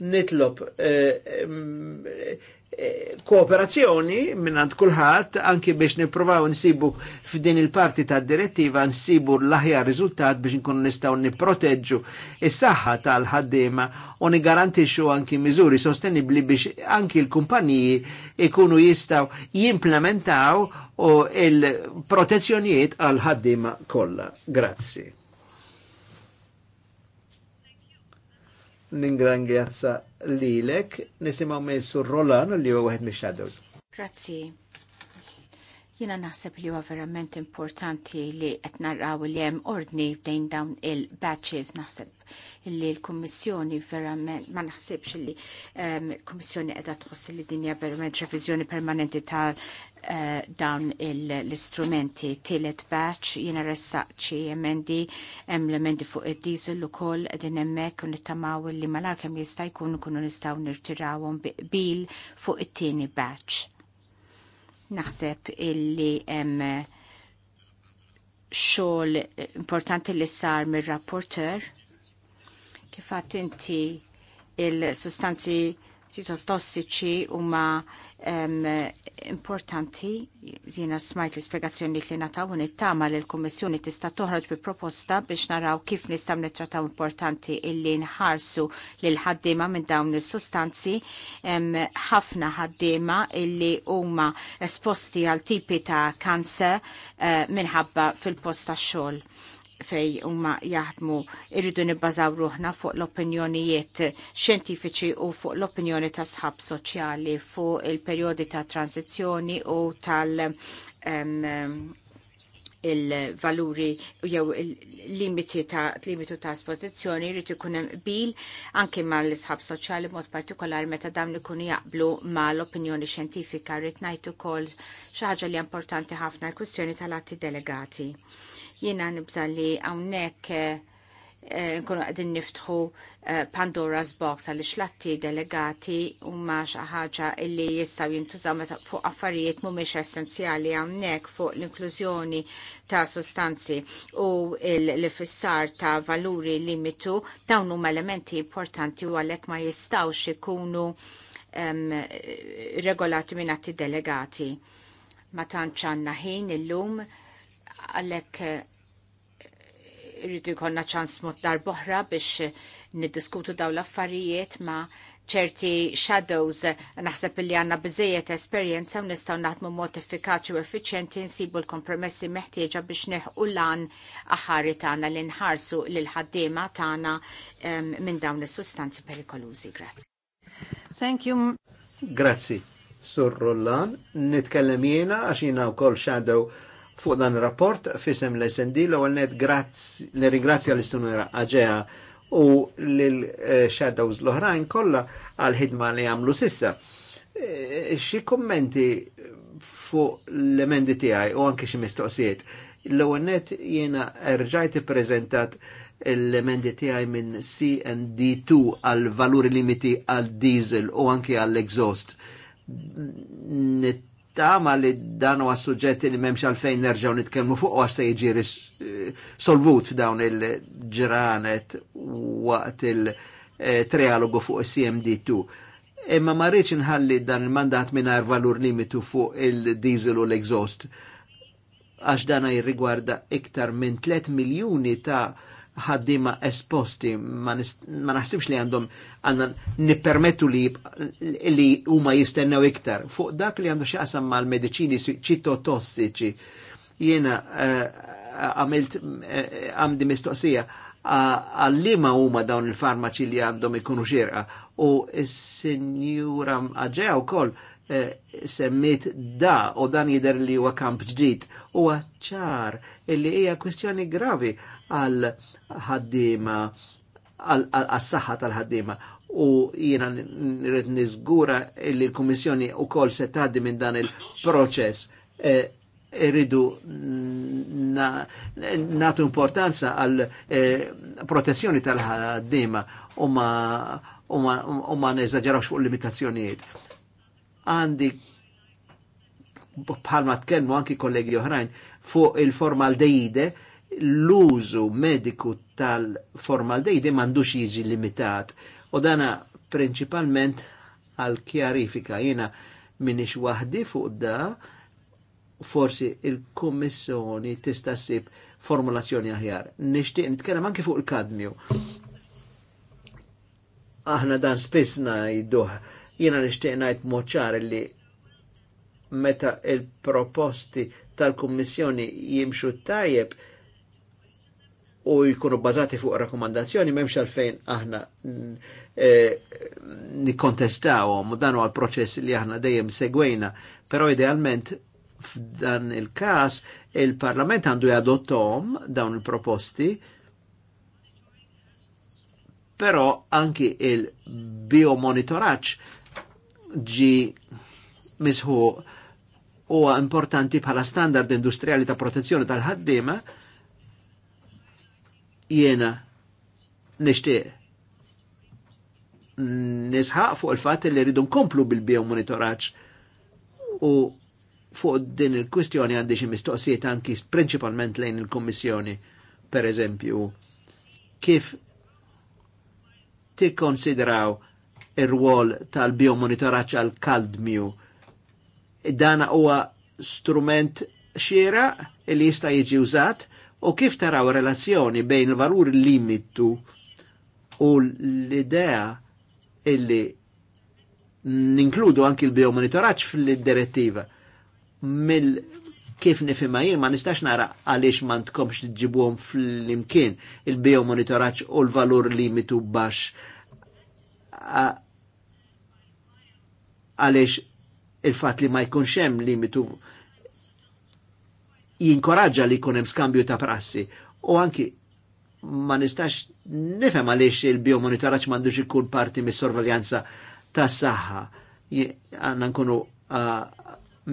nitlob eh, kooperazzjoni minnant kulħadd anki biex nipprovaw nsibu f'din il-parti ta' direttiva nsibu l-aħjar riżultat biex nkunu nistgħu nipproteġġu is-saħħa tal-ħaddiema u nigarantixxu anki miżuri sostenibbli biex anki l-kumpaniji ikunu jistgħu jimplementaw il-protezzjonijiet għal ħaddiema kollha. Grazzi. ningrangrazza lilek, nisimaw minn sur Rolan li huwa wieħed mix-shadows. Grazzi. Jina naħseb li huwa verament importanti li qed narraw li hemm ordni bdejn dawn il-batches naħseb li l-Kommissjoni verament ma naħsibx illi ehm, l-Kommissjoni qiegħda tħoss li dinja verament reviżjoni permanenti tal eh, dawn l-istrumenti tillet batch jiena ressaq xi emendi hemm l-emendi fuq id-diesel ukoll qegħdin hemmhekk u nittamaw li malar kemm jista' jkun ikunu nistgħu nirtirawhom bil fuq it-tieni batch. Naħseb illi hemm eh, xogħol eh, importanti li sar mir-rapporter Kifat inti il-sustanzi tossiċi huma um, importanti. Jiena smajt l-ispjegazzjoni li nataw nittama li l-Kommissjoni tista' toħroġ bi proposta biex naraw kif nistgħu nittrataw importanti illi nħarsu l ħaddiema minn dawn is-sustanzi. Ħafna ħaddima ħaddiema illi huma esposti għal tipi ta' kanser uh, minħabba fil posta xogħol fej huma jaħdmu irridu nibbażaw ruħna fuq l-opinjonijiet xjentifiċi u fuq l-opinjoni ta' sħab soċjali fuq il-perjodi ta' tranzizjoni u tal- um, il-valuri jew il-limiti ta' limitu ta' spożizzjoni jrid ikun hemm bil anke mal-isħab soċjali mod partikolari meta dawn ikunu jaqblu mal-opinjoni xjentifika rrid ngħid ukoll xi ħaġa li importanti ħafna l-kwistjoni tal-atti delegati Jiena nibżalli li hawnhekk eh, eh, nkunu għadin niftħu eh, Pandora's Box għalli xlatti delegati u xi ħaġa illi jistgħu jintużaw fuq affarijiet mhumiex essenzjali hawnhekk fuq l-inklużjoni ta' sostanzi u l-fissar ta' valuri limitu dawn huma elementi importanti u għalhekk ma jistgħux ikunu regolati minn atti delegati. Ma tantx għandna ħin illum lum għalek eh, rridu jkollna ċans mod boħra biex niddiskutu daw l-affarijiet ma ċerti shadows naħseb li għanna biżejjed esperjenza u nistaw naħdmu mod effikaċi u effiċjenti nsibu l-kompromessi meħtieġa biex neħqu lan aħari tagħna li nħarsu lil ħaddiema tagħna um, minn dawn is-sustanzi perikolużi. Grazzi. Thank you. Grazzi. Sur Rullan, nitkellem jiena għax jiena wkoll shadow fuq dan il-rapport fisem l-SND l għalnet nirringrazzja l-istunira għagġeja u l-shadows eh, l-oħrajn kolla għal-ħidma li għamlu sissa. Eh, xi kommenti fuq l-emendi tiegħi u anke xi mistoqsijiet. L-għalnet jena rġajti prezentat l-emendi tiegħi minn CND2 għal valuri limiti għal diesel u anke għall-exhaust Tama li dan huwa suġġetti li m'hemmx għalfejn nerġgħu nitkellmu fuq għas se jiġi eh, solvut f'dawn il-ġranet waqt il-trialogu fuq il-CMD2. Imma ma rridx nħalli dan il-mandat mingħajr valur limitu fuq il-diesel u l-exhaust għax dana jirrigwarda iktar minn 3 miljuni ta' ħaddima esposti ma naħsibx li għandhom għanna nippermettu li li huma jistennew iktar. Fuq dak li għandu xaqsam mal mediċini ċitotossiċi jiena eh, għamilt eh, għamdi mistoqsija għallima huma dawn il-farmaċi li għandhom ikunu xirqa u s-senjura għagġeja u koll eh, semmit da u dan jider li huwa kamp ġdid u ċar illi hija kwestjoni gravi għal ħaddima għal saħħa tal-ħaddima u jiena nirrid niżgura li l-Kummissjoni wkoll se tgħaddi minn dan il-proċess e, irridu natu importanza għal e, protezzjoni tal-ħaddima u ma neżagġarawx fuq limitazzjonijiet. Għandi bħalma tkellmu anki kollegi oħrajn fuq il-formal dejide l-użu mediku tal-formaldehidi mandux jiġi limitat. U dana principalment għal kjarifika jena minix wahdi fuq da, forsi il-kommissjoni tista' ssib formulazzjoni aħjar. Nixtieq nitkellem anke fuq il-kadmju. Aħna dan spiss ngħiduh, jiena nixtieq ngħid moċar li meta il-proposti tal-Kummissjoni jimxu tajjeb, u jkunu bazati fuq rakkomandazzjoni memx għalfejn aħna e, nikontestaw u danu għal proċess li aħna dejjem segwejna, Pero idealment f'dan il-każ il-Parlament għandu jadottom dawn il-proposti, pero anki il-biomonitoraċ ġi misħu huwa importanti bħala standard industriali ta' protezzjoni tal-ħaddiema jiena nishtiq nisħaq fuq il-fat li rridu nkomplu bil-bio monitoraċ u fuq din il-kwistjoni għandi xi mistoqsijiet anki prinċipalment lejn il-Kommissjoni, per eżempju, kif tikkonsidraw ir-rwol tal-biomonitoraċ għal kaldmju. Dan huwa strument xiera li jista' jiġi użat u kif taraw relazzjoni bejn il-valur limitu u l-idea illi ninkludu anki l-biomonitoraċ fil-direttiva mill kif nifima jien ma nistax nara għaliex ma ntkomx tġibuhom fl-imkien il-biomonitoraċ u l-valur limitu bax għaliex il-fat li ma jkunx hemm limitu jinkoraġġa li jkun hemm skambju ta' prassi u anki ma nistax nifhem għaliex il-biomonitoraġġ m'għandux ikun parti mis-sorveljanza tas saħħa għandna nkunu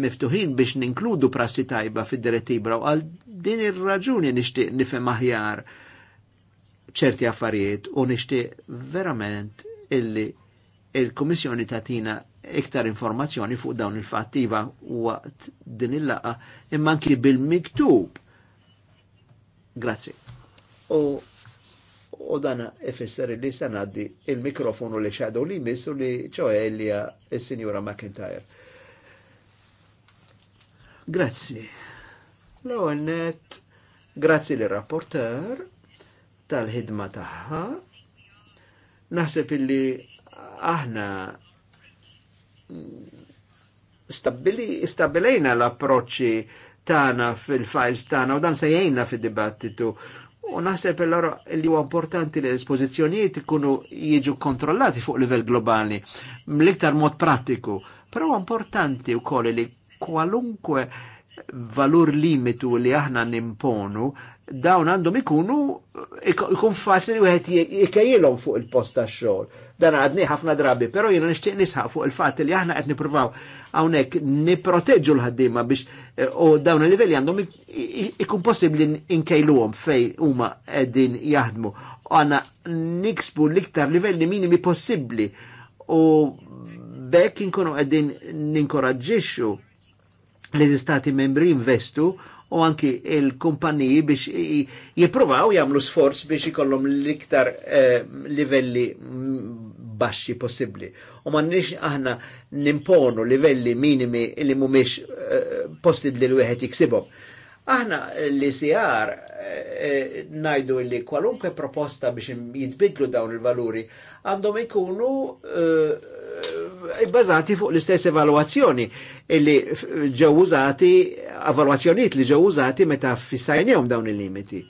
miftuħin biex ninkludu prassi tajba fid-direttiva u għal din ir-raġuni nixtieq nifhem aħjar ċerti affarijiet u nixtieq verament illi il-Kummissjoni tatina iktar informazzjoni fuq dawn il-fattiva waqt din il-laqa imma anki bil-miktub. Grazzi. U u dan ifisser li sanaddi il-mikrofonu li xadu li missu li ċoħe li il-Sinjura McIntyre. Grazzi. L-għonet, grazzi li rapporter tal-ħidma taħħa. Naħseb illi aħna stabbilejna l-approċċi tana fil fajz tana u dan se jgħinna fid-dibattitu. U naħseb allora li huwa importanti li l-espożizzjonijiet ikunu jiġu kontrollati fuq livell globali mliktar mod pratiku. Però importanti wkoll li kwalunkwe valur limitu li aħna nimponu dawn għandhom ikunu ikun faċli u għet jikajilom fuq il-post ta' xogħol. Dan għadni ħafna drabi, pero jina nishtiq nisħaq fuq il-fat li aħna qed provaw hawnhekk niproteġu l ħaddima biex eh, u dawn il-livelli għandhom ikun possibbli għom fej huma qegħdin jaħdmu. Għana niksbu liktar livelli minimi possibli u bekk inkunu qegħdin ninkoraġġiċu li l-istati membri investu u anki il-kumpaniji biex jipruvaw jamlu sforz biex ikollhom l-iktar eh, livelli baxxi possibbli. U ma nix aħna nimponu livelli minimi li mumiex eh, possibbli li wieħed jiksibhom. Aħna l-ICR eh, eh, najdu li kwalunkwe proposta biex jitbidlu dawn il-valuri għandhom ikunu eh, bazati fuq l-istess evalwazzjoni ġew ġewużati, evaluazzjoniet li ġewużati meta fissajnijom dawn il-limiti.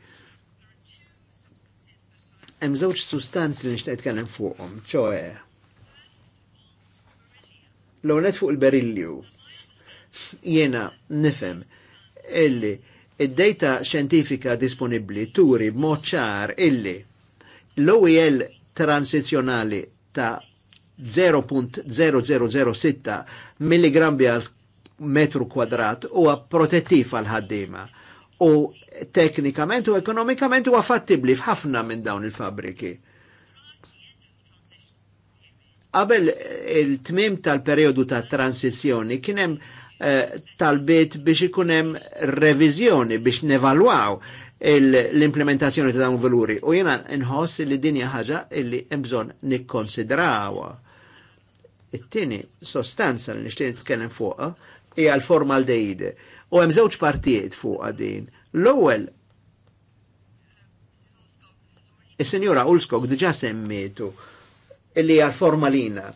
Hemm żewġ sustanzi li nixtieq nitkellem fuqhom, ċoe. L-għonet fuq il-berilju. Jena nifhem illi id-data xjentifika disponibbli turi moċar illi l-OEL transizjonali ta' 0.0006 mg għal metru kwadrat huwa protettiv għal ħaddiema u teknikament u ekonomikament huwa fattibbli f'ħafna minn dawn il-fabriki qabel il-tmim tal-periodu ta' transizjoni kien hemm Eh, talbiet biex ikunem revizjoni, biex nevalwaw l-implementazzjoni ta' dawn valuri. U jena nħoss li dinja ħaġa illi jemżon nikkonsidrawa. It-tini sostanza li nishtieni nitkellem fuqa hija l-formaldeide. U hemm żewġ partijiet fuqa din. L-ewwel is-Sinjura Ulskog diġà semmietu illi għal formalina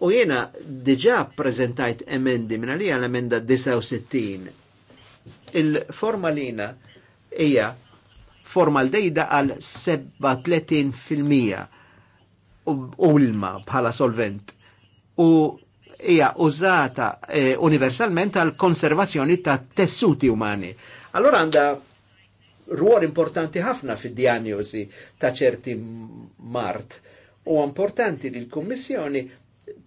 U jena diġa prezentajt emendi minna li l-emenda 69. Il-formalina hija formaldejda għal 37% u ilma bħala solvent. U hija użata eh, universalment għal konservazzjoni ta' tessuti umani. Allora għanda ruol importanti ħafna fid-diagnosi ta' ċerti mart. U importanti li l-Kommissjoni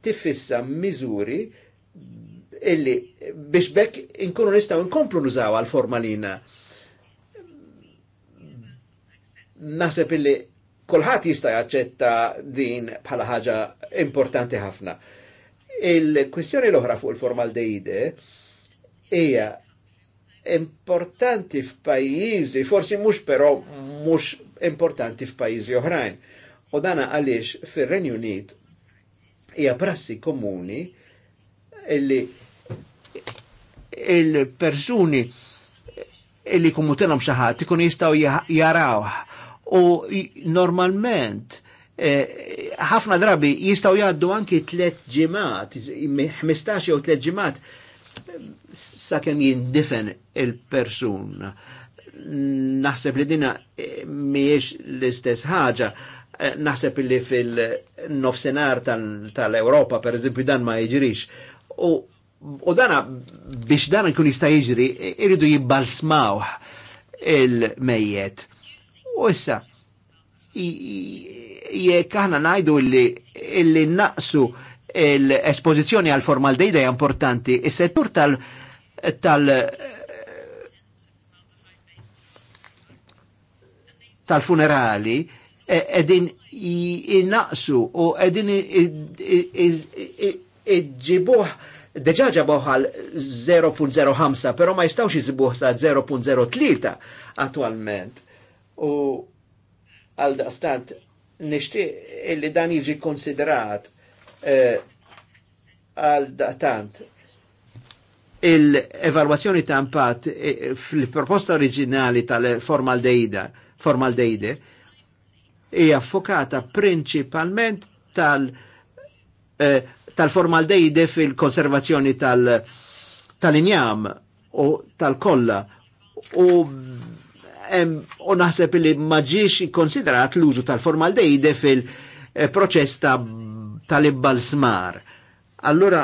tifissa miżuri illi biex bekk inkunu nistaw inkomplu nużaw għal-formalina. Naħseb illi kolħat jista' jaċċetta din bħala ħaġa importanti ħafna. Il-kwistjoni l-oħra fuq il-formaldeide hija importanti f'pajjiżi, forsi mhux però mhux importanti f'pajjiżi oħrajn. U dana għaliex fir-Renju Unit hija prassi komuni illi il-persuni illi kumutelhom xi ħadd ikun jistgħu jaraw. U normalment eh, ħafna drabi jistgħu jgħaddu anki tliet ġimat 15 jew tliet sa' sakemm jindifen il-persuna naħseb li dina eh, miex l-istess ħaġa naħseb li fil-nofsenar tal-Europa, per eżempju, dan ma jġirix. U, u dana, biex dana kun jista jġri, irridu jibbalsmaw il-mejjet. U issa, jek aħna najdu illi, illi naqsu l espozizjoni għal formaldejda importanti, is-settur tal- tal tal-funerali, tal E, edin jinaqsu u edin iġibuħ deġa ġabuħ għal 0.05 pero ma jistawx iġibuħ sa 0.03 attualment u għal daqstant nishti illi dan jiġi konsiderat e, għal daqtant il evaluazzjoni ta' impatt e, fil-proposta oriġinali tal-formaldeida formaldeide hija fokata prinċipalment tal- eh, tal formaldejde fil-konservazzjoni tal-injam u tal-kolla u u naħseb li maġiex konsiderat l-użu tal formaldejde fil-proċess eh, tal-ibbalsmar. Allora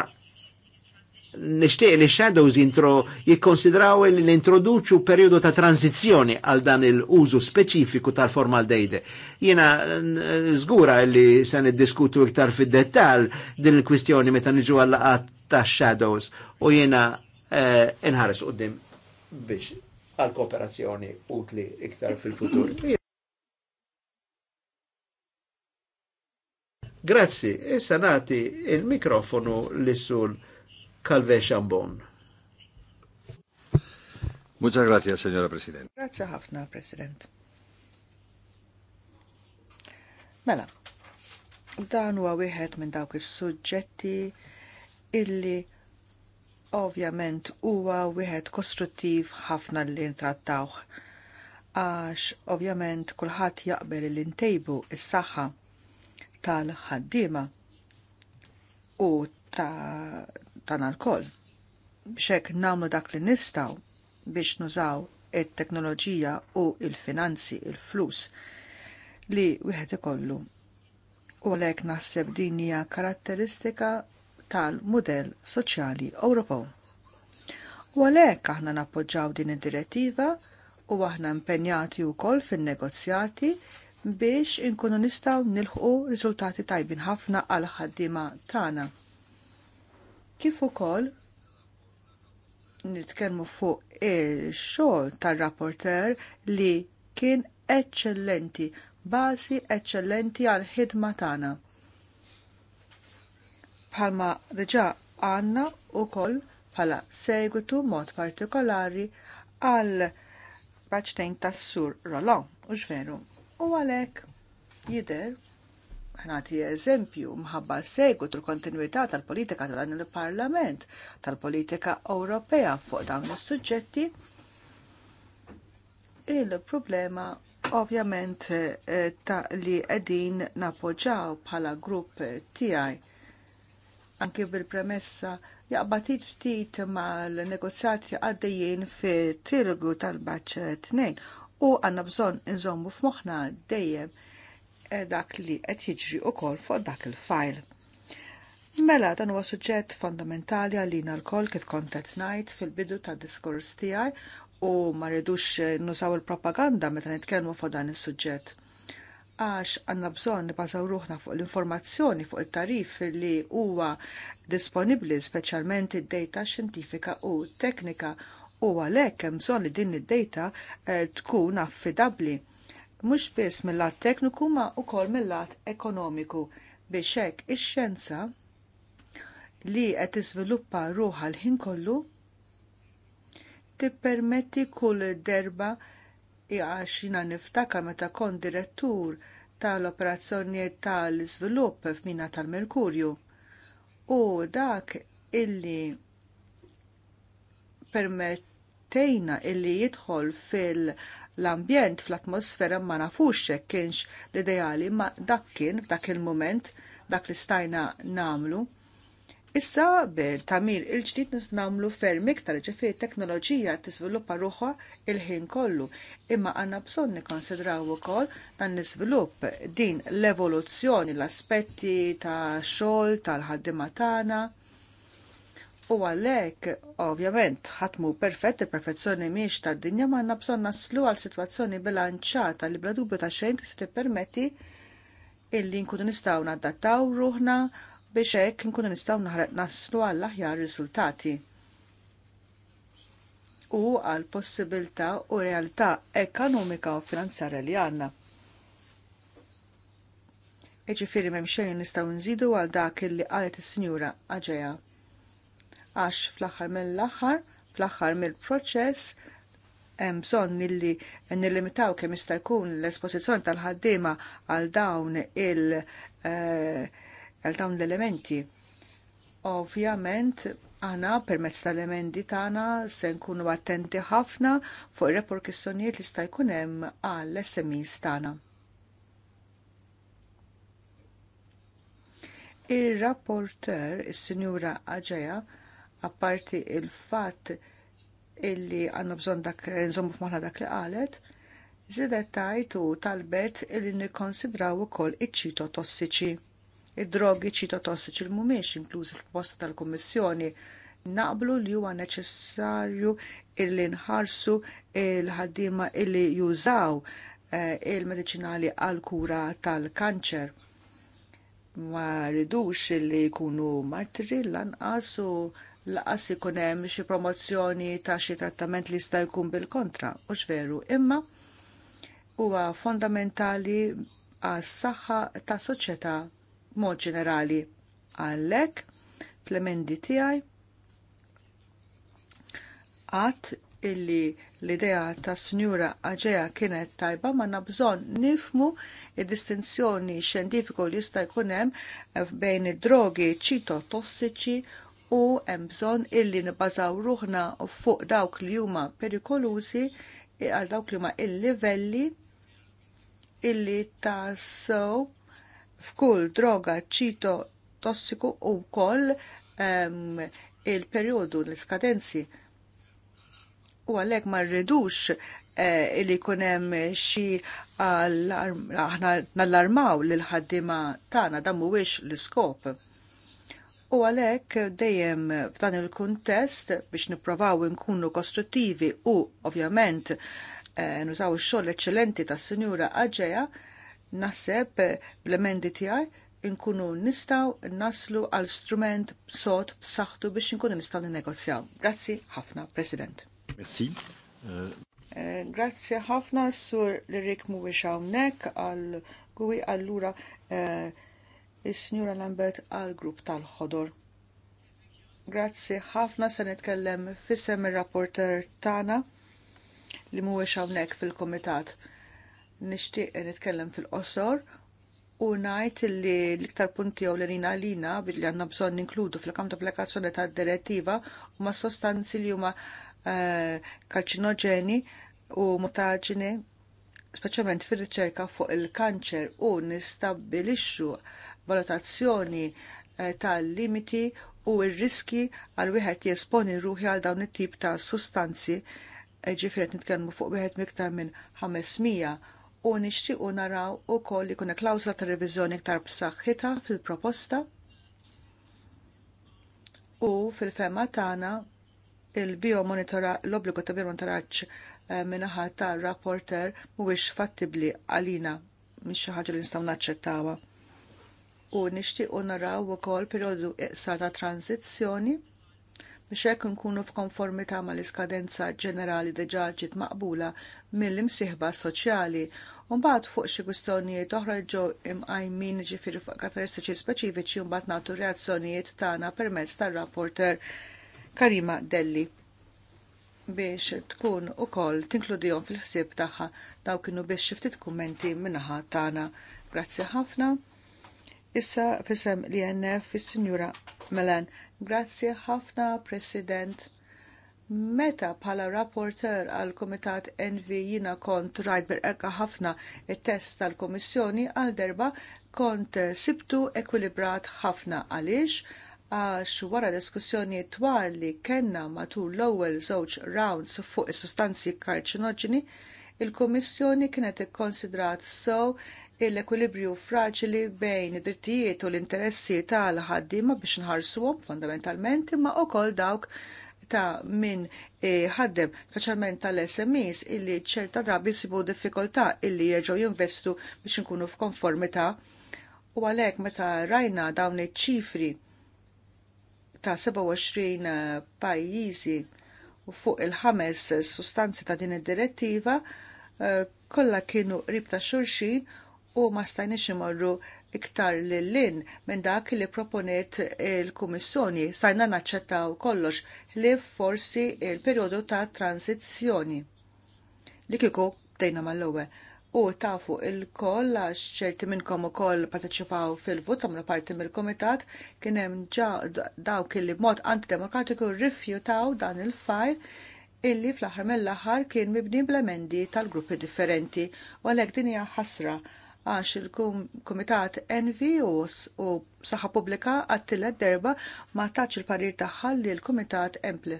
nishtiq li shadows intro jikkonsidraw li introduċu periodu ta' tranzizjoni għal dan il-użu speċifiku tal-formaldeide. Jena zgura li se niddiskutu iktar fid-dettal din il-kwistjoni meta niġu għallaqat ta' shadows u jena eh, inħares u dim biex għal kooperazzjoni utli iktar fil-futur. Grazzi, issa nati il-mikrofonu li sul Calve Chambon. Muchas gracias, señora Presidente. Grazie ħafna, President. Mela, dan huwa wieħed minn dawk is-suġġetti illi ovvjament huwa wieħed kostruttiv ħafna li ntrattawh għax ovvjament kulħadd jaqbel li ntejbu is-saħħa tal-ħaddiema u Tan alkol. Bxek hekk nagħmlu dak li nistgħu biex nużaw it-teknoloġija u il-finanzi, il-flus li wieħed ikollu. U għalhekk naħseb din hija karatteristika tal-mudell soċjali Ewropew. U għalhekk aħna nappoġġaw din id-direttiva u aħna impenjati wkoll fin-negozjati biex inkunu nistgħu nilħqu riżultati tajbin ħafna għal ħaddiema tagħna kif ukoll nitkellmu fuq il-xogħol tar-rapporter li kien eċċellenti, bażi eċċellenti għal ħidma tagħna. Bħalma diġà għandna ukoll bħala segwitu mod partikolari għal baċtejn tas-sur Rolon, u veru. U għalhekk jidher ħnati eżempju mħabba segu tul kontinuità tal-politika tal dan il-Parlament, tal-politika Ewropea fuq dawn is-suġġetti, il-problema ovvjament eh, ta' li qegħdin napoġaw bħala grupp tiegħi anki bil-premessa jaqbatit ftit mal-negozjati għaddejjin fi trilogu tal-baċ 2 u għanna bżon nżommu f'moħna dejjem Eh, dak li qed jiġri wkoll fuq dak il-file. Mela dan huwa suġġett fondamentali għalina l-koll kif kontet ngħid fil-bidu tad diskors tiegħi u ma rridux eh, nużaw il-propaganda meta nitkellmu fuq dan is-suġġett. Għax għandna bżonn nibażaw ruħna fuq l-informazzjoni fuq it-tarif li huwa disponibbli speċjalment id-data xjentifika u teknika u għalhekk hemm bżonn li din id-data eh, tkun affidabbli mhux biss mill-lat tekniku ma wkoll mill-lat ekonomiku biex hekk ix-xjenza li qed tiżviluppa ruħa l-ħin kollu tippermetti kull derba għax jina niftakar meta kont direttur tal-operazzjonijiet tal-iżvilupp f'mina tal-Merkurju. U dak illi permettejna illi jidħol fil- l-ambjent fl-atmosfera ma nafux xek kienx l-ideali ma dak kien f'dak il-moment dak li stajna namlu. Issa bil-tamir il-ġdid namlu ferm iktar ġifiri teknoloġija tiżviluppa ruħha il-ħin kollu. Imma għanna bżonn nikkonsidraw ukoll dan l-iżvilupp din l-evoluzzjoni l-aspetti ta' xogħol tal-ħaddimatana. tagħna U għalek, ovvjament, ħatmu perfett, il-perfezzjoni miex ta' dinja ma' nabżon naslu għal situazzjoni bilanċata li bla dubju ta' xejn tista' tippermetti illi nkunu nistgħu nadattaw ruħna biex hekk nkunu nistgħu naslu għall aħjar riżultati. U għal possibilità u realtà ekonomika u finanzjarja li għandna. Iġifieri m'hemm xejn nistgħu nżidu għal dak illi qalet is-Sinjura Aġeja għax fl-aħħar mill-aħħar, fl-aħħar mill-proċess, hemm bżonn nilli nillimitaw kemm jista' jkun l-espożizzjoni tal-ħaddiema għal dawn il eh, għal dawn l-elementi. Ovvjament aħna permezz tal elementi tagħna se nkunu attenti ħafna fuq ir kissonijiet li sta jkun hemm għall SMEs tagħna. Ir-rapporter, il sinjura Aġeja, apparti il-fatt illi għannu bżon dak nżommu f'maħna dak li qalet, zidet tajtu u talbet illi nikkonsidraw ukoll iċ-ċito tossiċi. Id-drogi ċito tossiċi l mumiex inklużi il posta tal-Kummissjoni naqblu li huwa neċessarju illi nħarsu il-ħaddiema illi jużaw eh, il-medicinali għal kura tal-kanċer. Ma ridux illi jkunu martri lanqas u laqas ikun hemm xi promozzjoni ta' xi trattament li jista' jkun bil-kontra, u veru, imma huwa fondamentali għas-saħħa ta' soċjetà mod ġenerali. Għalhekk fl-emendi tiegħi għat illi l-idea ta' snjura għaġeja kienet tajba ma nabżon nifmu id-distinzjoni xjentifiku li jista' jkun hemm bejn id-drogi ċito tossiċi u hemm bżonn illi nibbażaw ruħna fuq dawk li huma perikolużi għal dawk li huma il-livelli illi tassew f'kull droga ċito tossiku u koll um, il-periodu l-skadenzi. U għalek ma rridux eh, illi kunem xi aħna nallarmaw l-ħaddima tana damu wix l-skop U għalek dejjem f'dan il-kuntest biex nipprovaw nkunu kostruttivi u ovvjament eh, nużaw ix-xogħol eċċellenti tas-Sinjura Aġeja, naħseb l-emendi tiegħi nkunu nistaw naslu għal strument sot b'saħħtu biex nkunu nistgħu ninnegozjaw. Grazzi ħafna, President. Merci. Eh, grazzi ħafna sur l-rik mhuwiex gwi għal għallura eh, is-Sinjura Lambert għal grupp tal-ħodor. Grazzi ħafna se nitkellem fissem ir-rapporter tagħna li mhuwiex hawnhekk fil-kumitat. Nixtieq nitkellem fil-qosor u ngħid li l-iktar punti ewlenin għalina billi għandna bżonn ninkludu fil kamta ta' applikazzjoni tad-direttiva huma sostanzi li huma eh, karċinogeni u mutaġini speċjalment fir-riċerka fuq il-kanċer u nistabbilixxu valutazzjoni eh, tal-limiti u r-riski għal wieħed jesponi ruħi għal dawn it-tip ta' sustanzi eh, ġifiret nitkellmu fuq wieħed miktar minn 500 u nixtiequ naraw ukoll ikun klawsla ta' reviżjoni iktar b'saħħitha fil-proposta u fil-fema tagħna il-biomonitora l-obbligu ta' biomonitoraġġ eh, minaħa ta' rapporter mhuwiex fattibbli għalina mhix xi ħaġa li nistgħu naċċettawha u nixtiequ naraw ukoll perjodu iqsa ta' tranzizzjoni biex hekk nkunu f'konformità mal-iskadenza ġenerali diġà ġiet maqbula mill-imsieħba soċjali u mbagħad fuq xi kwistjonijiet oħra ġew imqajmin ġifieri fuq karatteristiċi speċifiċi u mbagħad nagħtu reazzjonijiet tagħna permezz tar-rapporter Karima Delli biex tkun ukoll tinkludihom fil-ħsieb tagħha daw kienu biex xi ftit kummenti min-naħa tagħna. Grazzi ħafna. Issa fisem li jennef fis-Sinjura Melan. Grazzi ħafna, President. Meta pala rapporter għal Komitat NV jina kont rajt berqerqa ħafna il-test tal-Komissjoni għal derba kont sibtu ekwilibrat ħafna għaliex għax wara diskussjoni twar li kenna matul l-ewwel żewġ rounds fuq is-sustanzi karċinoġeni, il-Kummissjoni kienet ikkonsidrat sew so l-ekwilibrju fraġili bejn id-drittijiet u l-interessi tal-ħaddiema biex nħarsuhom fondamentalment imma wkoll dawk ta' min e, ħaddem, speċjalment tal-SMEs, illi ċerta drabi sibu diffikultà illi jerġgħu jinvestu biex nkunu f'konformità. U għalhekk meta rajna dawn iċ-ċifri ta' 27 e, pajjiżi u fuq il-ħames sustanzi ta' din id-direttiva e, kollha kienu qrib ta' xulxin u ma stajniex imorru iktar l lin minn dak li proponiet il-Kummissjoni stajna naċċettaw kollox li forsi il-perjodu ta' transizzjoni. Li kiku bdejna mal-ewwel u tafu il-koll għax ċerti minnkom u koll parteċipaw fil-vot għamlu parti mill-komitat kienem ġa dawk li mod antidemokratiku rifjutaw dan il-fajl illi fl-aħħar mill-aħħar kien mibni bl-emendi tal-gruppi differenti u għalhekk din hija ħasra għax il-Kumitat Envi u Saħħa Pubblika għattilet derba ma taċ il-parir tagħha il kumitat Empli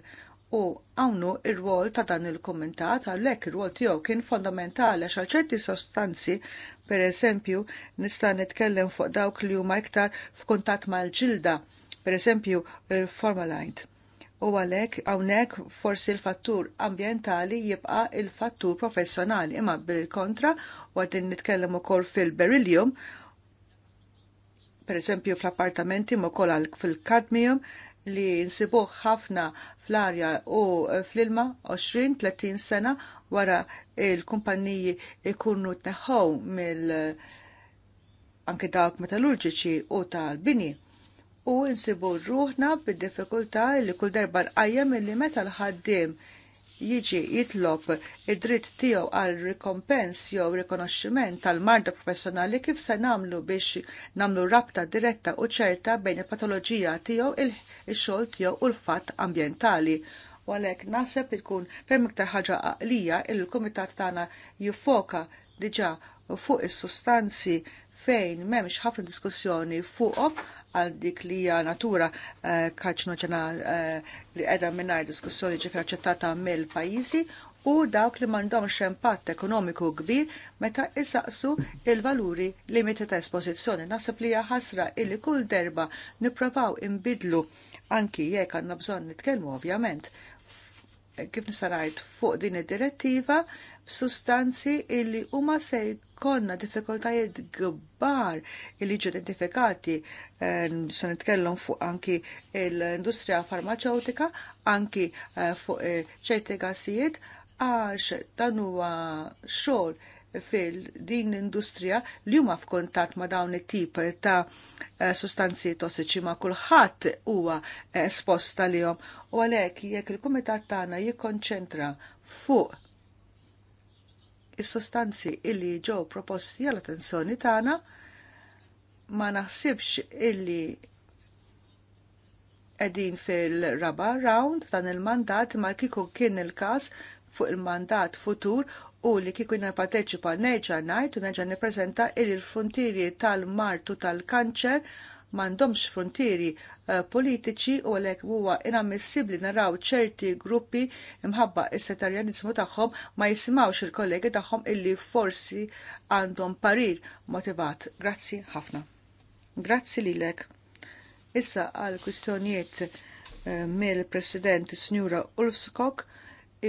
u għawnu il rwol ta' dan il komitat għalhekk ir-rwol tiegħu kien fondamentali għax ċerti sostanzi, per eżempju, nista' nitkellem fuq dawk li huma iktar f'kuntatt mal-ġilda, per eżempju, formalite u għalhekk hawnhekk forsi l-fattur ambjentali jibqa' il-fattur professjonali imma bil-kontra u għadin nitkellem ukoll fil berillium per eżempju fl-appartamenti ma ukoll fil-kadmium li nsibuh ħafna fl-arja u fl-ilma 20-30 sena wara il-kumpanniji ikunu tneħħu mill anke dawk metallurġiċi u tal-bini u nsibu ruħna bid-diffikultà li kull darba nqajjem illi meta l-ħaddiem jiġi jitlob id-dritt tiegħu għal rikompens jew rikonoxximent tal-marda professjonali kif se nagħmlu biex nagħmlu rabta diretta u ċerta bejn il-patoloġija tiegħu il-xogħol tiegħu u l-fatt ambjentali. U għalhekk naħseb ikun ferm iktar ħaġa għaqlija il kumitat tagħna jiffoka diġà fuq is-sustanzi fejn m'hemmx ħafna diskussjoni fuqhom għal dik li hija natura eh, kaċnoġena eh, li qiegħda mingħajr diskussjoni ġifier aċċettata mill-pajjiżi u dawk li m'għandhomx impatt ekonomiku kbir meta isaqsu il-valuri limiti ta' espożizzjoni. Naħseb li hija ħasra illi kull derba nipprovaw imbidlu anki jekk għandna bżonn nitkellmu ovvjament kif nista' fuq din id-direttiva b'sustanzi illi huma se jkollna diffikultajiet kbar illi ġu identifikati eh, se nitkellem fuq anki l-industrija farmaceutika, anki eh, fuq eh, ċerti gasijiet, għax dan huwa xogħol fil-din l-industrija li huma f'kuntatt ma' dawn it-tip ta' sustanzi tossiċi ma' kulħadd huwa esposta lihom. U għalhekk jekk il-kumitat tagħna jikkonċentra fuq is-sostanzi illi ġew proposti għal attenzjoni tagħna ma naħsibx illi qegħdin fil-raba round dan il-mandat ma kieku kien il-każ fuq il-mandat futur u li kieku jina parteċipa neġa' ngħid u neġa' nippreżenta illi l-frontieri tal-martu tal-kanċer m'għandhomx frontieri eh, politiċi u għalhekk huwa inammissibbli naraw ċerti gruppi imħabba is-setarjanizmu tagħhom ma jisimgħux il-kollegi tagħhom illi forsi għandhom parir motivat. Grazzi ħafna. Grazzi lilek. Issa għal kwistjonijiet eh, mill-President Snura Ulfskok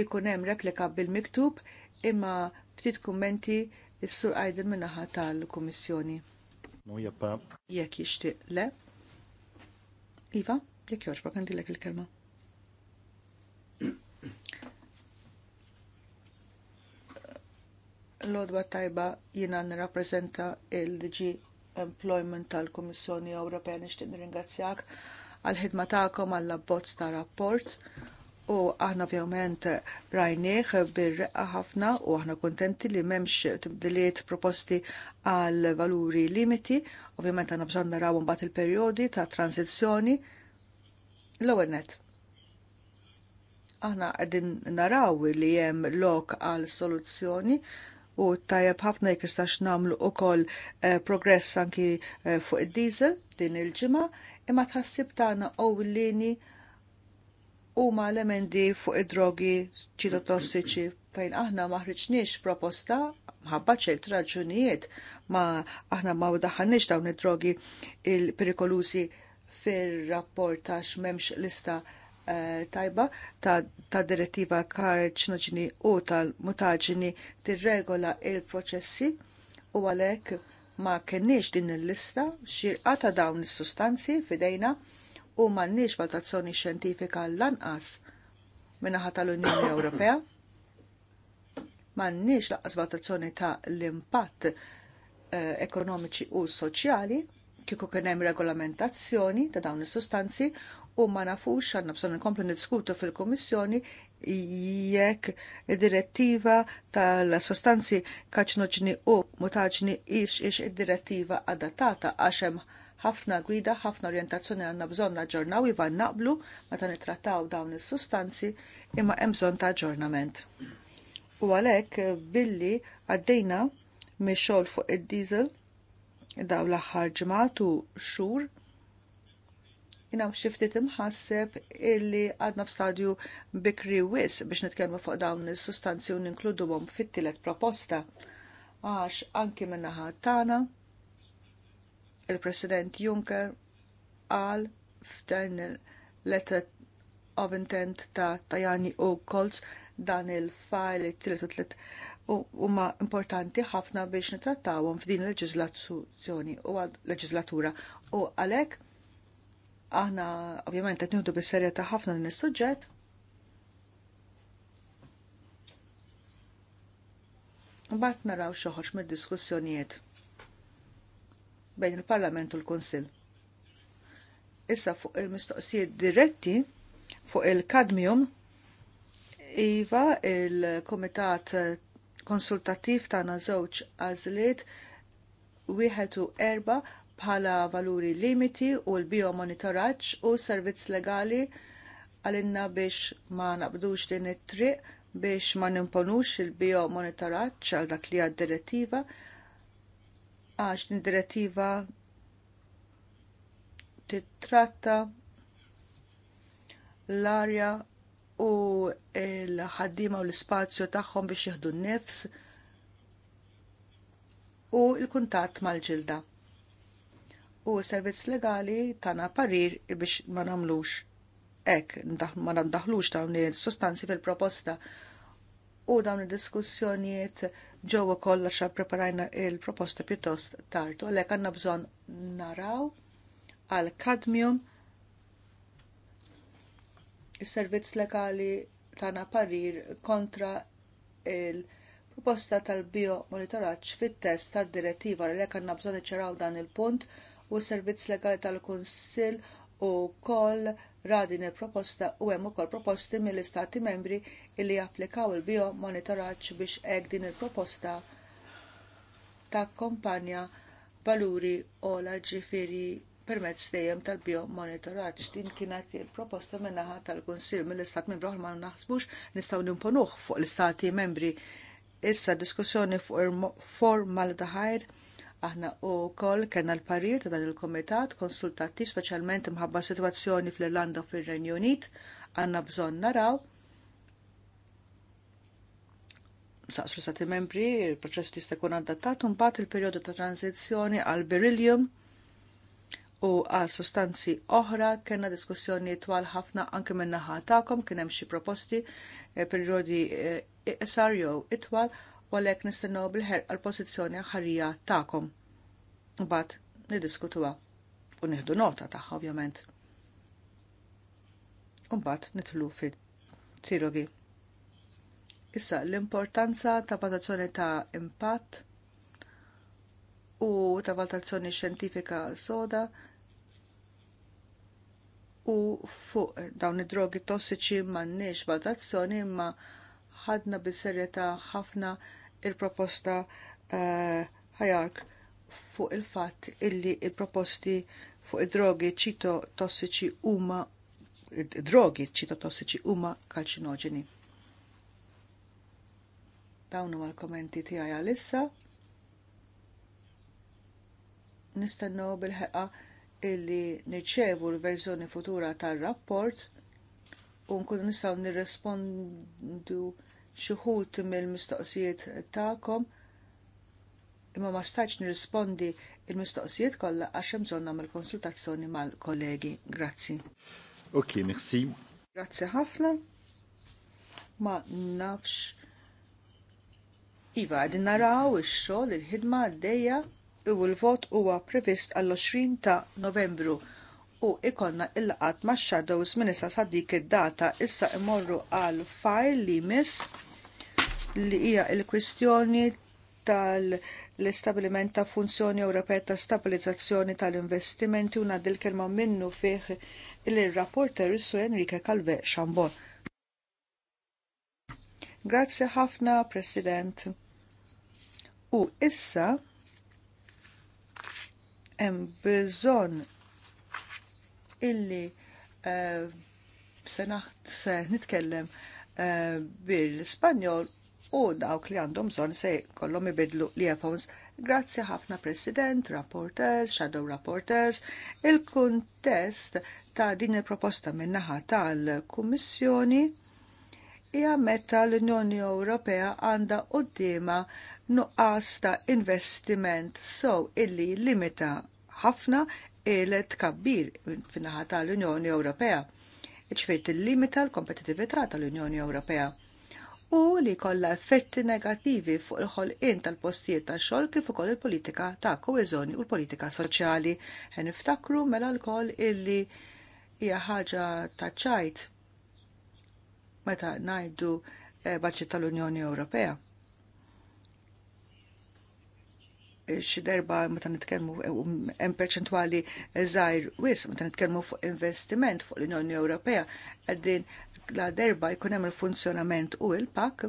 ikun hemm replika bil-miktub imma ftit kummenti s-sur għajdil minnaħa tal-Kummissjoni. No, jabba. Jek jishtiq le. Iva, jek jorġba, għandilek il-kelma. L-odba tajba jina n-rapprezenta il-DG Employment tal-Komissjoni Ewropea n-ringazzjak għal-ħidma tagħkom għal abbozz ta' rapport u aħna ovvjament rajnieħ bir-reqqa ħafna u aħna kontenti li memx tibdiliet proposti għal valuri limiti, ovvjament għanna bżon naraw bat il-perjodi ta' tranzizzjoni l-ewwel net. Aħna qegħdin naraw li hemm lok għal soluzzjoni u tajab ħafna jkistax namlu u kol eh, progress anki eh, fuq id-diesel din il ġima imma tħassib tagħna l lini huma l-emendi fuq id-drogi ċitotossiċi fejn aħna maħriġniex proposta ħabba ċert raġunijiet ma aħna ma daħħalniex dawn id-drogi il-perikolusi fir-rapport ta' memx lista eh, tajba ta', ta direttiva karċinoġni u tal-mutaġini tirregola il-proċessi u għalek ma kenniex din il-lista xirqata dawn is-sustanzi fidejna u m'għandniex valutazzjoni xjentifika lanqas minnaħa tal-Unjoni Ewropea. M'għandniex laqqas valutazzjoni ta' l-impatt eh, ekonomiċi u soċjali kieku kien hemm regolamentazzjoni ta' dawn is-sustanzi u ma nafux għandna bżonn inkomplu niddiskutu fil-Kummissjoni jekk id-direttiva tal-sostanzi kaċinoġni u mutaġni ix ix id-direttiva adattata għax hemm ħafna gwida, ħafna orientazzjoni għandna bżonn naġġornaw iva naqblu meta nittrattaw dawn is-sustanzi imma hemm bżonn ta' aġġornament. U għalhekk eh, billi għaddejna mix-xogħol fuq id-diesel daw l-aħħar ġimgħatu xhur jina mxiftit imħasseb illi għadna f'stadju bikri wis biex nitkellmu fuq dawn is-sustanzi u ninkludu fit-tielet proposta. Għax anki minnaħa tagħna il-President Juncker qal f'dan il-letter of intent ta' Tajani u Kolz dan il-fajl it tilet u huma importanti ħafna biex nitrattawhom f'din il-leġiżlazzjoni u leġiżlatura u għalhekk aħna ovvjament qed nieħdu bis-serjetà ħafna din is-suġġett. Mbagħad naraw xi mid-diskussjonijiet bejn il-Parlament u l-Kunsill. Issa fuq il-mistoqsijiet diretti fuq il-kadmium iva il-Komitat Konsultattiv tagħna żewġ għażliet wieħed erba' bħala valuri limiti u l biomonitoraċ u servizz legali għalinna biex ma naqbdux din it-triq biex ma nimponux il biomonitoraċ għal dak li għad-direttiva għax din direttiva titratta l-arja u l-ħaddima u l-spazju tagħhom biex jieħdu n-nifs u l-kuntatt mal-ġilda. U servizz legali tana parir biex ma namlux ek, ma namdaħlux dawn il-sostanzi fil-proposta u dawn il-diskussjonijiet ġewwa kollox preparajna il-proposta pjuttost tard, għalhekk għandna bżonn naraw għal kadmium is-servizz legali tagħna parir kontra il-proposta tal-bio fit-test tad-direttiva għalhekk għandna bżonn iċċaraw dan il-punt u s-servizz legali tal-Kunsill u koll radin il-proposta u hemm ukoll proposti mill-Istati membri illi applikaw il-bio monitoraġġ biex hekk din il-proposta ta' kompanja valuri l ġifiri permezz dejjem tal-bio monitoraġġ. Din kienet il-proposta minnaħa tal-Kunsill mill-Istat membri oħra ma naħsbux nistgħu nimponuh fuq l-Istati membri. Issa diskussjoni fuq formal daħajr Aħna u kol kena l-parir ta' dan il-komitat konsultattiv speċjalment imħabba situazzjoni fl-Irlanda u fil-Renju Unit għanna bżon naraw saqsu stati membri, il-proċess jista' jkun adattat mbagħad il-perjodu ta' tranzizjoni għal berillium u għal sostanzi oħra kena diskussjoni twal ħafna anke minna naħa tagħkom kien hemm xi proposti eh, perjodi eh, iqsar jow itwal u għalhekk nistennew bil-ħerqa għal pożizzjoni ħarija tagħkom. Mbagħad niddiskutuha u nieħdu nota tagħha ovvjament. U mbagħad nidħlu fit Issa l-importanza ta' valutazzjoni ta' impatt u ta' valutazzjoni xjentifika soda u fuq dawn id-drogi tossiċi m'għandniex valutazzjoni ma ħadna bil-serjetà ħafna il-proposta ħajark eh, uh, fuq il-fatt illi il-proposti fuq id-drogi ċito tossiċi huma drogi ċito tossiċi huma kalċinoġeni. Dawn huma l-kommenti tiegħi għalissa. Nistennu bil-ħeqqa illi nirċevu l-verżjoni futura tar-rapport u nkunu nistgħu nirrespondu xuħut mill-mistoqsijiet ta'kom imma ma staċ nirrispondi il-mistoqsijiet kollha għax hemm bżonn nagħmel konsultazzjoni mal-kollegi. Grazzi. Ok, merci. Grazzi ħafna. Ma nafx. Iva, għadin naraw ix-xogħol il-ħidma għaddejja u l-vot huwa previst għall-20 ta' Novembru u ikonna il-laqat ma' shadows minissa sa' dik id-data issa imorru għal file li miss li hija l-kwistjoni tal-istabiliment ta' funzjoni Ewropea ta' stabilizzazzjoni tal-investimenti u nadil kelma minnu fih il-rapporter Sir Enrique Calve Xambon. Grazzi ħafna, President. U issa hemm bżonn illi uh, se nitkellem uh, bil-Spanjol u dawk li għandhom bżonn se kollhom ibidlu l earphones. Grazzi ħafna President, Rapporters, Shadow Rapporters, il-kuntest ta' din il-proposta minnaħa tal-Kummissjoni hija meta l-Unjoni Ewropea għandha qudiema nuqqas ta' investiment sow illi limita ħafna il-tkabbir fin-naħa tal-Unjoni Ewropea. Iċfejt il-limita l-kompetitività tal-Unjoni Ewropea u li kollha effetti negattivi fuq il-ħolqien tal-postijiet tax-xogħol kif ukoll il-politika ta' koeżjoni u l-politika soċjali. ħen niftakru mela lkoll illi hija ħaġa ta' ċajt meta ngħidu eh, baċċi tal-Unjoni Ewropea. Eh, xi derba meta nitkellmu eh, hemm perċentwali żgħir wisq meta nitkellmu fuq investiment fuq l-Unjoni Ewropea qegħdin la derba jkun hemm il-funzjonament u il-pak,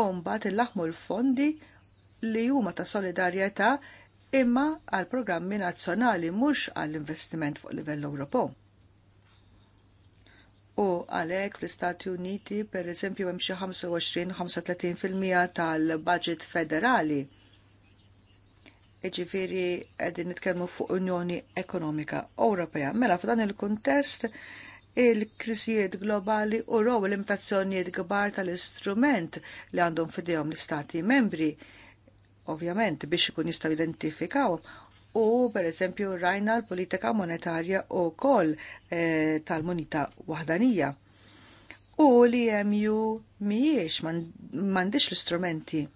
u mbagħad illaħmu l-fondi li huma ta' solidarjetà imma għal programmi nazzjonali mhux għall investiment fuq livell Ewropew. U għalhekk fl-Istati Uniti pereżempju hemm xi 25-35% tal-budget federali. Iġifieri qegħdin nitkellmu fuq Unjoni Ekonomika Ewropea. Mela f'dan il-kuntest il-krisijiet globali u row l-imitazzjonijiet gbar tal-istrument li għandhom fidejhom l-istati membri, ovvjament biex ikun jistaw identifikaw u per eżempju rajna l-politika monetarja u kol e, eh, tal-monita wahdanija. U li jemju miex mandiċ l-istrumenti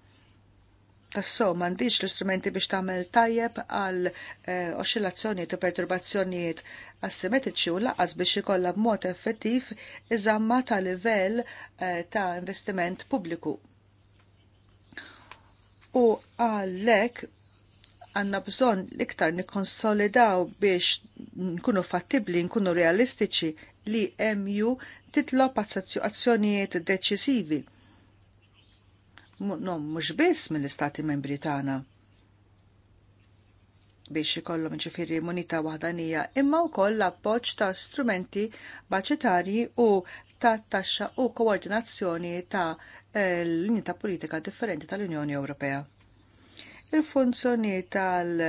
Tasso, mandiġ l-istrumenti biex tagħmel tajjeb għal eh, oscillazzjonijiet u perturbazzjonijiet asimetriċi u laqas biex ikollha b'mod effettiv iżamma ta' livell eh, ta' investiment pubbliku. U għalhekk għanna bżon liktar nikonsolidaw biex nkunu fattibli, nkunu realistiċi li MU titlob azzjonijiet deċisivi mhux biss mill-istati membri tagħna biex ikollhom ġifieri munita waħdanija imma wkoll l-appoġġ ta' strumenti baċetarji u ta' taxxa u koordinazzjoni ta' eh, linji ta' politika differenti tal-Unjoni Ewropea. Il-funzjoni tal-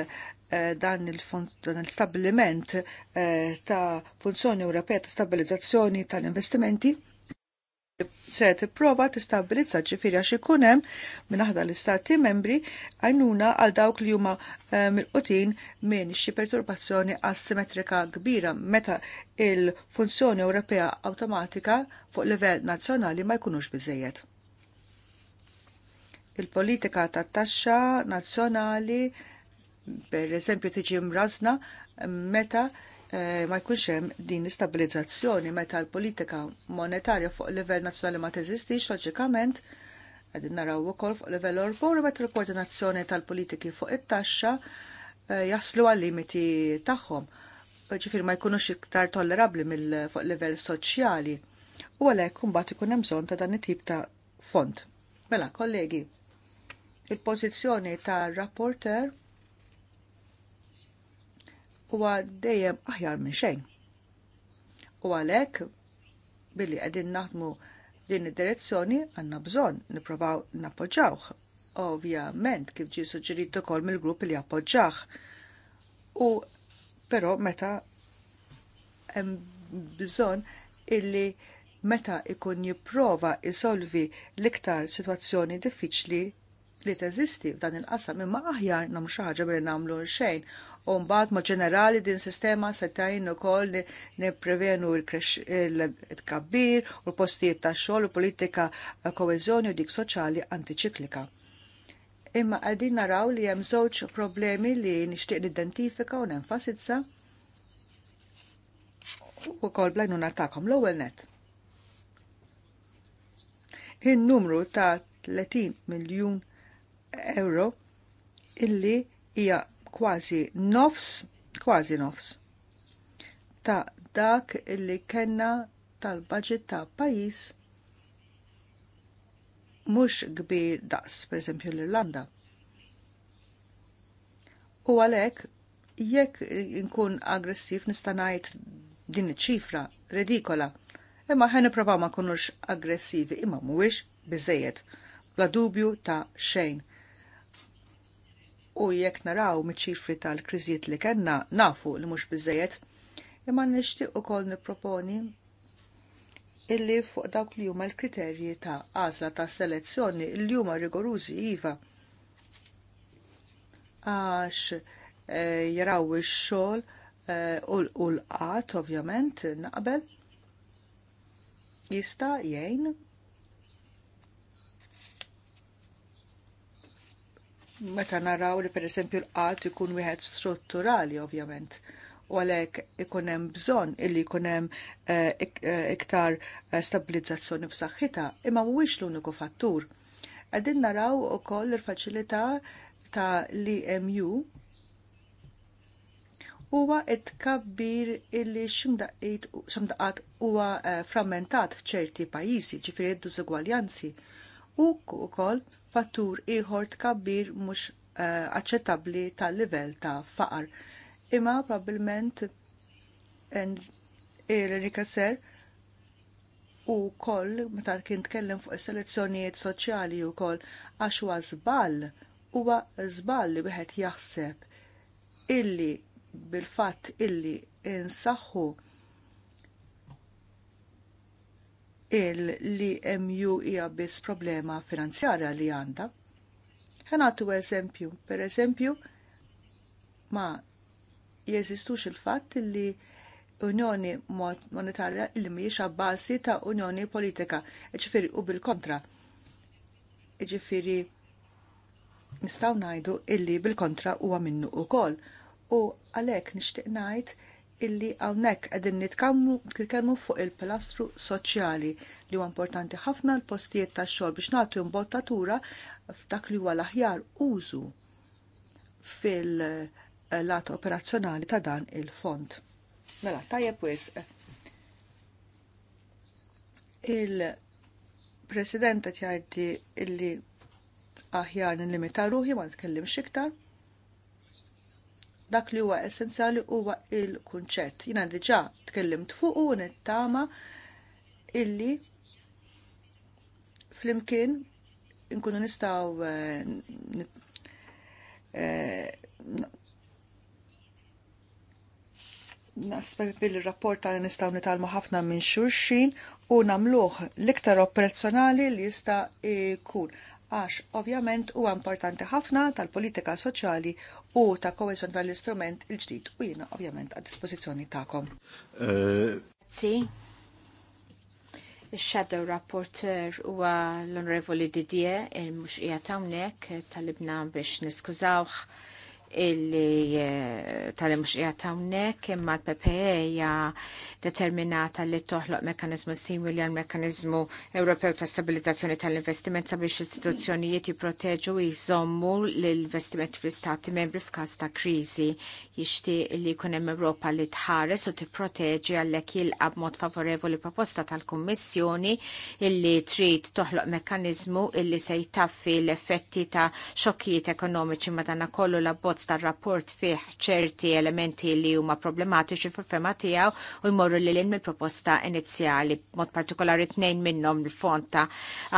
eh, dan il-stabiliment eh, ta' funzjoni Ewropea ta' stabilizzazzjoni tal-investimenti se tipprova tistabilizza ġifieri għax ikun hemm minn aħda l-istati membri għajnuna għal dawk li huma eh, mill-qutin minn xi perturbazzjoni asimetrika kbira meta il-funzjoni Ewropea awtomatika fuq livell nazzjonali ma jkunux biżejjed. Il-politika tat-taxxa nazzjonali per eżempju tiġi mrażna meta Eh, ma jkunx hemm din l-istabilizzazzjoni meta l-politika monetarja fuq livell nazzjonali ma teżistix loġikament qegħdin naraw ukoll fuq livell Ewropew meta l-koordinazzjoni tal-politiki fuq it-taxxa eh, jaslu għal limiti tagħhom. Ġifieri ma jkunux iktar tollerabbli mill fuq livell soċjali. U għalhekk imbagħad ikun hemm bżonn ta' dan it-tip ta' font. Mela, kollegi, il-pożizzjoni tar rapporter huwa dejjem aħjar minn xejn. U għalhekk billi qegħdin naħdmu din id-direzzjoni għandna bżonn nippruvaw nappoġġawh. Ovvjament kif ġie suġġerit ukoll mill-grupp li appoġġjah. U però meta hemm bżonn illi meta ikun jipprova jisolvi l-iktar sitwazzjoni diffiċli li teżisti f'dan il-qasam imma aħjar nam xi ħaġa namlu nagħmlu xejn u mbagħad ma' ġenerali din sistema se tajn ukoll nipprevenu l-tkabbir u l-postijiet tax-xogħol u politika koeżjoni u dik soċjali antiċiklika. Imma għadin naraw li hemm żewġ problemi li nixtieq identifika u nenfasizza u kol blajnu natakom l-ewwel net. In-numru ta' 30 miljun euro illi hija kważi nofs, kważi nofs ta' dak illi kellna tal-budget ta' pajjiż mhux kbir daqs, pereżempju l-Irlanda. U għalhekk jekk nkun aggressiv nista' ngħid din iċ-ċifra redikola. Imma ħen nipprova ma nkunux aggressivi imma mhuwiex biżejjed bla dubju ta' xejn u jekk naraw miċ-ċifri tal-kriżijiet li kellna nafu li mhux biżejjed, imma nixtieq ukoll nipproponi illi fuq dawk li huma l-kriterji ta' għażla ta' selezzjoni li huma rigorużi iva għax eh, jaraw ix-xogħol eh, u l-qat ovvjament naqbel jista' jgħin meta naraw li pereżempju l-qat ikun wieħed strutturali ovvjament u għalhekk ikun hemm bżonn illi ikun hemm eh, eh, iktar eh, stabilizzazzjoni b'saħħitha, imma mhuwiex l-uniku fattur. Qegħdin naraw ukoll il-faċilità ta' l-EMU huwa it-kabbir illi ximdaqat huwa frammentat f'ċerti pajjiżi, ġifieri d-diżugwaljanzi u wkoll fattur ieħor tkabbir mhux eh, aċċettabbli tal-livell ta' faqar. Imma probabbilment Enrique Ser u koll meta kien tkellem fuq is-selezzjonijiet soċjali wkoll għax huwa żball huwa żball li wieħed jaħseb illi bil-fatt illi insaħħu il li emju hija biss problema finanzjarja li għandha. Ħanatu eżempju, per eżempju, ma jeżistux il-fatt li Unjoni Monetarja li mhijiex abbasi ta' Unjoni Politika, ġifieri u bil-kontra. Ġifieri nistgħu ngħidu illi bil-kontra huwa minnu ukoll. U għalhekk nixtieq ngħid illi hawnhekk għedin nitkelmu fuq il-pilastru soċjali li huwa importanti ħafna l-postijiet tax-xogħol biex nagħtu imbottatura f'dak li huwa l-aħjar użu fil-lat operazzjonali ta' dan il-fond. Mela, tajjeb wisq. Il-President qed jgħidli illi aħjar nillimita ruħi ma nitkellimx iktar dak li huwa essenzjali huwa il-kunċett. Jina diġà tkellimt fuq u nittama illi flimkien nkunu nistaw eh, eh, naspek bil-rapport għal nistaw nitalmu ħafna minn xurxin u namluħ l-iktar operazzjonali li jista' ikun għax ovvjament huwa importanti ħafna tal-politika soċjali u ta' kohesion tal-istrument il-ġdid u jiena ovvjament għad dispożizzjoni tagħkom. Grazzi. Shadow Rapporteur u l-Onorevoli Didier il-mux qiegħed hawnhekk talibna biex niskużawh illi eh, tal-li mux imma l-PPE ja determinata li toħloq mekanizmu simili għal mekanizmu Ewropew ta' stabilizzazzjoni tal-investiment sabiex istituzzjonijiet jipproteġu jżommu l-investiment fl-istati membri f'każ ta' kriżi jixtieq li jkun hemm Ewropa li tħares u tipproteġi għalhekk jilqab mod favorevoli proposta tal-Kummissjoni illi trid toħloq mekkaniżmu illi se jtaffi l-effetti ta' xokkijiet ekonomiċi madana kollu la bozz tal tar-rapport fih ċerti elementi li huma problematiċi fil fema tiegħu u jmorru lil in mill-proposta inizjali. Mod partikolari tnejn minnhom il-fond ta'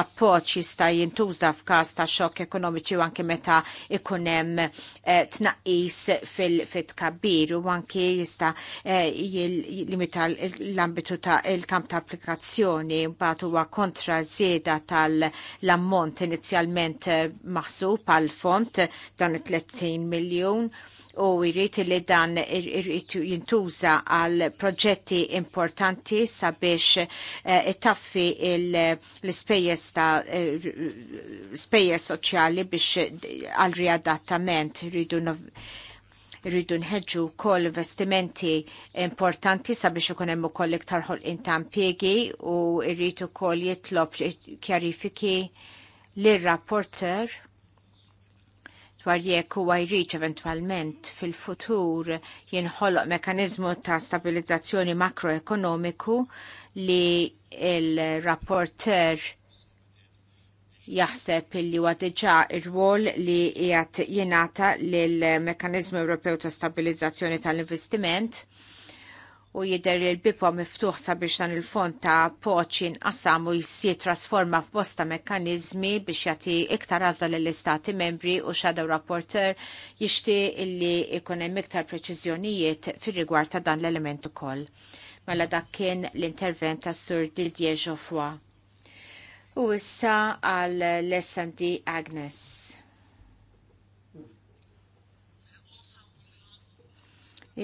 appoġġ jista' jintuża f'każ ta' xokk ekonomiċi u anke meta ikun hemm eh, tnaqqis fil-tkabbir u anke jista' eh, limita l-ambitu ta' il-kamp ta' applikazzjoni mbagħad huwa kontra żieda tal-ammont inizjalment eh, maħsub għal font dan 30 mil miljon u jrid li dan jintuża għal proġetti importanti sabiex eh, taffi l ispejjeż ta' eh, spejjeż soċjali biex għal riadattament rridu rridu nħedġu kol investimenti importanti sabiex ikun hemm ukoll iktar ħolqien ta' impjiegi u rridu kol jitlob kjarifiki lir rapporter dwar jekk huwa jriċ eventwalment fil-futur jinħoloq mekanizmu ta' stabilizzazzjoni makroekonomiku li il-rapporter jaħseb li huwa diġà ir-rwol li qiegħed jingħata lill mekanizmu Ewropew ta' Stabilizzazzjoni tal-Investiment u jidher li l-bibwa miftuħ sabiex dan il-fond ta' poċin qassam u jissi trasforma f'bosta mekkanizmi biex jagħti iktar għażla lill-istati membri u shadow rapporter jixti illi ikun hemm iktar preċiżjonijiet fir-rigward ta' dan l-element ukoll. Mela dak kien l-intervent tas Sur Didier Geoffroy. U issa għal l Agnes.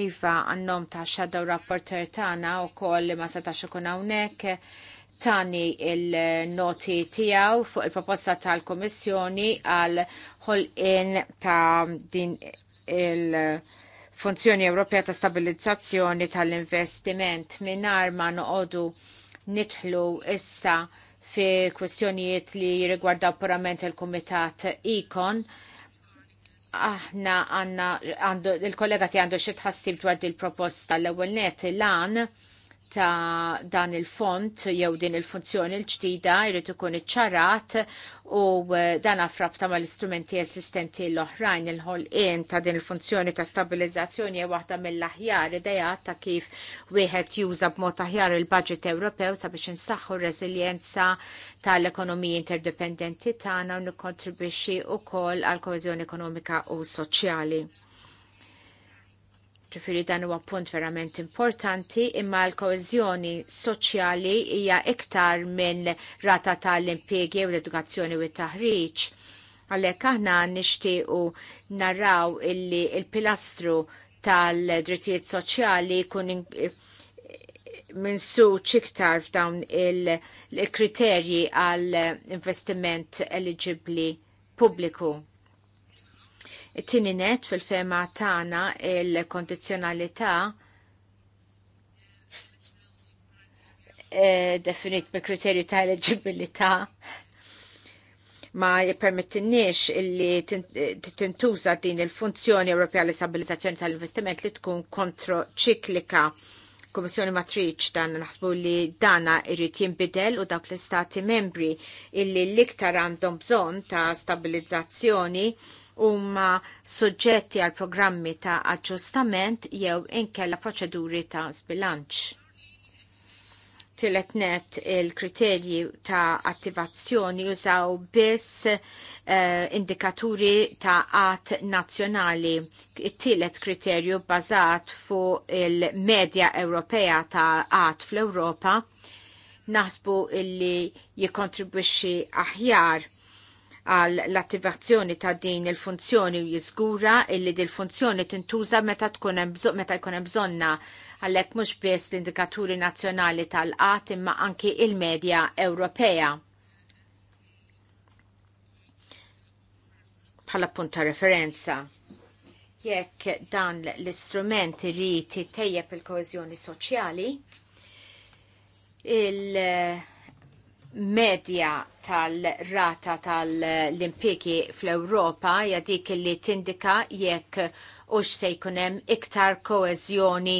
Iva għannom ta' Shadow Rapporter tana u koll li ma setax ikun hawnhekk tani il-noti tijaw fuq il-proposta tal-Komissjoni għal ħolqin ta' din il- funzjoni Ewropea ta' stabilizzazzjoni tal-investiment minar ma noqodu nitħlu issa fi kwestjonijiet li rigwardaw purament il-Komitat Ikon aħna għanna il-kollega ti għandu xi tħassib dwar il proposta l-ewwel net l-għan, ta' dan il-font jew din il-funzjoni l-ġdida jrid ikun iċċarat u eh, dan frabta mal istrumenti assistenti l-oħrajn il-ħolqien ta' din il-funzjoni ta' stabilizzazzjoni hija waħda mill-aħjar ideja ta' kif wieħed juża b'mod aħjar il-budget Ewropew sabiex insaħħu r-reżiljenza tal-ekonomiji interdependenti tagħna u nikkontribwixxi wkoll għall koeżjoni ekonomika u soċjali. Ġifiri dan huwa punt verament importanti imma l-koezjoni soċjali hija iktar minn rata tal-impjegi u l-edukazzjoni u t-taħriġ. Għalhekk aħna nixtiequ narraw illi il-pilastru tal-drittijiet soċjali kun minn suċ iktar f'dawn il-kriterji għal investiment eligibli pubbliku. It-tieni fil-fema tagħna il-kondizzjonalità eh, definit bi kriterju ta' eligibilità. ma jippermettinniex illi tintuża din il-funzjoni Ewropea l stabilizzazzjoni tal-investiment li tkun ċiklika. Kommissjoni Matriċ dan naħsbu li dana irrit jinbidel u dawk l-istati membri illi l-iktar għandhom bżonn ta' stabilizzazzjoni huma suġġetti għal programmi ta' aġġustament jew inkella proċeduri ta' sbilanċ. Tillet net il-kriterji ta' attivazzjoni jużaw biss eh, indikaturi ta' għat nazzjonali. Tillet kriterju bazat fuq il-medja Ewropea ta' għat fl-Ewropa naħsbu illi jikontribwixxi aħjar għal l-attivazzjoni ta' din il-funzjoni u jiżgura illi din il-funzjoni tintuża meta tkun meta jkun hemm bżonna għalhekk mhux biss l-indikaturi nazzjonali tal-qatt imma anki il-medja Ewropea. Bħala punt ta' referenza jekk dan l-istrument irid tejjeb il-koeżjoni soċjali, il- medja tal-rata tal-Olimpiki fl-Ewropa hija dik li tindika jekk ux se jkun hemm iktar koeżjoni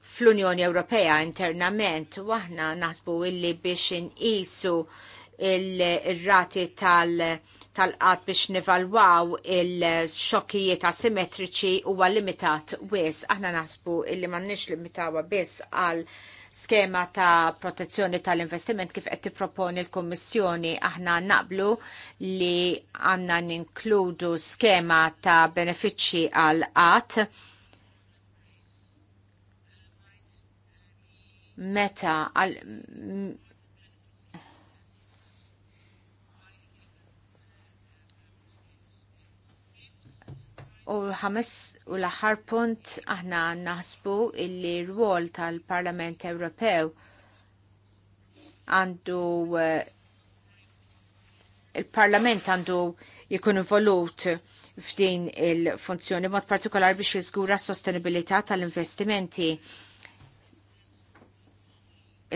fl-Unjoni Ewropea internament u aħna naħsbu illi biex inqisu il-rati tal-qat biex nivalwaw il-xokkijiet asimetriċi u limitat wis. Aħna naħsbu illi nix limitawa biss għal skema ta' protezzjoni tal-investiment kif qed tipproponi l-Kummissjoni aħna naqblu li għandna ninkludu skema ta' benefiċċji għal qatt meta U ħames u l-aħħar punt aħna naħsbu illi r-wol tal-Parlament Ewropew għandu eh, il-Parlament għandu jikun involut f'din il-funzjoni mod partikolar biex jiżgura s-sostenibilità tal-investimenti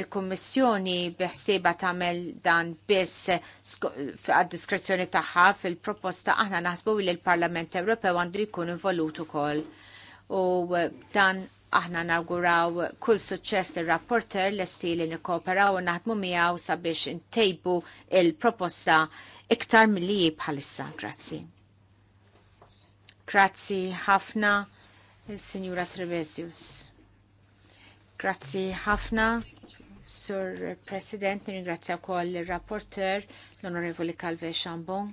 il-Kummissjoni biħsieba tagħmel dan biss għad diskrezzjoni tagħha fil-proposta aħna naħsbu li l-Parlament Ewropew għandu jkun involut ukoll. U eh, dan aħna nawguraw kull suċċess li rapporter l-esti li nikkooperaw u naħdmu miegħu sabiex intejbu il-proposta iktar milli bħalissa. Grazzi. Grazzi ħafna il-Sinjura Trevesius. Grazzi ħafna. Sur President, ringrazzja wkoll il rapporteur l-Onorevoli Calve Chambon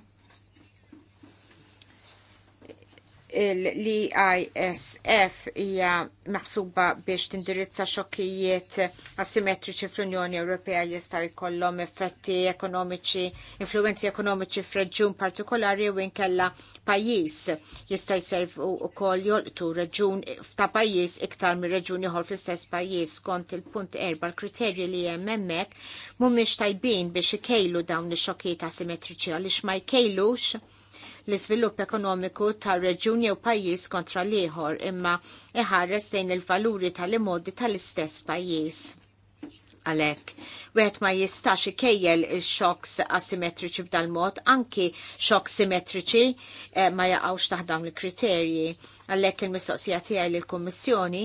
l-EISF hija maħsuba biex tindirizza xokkijiet asimetriċi fl-Unjoni Ewropea jista' jkollhom effetti ekonomiċi, influenzi ekonomiċi f'reġjun partikolari u inkella pajjiż jista' jserv ukoll jolqtu reġjun ta' pajjiż iktar minn reġjun ieħor fl-istess pajjiż kont il-punt erba' l-kriterji li hemm hemmhekk mhumiex tajbin biex ikejlu dawn ix-xokkijiet asimetriċi għaliex ma jkejlux l-iżvilupp ekonomiku tar reġjun jew pajjiż kontra l-ieħor imma iħares lejn il-valuri tal-imodi tal-istess pajjiż. Għalhekk, wieħed ma jistax ikejjel ix-xoks asimetriċi b'dal mod, anki xok simetriċi eh, ma jaqgħux taħt dawn il-kriterji. Għalhekk il-mistoqsija tiegħi lill-Kummissjoni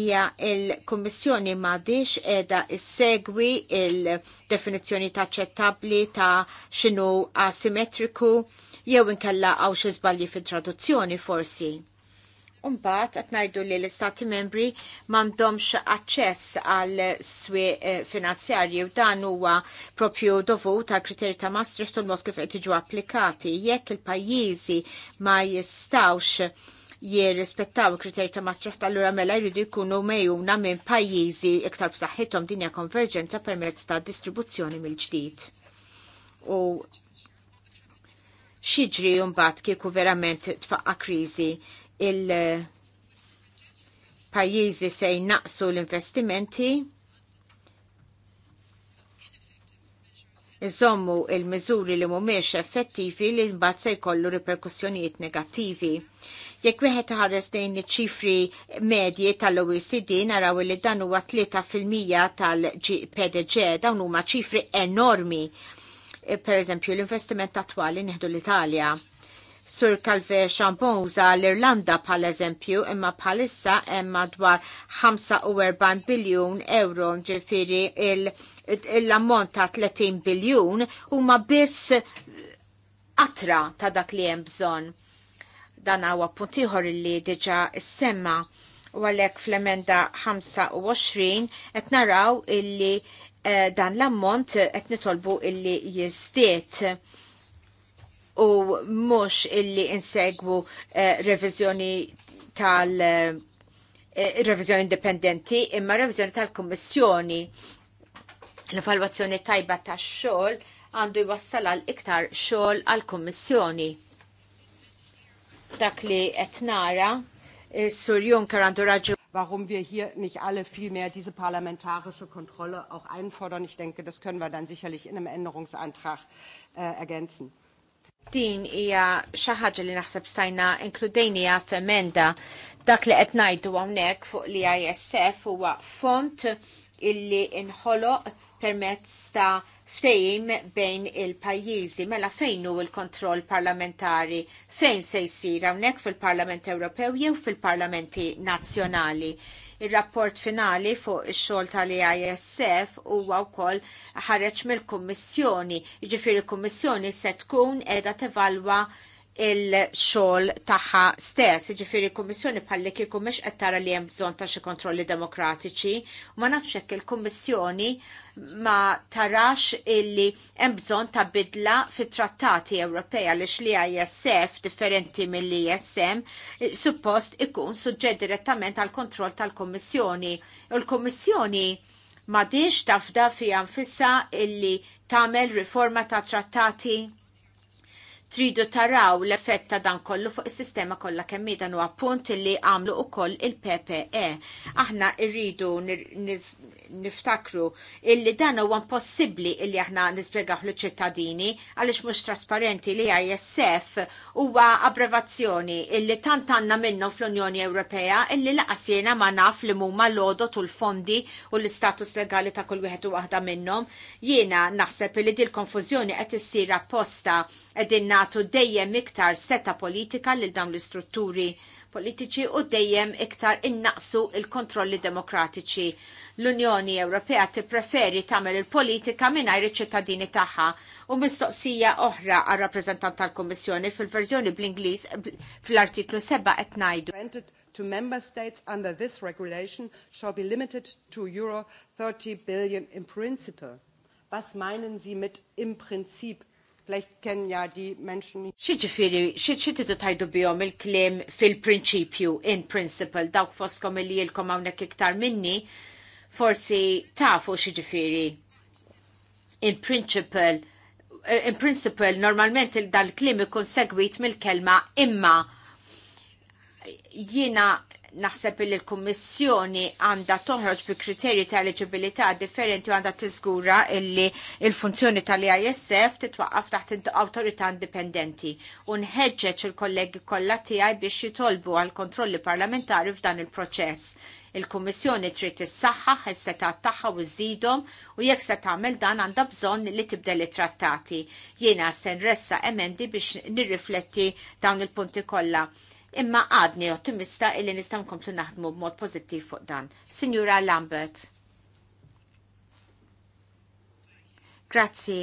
hija l kummissjoni m'għadix qiegħda issegwi il-definizzjoni taċċettabbli ta' x'inhu asimetriku jew inkella għaw xi żbalji fit-traduzzjoni forsi. Umbat, qed ngħidu li l-Istati membri m'għandhomx aċċess għal swi eh, finanzjarji u dan huwa propju dovut tal kriterji ta' Maastricht u l-mod kif qed jiġu applikati. Jekk il-pajjiżi ma jistawx jirrispettaw il-kriterji ta' Maastricht allura mela jridu jkunu mejjuna minn pajjiżi iktar b'saħħithom dinja konverġenza permezz ta' distribuzzjoni mill-ġdid. U xieġri mbagħad kieku verament tfaqqa kriżi il pajjiżi se jnaqsu l-investimenti iżommu il-miżuri li mhumiex effettivi li mbagħad se jkollu riperkussjonijiet negattivi jekk wieħed ħares lejn iċ-ċifri medji tal-OECD naraw li dan huwa 3% tal-PDG dawn huma ċifri enormi E, per eżempju, l-investiment attwali neħdu l-Italja. Sur Calve Champon uża l-Irlanda pal eżempju imma bħalissa hemm madwar 45 biljun euro ġifiri l-ammont ta' 30 biljun huma biss atra ta' dak li hemm bżonn. Dan huwa punt ieħor li diġà semma u għalhekk fl-emenda 25 qed naraw illi Eh, dan l-ammont qed nitolbu illi jiżdied u mhux illi insegwu eh, reviżjoni tal eh, revizjoni indipendenti imma revizjoni tal-Kummissjoni l-evalwazzjoni tajba tax-xogħol għandu jwassal għal iktar xogħol għall kummissjoni. Dak li qed nara Sur Juncker għandu raġun warum wir hier nicht alle viel mehr diese parlamentarische Kontrolle auch einfordern. Ich denke, das können wir dann sicherlich in einem Änderungsantrag äh, ergänzen. Din hija xi ħaġa li naħseb stajna inkludejnija f'emenda dak li qed ngħidu hawnhekk fuq l-ISF huwa font illi inħoloq permezz ta' ftejim bejn il-pajjiżi. Mela fejn hu l-kontroll parlamentari? Fejn se jsir hawnhekk fil-Parlament Ewropew jew fil-Parlamenti Nazzjonali? Ir-rapport finali fuq ix-xogħol tal-ISF huwa wkoll ħareġ mill-Kummissjoni. Jiġifieri l-Kummissjoni se tkun qiegħda tevalwa il-xol taħħa stess, ġifiri kummissjoni palli kiku mex għattara li jem bżon ta' xie kontrolli demokratiċi, ma nafxek il-kummissjoni ma tarax illi jem bżon ta' bidla fit trattati Ewropeja li xli ISF differenti mill-ISM, suppost ikun suġġed direttament għal kontroll tal-kummissjoni. U l-kummissjoni ma diġ tafda fi għanfissa illi tamel riforma ta' trattati tridu taraw l-effett ta' dan kollu fuq is-sistema kollha kemm dan huwa punt li għamlu wkoll il-PPE. Aħna rridu niftakru illi dan huwa impossibbli illi aħna nispjegaw l ċittadini għaliex mhux trasparenti li ISF huwa abbrevazzjoni illi tant għandna minnhom fl-Unjoni Ewropea illi laqas jiena ma naf li huma l-għodot u l-fondi u l-istatus legali ta' kull wieħed u waħda minnhom. Jiena naħseb li dil-konfużjoni qed issir apposta qegħdin natu dejjem iktar seta politika lil dawn l-istrutturi politiċi u dejjem iktar innaqsu il-kontrolli demokratiċi. L-Unjoni Ewropea tippreferi tagħmel il-politika mingħajr iċ-ċittadini tagħha u mistoqsija oħra għal rappreżentant tal-Kummissjoni fil-verżjoni bl-Ingliż fl-artiklu 7 qed ngħidu. to member states under this regulation shall be limited to euro 30 billion in principle. Was meinen Sie mit im Prinzip? Vielleicht kennen ja die Menschen nicht. tajdu bijom il-klim fil-prinċipju, in principle, dawk foskom li jilkom għawnek iktar minni, forsi tafu xieġifiri, in principle, in principle, normalment il-dal-klim ikun segwit mill-kelma imma jina naħseb li l-Kummissjoni għandha toħroġ bi kriterji ta' eligibilità differenti għandha tiżgura illi il-funzjoni tal-ISF titwaqqaf taħt awtorità indipendenti u nħeġġeġ il-kollegi kollha tiegħi biex jitolbu għal kontrolli parlamentari f'dan il-proċess. Il-Kummissjoni trid tissaħħaħ is t tagħha u żidhom u jekk se tagħmel dan għandha bżonn li tibdel it-trattati. Jiena se nressa emendi biex nirrifletti dawn il-punti kollha imma għadni ottimista illi nistgħu nkomplu naħdmu b'mod pożittiv fuq dan. Sinjura Lambert. Grazzi.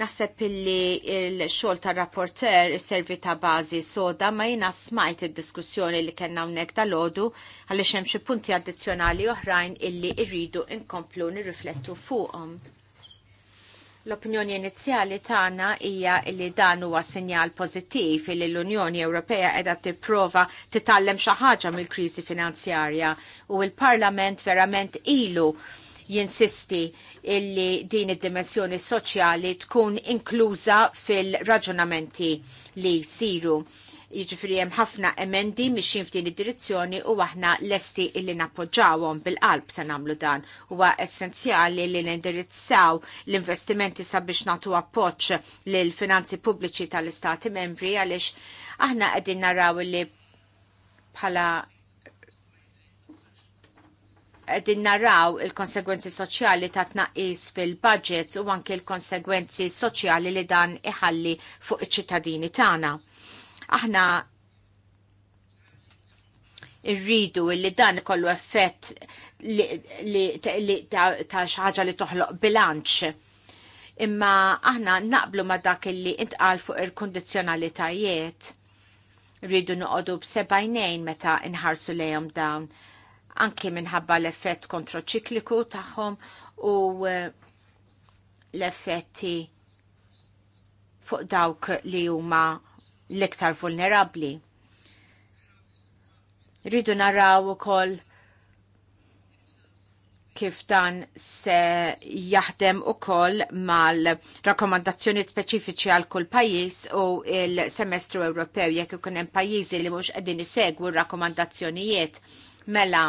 Naħseb illi il-xol ta' rapporter servi ta' bazi soda ma jina smajt il-diskussjoni li kena unnek dal-ħodu għalli xemxie punti addizjonali oħrajn illi irridu inkomplu nirriflettu fuqom. -um. L-opinjoni inizjali tagħna hija li dan huwa sinjal pożittiv li l-Unjoni Ewropea qiegħda tipprova titgħallem xi ħaġa mill-kriżi finanzjarja u l-Parlament verament ilu jinsisti illi din id-dimensjoni soċjali tkun inkluża fil-raġunamenti li jsiru jiġifieri hemm ħafna emendi mixin f'din id-direzzjoni u aħna lesti illi nappoġġawhom bil-qalb se nagħmlu dan. Huwa essenzjali li nindirizzaw l-investimenti sabiex nagħtu appoġġ lil finanzi pubbliċi tal-Istati membri għaliex aħna qegħdin naraw li bħala din naraw il-konsegwenzi soċjali ta' tnaqqis fil-budgets u anke il-konsegwenzi soċjali li dan iħalli fuq iċ-ċittadini tagħna. Aħna irridu li dan kollu effett li ta' xaħġa li toħloq bilanċ. Imma aħna naqblu ma dak li intqal fuq il-kondizjonalitajiet. Rridu noqodu b'sebajnejn meta inħarsu lejhom dawn anki minħabba l-effett kontroċikliku tagħhom u e, l-effetti fuq dawk li huma l-iktar vulnerabli. Ridu naraw ukoll kif dan se jaħdem ukoll mal rakomandazzjoni speċifiċi għal kull pajjiż u il-semestru Ewropew jekk ikun hemm pajjiżi li mhux qegħdin isegwu r-rakkomandazzjonijiet mela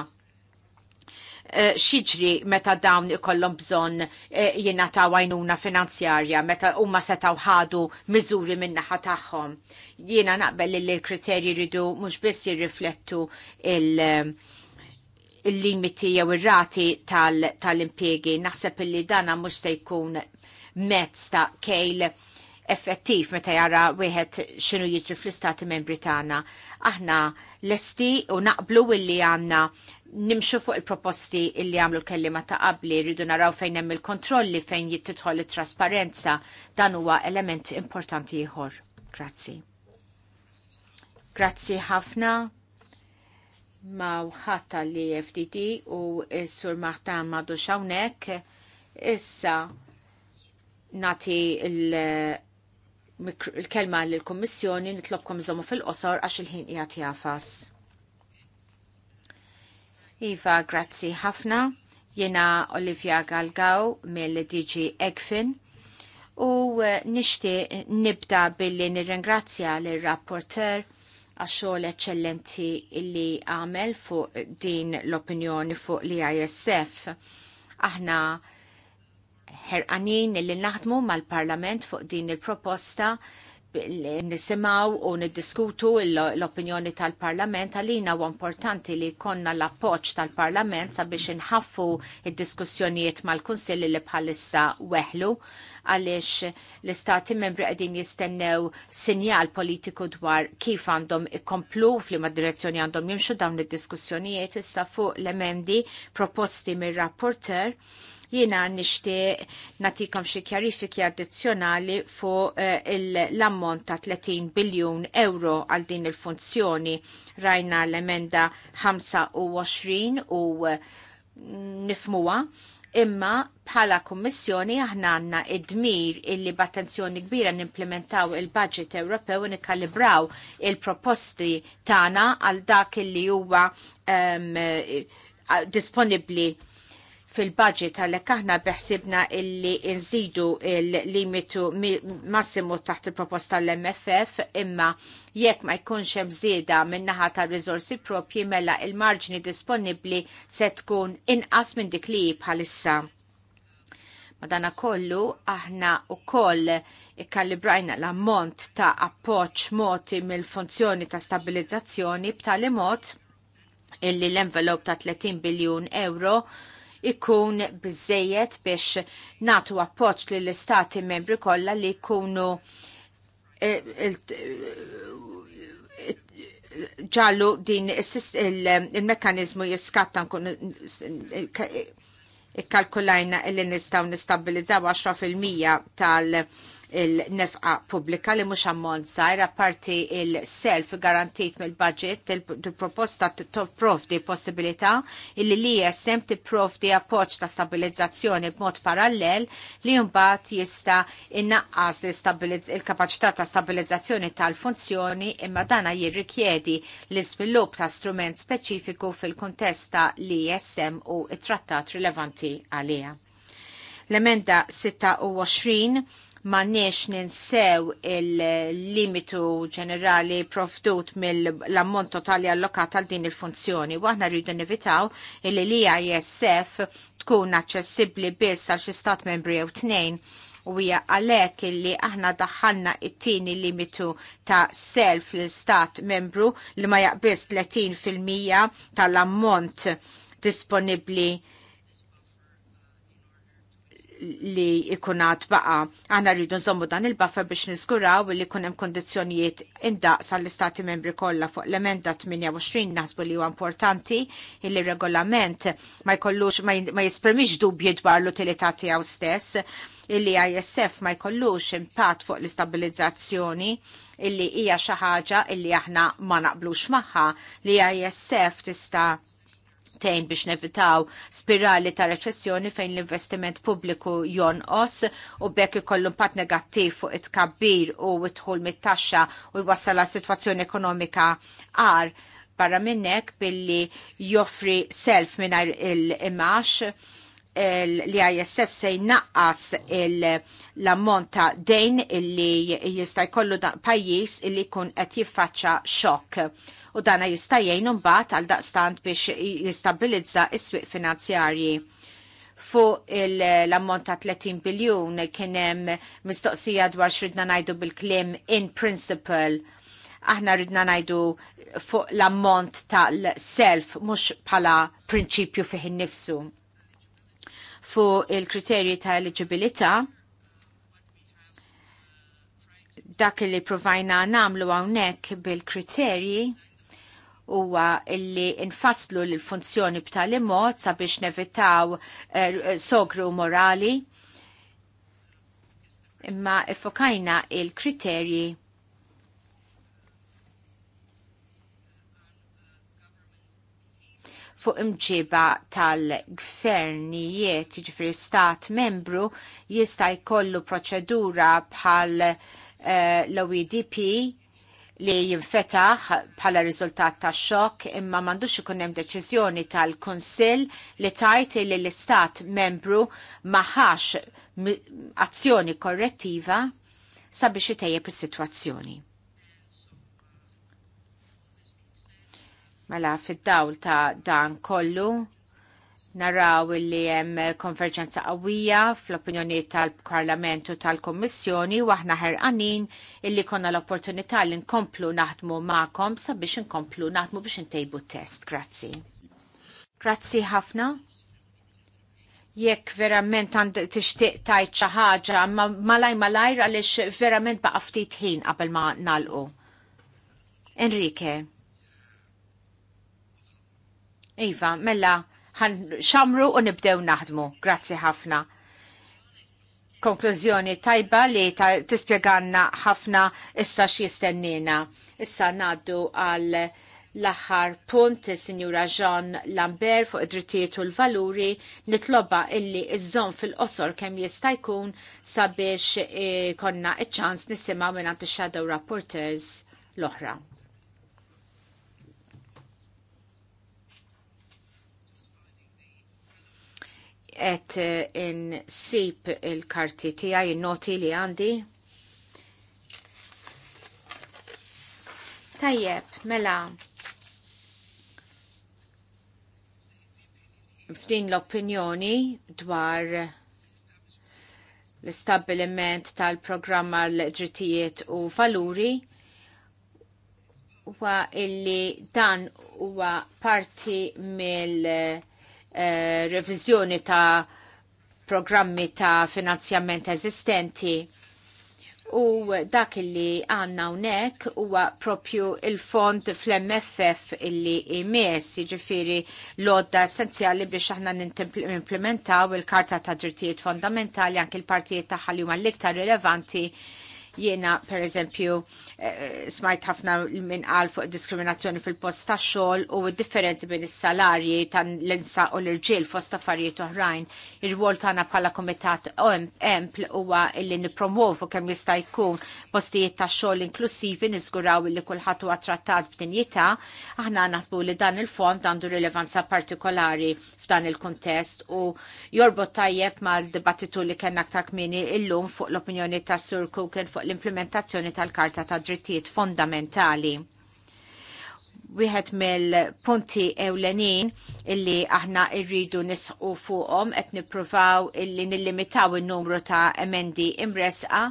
Eh, xiġri meta dawn ikollhom bżonn eh, jingħataw għajnuna finanzjarja meta huma setgħu ħadu miżuri min-naħa tagħhom. Jiena naqbel li l-kriterji jridu mhux biss jirriflettu il- eh, il-limiti jew ir-rati tal-impjegi. Tal Naħseb illi dana mhux se jkun mezz ta' kejl effettiv meta jara wieħed xinu jiġri fl-istati membri tagħna. Aħna lesti u naqblu illi għandna nimxu fuq il-proposti illi għamlu l-kellima ta' qabli, rridu naraw fejn hemm il-kontrolli fejn jittitħol it-trasparenza, dan huwa element importanti ieħor. Grazzi. Grazzi ħafna ma' wħatta li FDD u s-sur maħta madu xawnek. Issa nati il-kelma l-Kommissjoni nitlobkom zomu fil-qosor għax il-ħin jgħati għafas. Iva, grazzi ħafna. Jena Olivia Galgaw mill-DG Egfin u eh, nishti nibda billi nirringrazzja l-rapporter għaxol eccellenti illi għamel fuq din l-opinjoni fuq li isf Aħna ħerqanin illi naħdmu mal-Parlament fuq din il-proposta nisimaw u niddiskutu l-opinjoni tal-Parlament għalina u importanti li konna l-appoċ tal-Parlament sabiex nħaffu id-diskussjonijiet mal-Kunsill li bħalissa weħlu għaliex l-istati membri għedin jistennew sinjal politiku dwar kif għandhom ikomplu fl-ma direzzjoni għandhom jimxu dawn id-diskussjonijiet issa fuq l-emendi proposti mir-rapporter Jiena nixtieq natikom xi kjarifiki addizzjonali fuq eh, l-ammont ta' 30 biljun euro għal din il-funzjoni. Rajna l-emenda 25 u mm, nifmuwa imma bħala kummissjoni aħna għanna id-dmir illi b'attenzjoni kbira nimplementaw il-budget Ewropew u nikkalibraw il-proposti tagħna għal dak illi huwa um, ehm, eh, disponibli fil-budget għalhekk aħna beħsibna illi nżidu il-limitu massimu taħt il-proposta l-MFF imma jekk ma jkunx hemm żieda min-naħa tal-riżorsi propji mela il-marġni disponibbli se tkun inqas minn dik li bħalissa. Madana kollu aħna u koll ikkalibrajna l-ammont ta' appoċ moti mill-funzjoni ta' stabilizzazzjoni b'tali mod illi l-envelop ta' 30 biljun euro ikun bizzejiet biex natu appoċ li l-istati membri kollha li jkunu eh, eh, ġallu din il mekanizmu jiskatta kun eh, ikkalkulajna il-li nistaw nistabilizzaw 10% tal- il-nefqa pubblika li mhux ammont sajra apparti il-self garantit mill-budget il-proposta tipprovdi possibilita il li jessem tipprovdi appoġġ ta' stabilizzazzjoni b'mod parallel li mbagħad jista' innaqqas il-kapaċità ta' stabilizzazzjoni tal-funzjoni imma dana jirrikjedi l-iżvilupp ta' strument speċifiku fil-kontesta li jessem u it-trattat rilevanti għalija l-emenda 26 Ma M'għandniex ninsew il-limitu ġenerali profdut mill-ammont totali allokat għal din il-funzjoni. Waħna rridu nivitaw il li isf tkun aċċessibbli biss għal xi stat membri jew tnejn u hija għalhekk illi aħna daħħalna it-tieni limitu ta' self l-istat membru li ma jaqbis 30% tal-ammont disponibbli li ikunat baqa. Għana rridu nżommu dan il-buffer biex nizguraw li kunem kondizjonijiet indaqs għall-istati membri kollha fuq l-emenda 28 naħsbu li huwa importanti il regolament ma jkollux ma jispermix dubji dwar l-utilità tiegħu stess illi ISF ma jkollux impatt fuq l-istabilizzazzjoni illi hija xi ħaġa illi aħna ma naqblux magħha li ISF tista' tejn biex nevitaw spirali ta' reċessjoni fejn l-investiment pubbliku jonqos u bekk ikollu impatt negattiv fuq it-kabbir u it dħul mit-taxxa u jwassal situazzjoni ekonomika għar barra minnek billi joffri self minn il-imax l-ISF se jnaqqas l-ammont ta' dejn illi jista' jkollu pajjiż illi jkun qed jiffaċċa xokk. U dana jista' jgħin mbagħad għal daqstant biex jistabilizza s-swieq finanzjarji fuq l-ammont ta' 30 biljun kien hemm mistoqsija dwar xridna ngħidu bil-klim in principle aħna ridna najdu fuq l-ammont tal-self mux pala prinċipju fih nifsu fuq il-kriterji ta' eligibilità dak li provajna namlu għawnek bil-kriterji huwa illi infaslu l-funzjoni b'tali mod sabiex nevitaw eh, sogru morali imma ifokajna il-kriterji fuq imġiba tal-gvernijiet, ġifri stat membru, jista' jkollu proċedura bħal uh, eh, l-OEDP li jinfetaħ bħala riżultat ta' xokk imma m'għandux ikun hemm deċiżjoni tal-Kunsill li tajt li l-Istat membru maħax azzjoni korrettiva sabiex itejjeb is-sitwazzjoni. Mela fid-dawl ta' dan kollu naraw li hemm konverġenza qawwija fl-opinjoni tal-Parlamentu tal-Kommissjoni u aħna ħerqanin illi konna l-opportunità li nkomplu naħdmu magħkom sabiex nkomplu naħdmu biex intejbu test. Grazzi. Grazzi ħafna. Jekk verament għand tixtieq tajt xi ħaġa malaj malajr għaliex verament baqa' ftit ħin qabel ma nagħlqu. Enrique. Iva, mela, ħan xamru u nibdew naħdmu. Grazzi ħafna. Konklużjoni tajba li ta tispjeganna ħafna issa x'jistennina. Issa naddu għal l-aħħar punt il-Sinjura Jean Lambert fuq id-drittijiet u l-valuri nitloba illi iż-żon fil-qosor kemm jista' jkun sabiex eh, konna iċ-ċans nisimgħu minn ix-shadow rapporters l-oħra. et eh, insib il-karti tijaj, il-noti li għandi. Tajjeb, mela, f'din l-opinjoni dwar l-istabbiliment tal-programma l-drittijiet u valuri huwa illi dan huwa parti mill- Eh, revizjoni ta' programmi ta' finanzjament eżistenti. U dak li għanna unek huwa propju il-fond fl-MFF illi imes, ġifiri l-odda essenzjali biex aħna nimplementaw il-Karta ta' Drittijiet Fondamentali anke il-partijiet taħħal li huma l-iktar rilevanti Jiena per eżempju eh, smajt ħafna minn qal fuq diskriminazzjoni fil-post ta' xogħol u d-differenzi bejn is-salarji tan l-insa u l-irġiel fost affarijiet oħrajn. Ir-rwol tagħna bħala kumitat empl huwa illi nippromovu kemm jista' jkun postijiet ta' xogħol inklusivi niżguraw illi kulħadd huwa trattat b'dinjità. Aħna naħsbu li dan il-fond għandu rilevanza partikolari f'dan il-kontest u jorbot tajjeb mal-dibattitu li kellna aktar kmini illum fuq l-opinjoni ta' Sur Kuken fuq l-implementazzjoni tal-Karta ta' Drittijiet Fondamentali. Wieħed mill-punti ewlenin illi aħna rridu nisħu fuqhom qed nippruvaw illi nillimitaw in-numru ta' emendi imresqa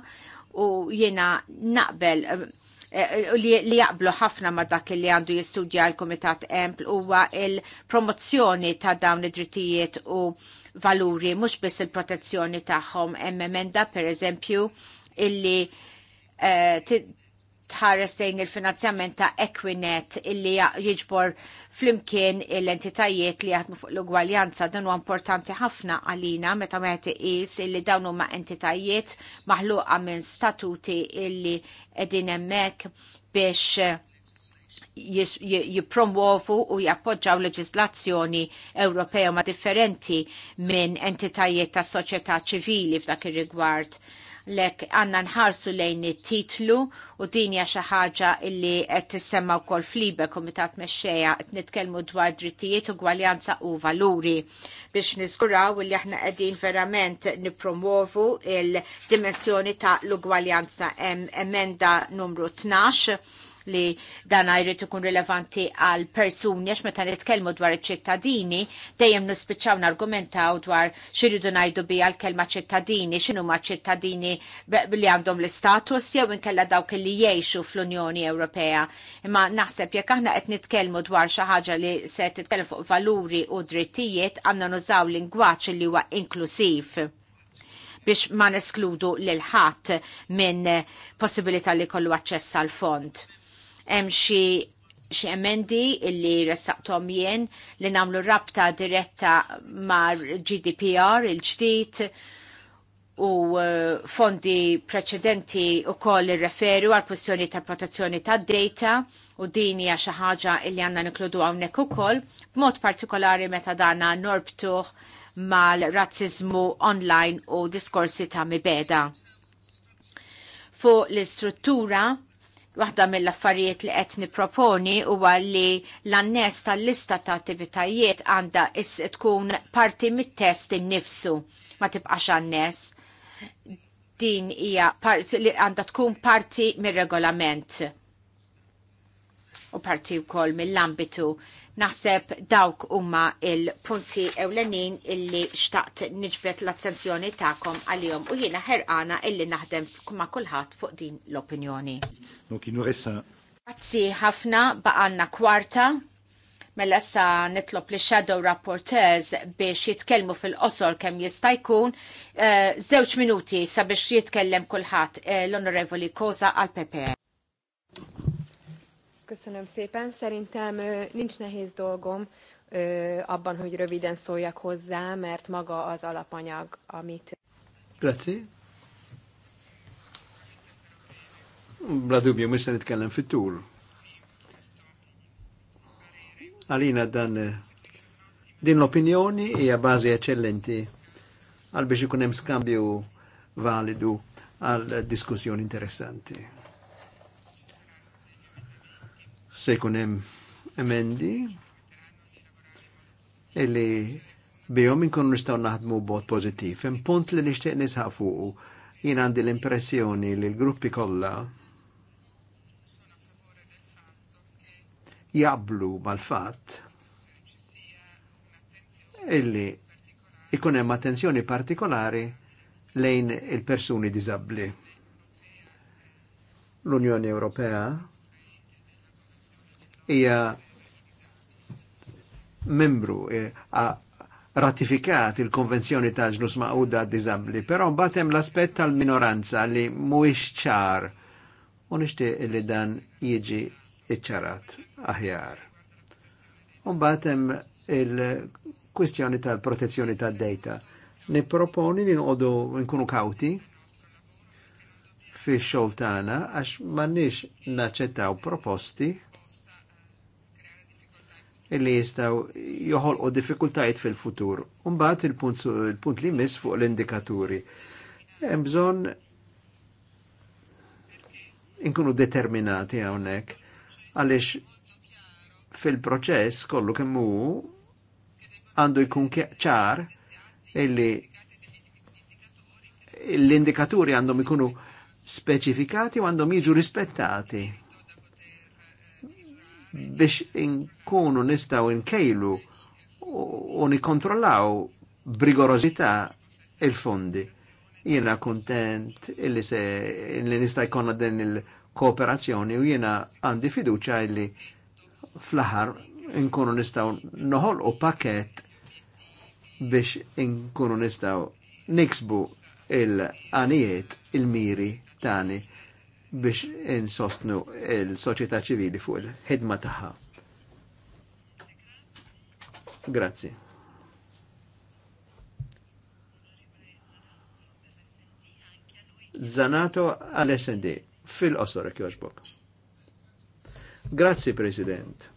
u jiena naqbel eh, eh, li jaqblu ħafna ma dak li għandu jistudja l-Komitat Empl huwa il-promozzjoni ta' dawn id-drittijiet u valuri mhux biss il-protezzjoni tagħhom hemm emenda pereżempju illi eh, tħares dejn il-finanzjament ta' Equinet illi jiġbor flimkien l-entitajiet li jaħdmu fuq l-ugwaljanza dan huwa importanti ħafna għalina meta wieħed iqis illi dawn huma entitajiet maħluqa minn statuti illi qegħdin hemmhekk biex eh, jipromuovu u jappoġġaw leġislazzjoni Ewropea ma differenti minn entitajiet tas soċjetà ċivili f'dak ir-rigward lek għanna nħarsu lejn it-titlu u din hija xi ħaġa illi qed tissemma wkoll flibe kumitat mexxejja qed nitkellmu dwar drittijiet u gwaljanza u valuri biex niżguraw li aħna qegħdin verament nippromovu il-dimensjoni ta' l-ugwaljanza emenda numru 12 li dan jrid ikun rilevanti għal persuni għax meta nitkellmu dwar iċ-ċittadini dejjem nispiċċaw nargumentaw dwar xiridu ngħidu bi għal kelma ċittadini x'inhu ma ċittadini li għandhom l-istatus jew inkella dawk li jgħixu fl-Unjoni Ewropea. Imma naħseb jekk aħna qed nitkellmu dwar xi ħaġa li se titkellem fuq valuri u drittijiet għandna nużaw lingwaġġ li huwa inklusiv biex ma neskludu l-ħat minn possibilità li kollu aċċess għal fond hemm xi xi emendi illi ressaqtom jien li namlu rabta diretta mar GDPR il-ġdid u eh, fondi preċedenti u koll referu għal kwestjoni ta' protezzjoni ta' data u dini għaxa ħaġa illi għanna nikludu għawnek u koll, b'mod partikolari meta dana norbtuħ mal-razzizmu online u diskorsi ta' mibeda. Fuq l-istruttura Waħda mill-affarijiet li qed niproponi huwa li l-annes tal-lista ta' attivitajiet għandha tkun parti mit-test innifsu ma tibqax annes. Din hija li għandha tkun parti mir-regolament u parti wkoll mill-ambitu Naħseb dawk huma il-punti ewlenin illi xtaqt nġbet l-attenzjoni ta'kom għalihom u jiena ħerqana illi naħdem ma' kulħadd fuq din l-opinjoni. Grazzi ħafna baqanna kwarta mela sa nitlob li shadow rapporteurs biex jitkellmu fil-qosor kemm jista' jkun żewġ eh, minuti sabiex jitkellem kulħadd eh, l-Onorevoli Koza għal PPR. E. Köszönöm szépen. Szerintem nincs nehéz dolgom abban, hogy röviden szóljak hozzá, mert maga az alapanyag, amit... Grazie. Bla dubju, mista nitkellem fit-tul. dan din l-opinjoni hija e bażi eccellenti għal biex ikun hemm skambju validu għal diskussjoni interessanti. se jkun hemm emendi illi bihom inkun nistgħu naħdmu b'mod pożittiv. Hemm punt li nixtieq nisħaq fuq jien għandi l-impressjoni li l-gruppi kollha jablu mal-fatt illi ikun hemm attenzjoni partikolari lejn il-persuni diżabbli. L-Unjoni Ewropea hija membru eh, ratifikat il-konvenzjoni ta' ġnus ma'uda disabli, però mbagħad hemm l aspet tal-minoranza li mhuwiex ċar u nixtieq li dan jiġi iċċarat aħjar. Mbagħad hemm il-kwistjoni tal-protezzjoni tad-data. Nipproponi li nqogħdu nkunu kawti fi xoltana għax għax m'għandniex naċċettaw proposti illi jistaw joħolqu diffikultajiet fil-futur. Umbat il-punt li mis fuq l-indikaturi. Hemm inkunu determinati hawnhekk għaliex fil-proċess kollu kemm hu għandu jkun ċar illi l-indikaturi għandhom ikunu speċifikati u għandhom jiġu rispettati biex inkunu nistaw inkejlu u nikontrollaw brigorozita il-fondi. Jena kontent illi se illi nista' jkonna din il-kooperazzjoni u jena għandi fiduċa illi fl ħar inkunu nistaw noħol u pakett biex inkunu nistaw niksbu il-għanijiet il-miri tani biex insostnu il-soċjetà ċivili fuq il-ħidma tagħha. Grazzi. Zanato għal-SND fil-qosor kjoġbok. Grazzi, President.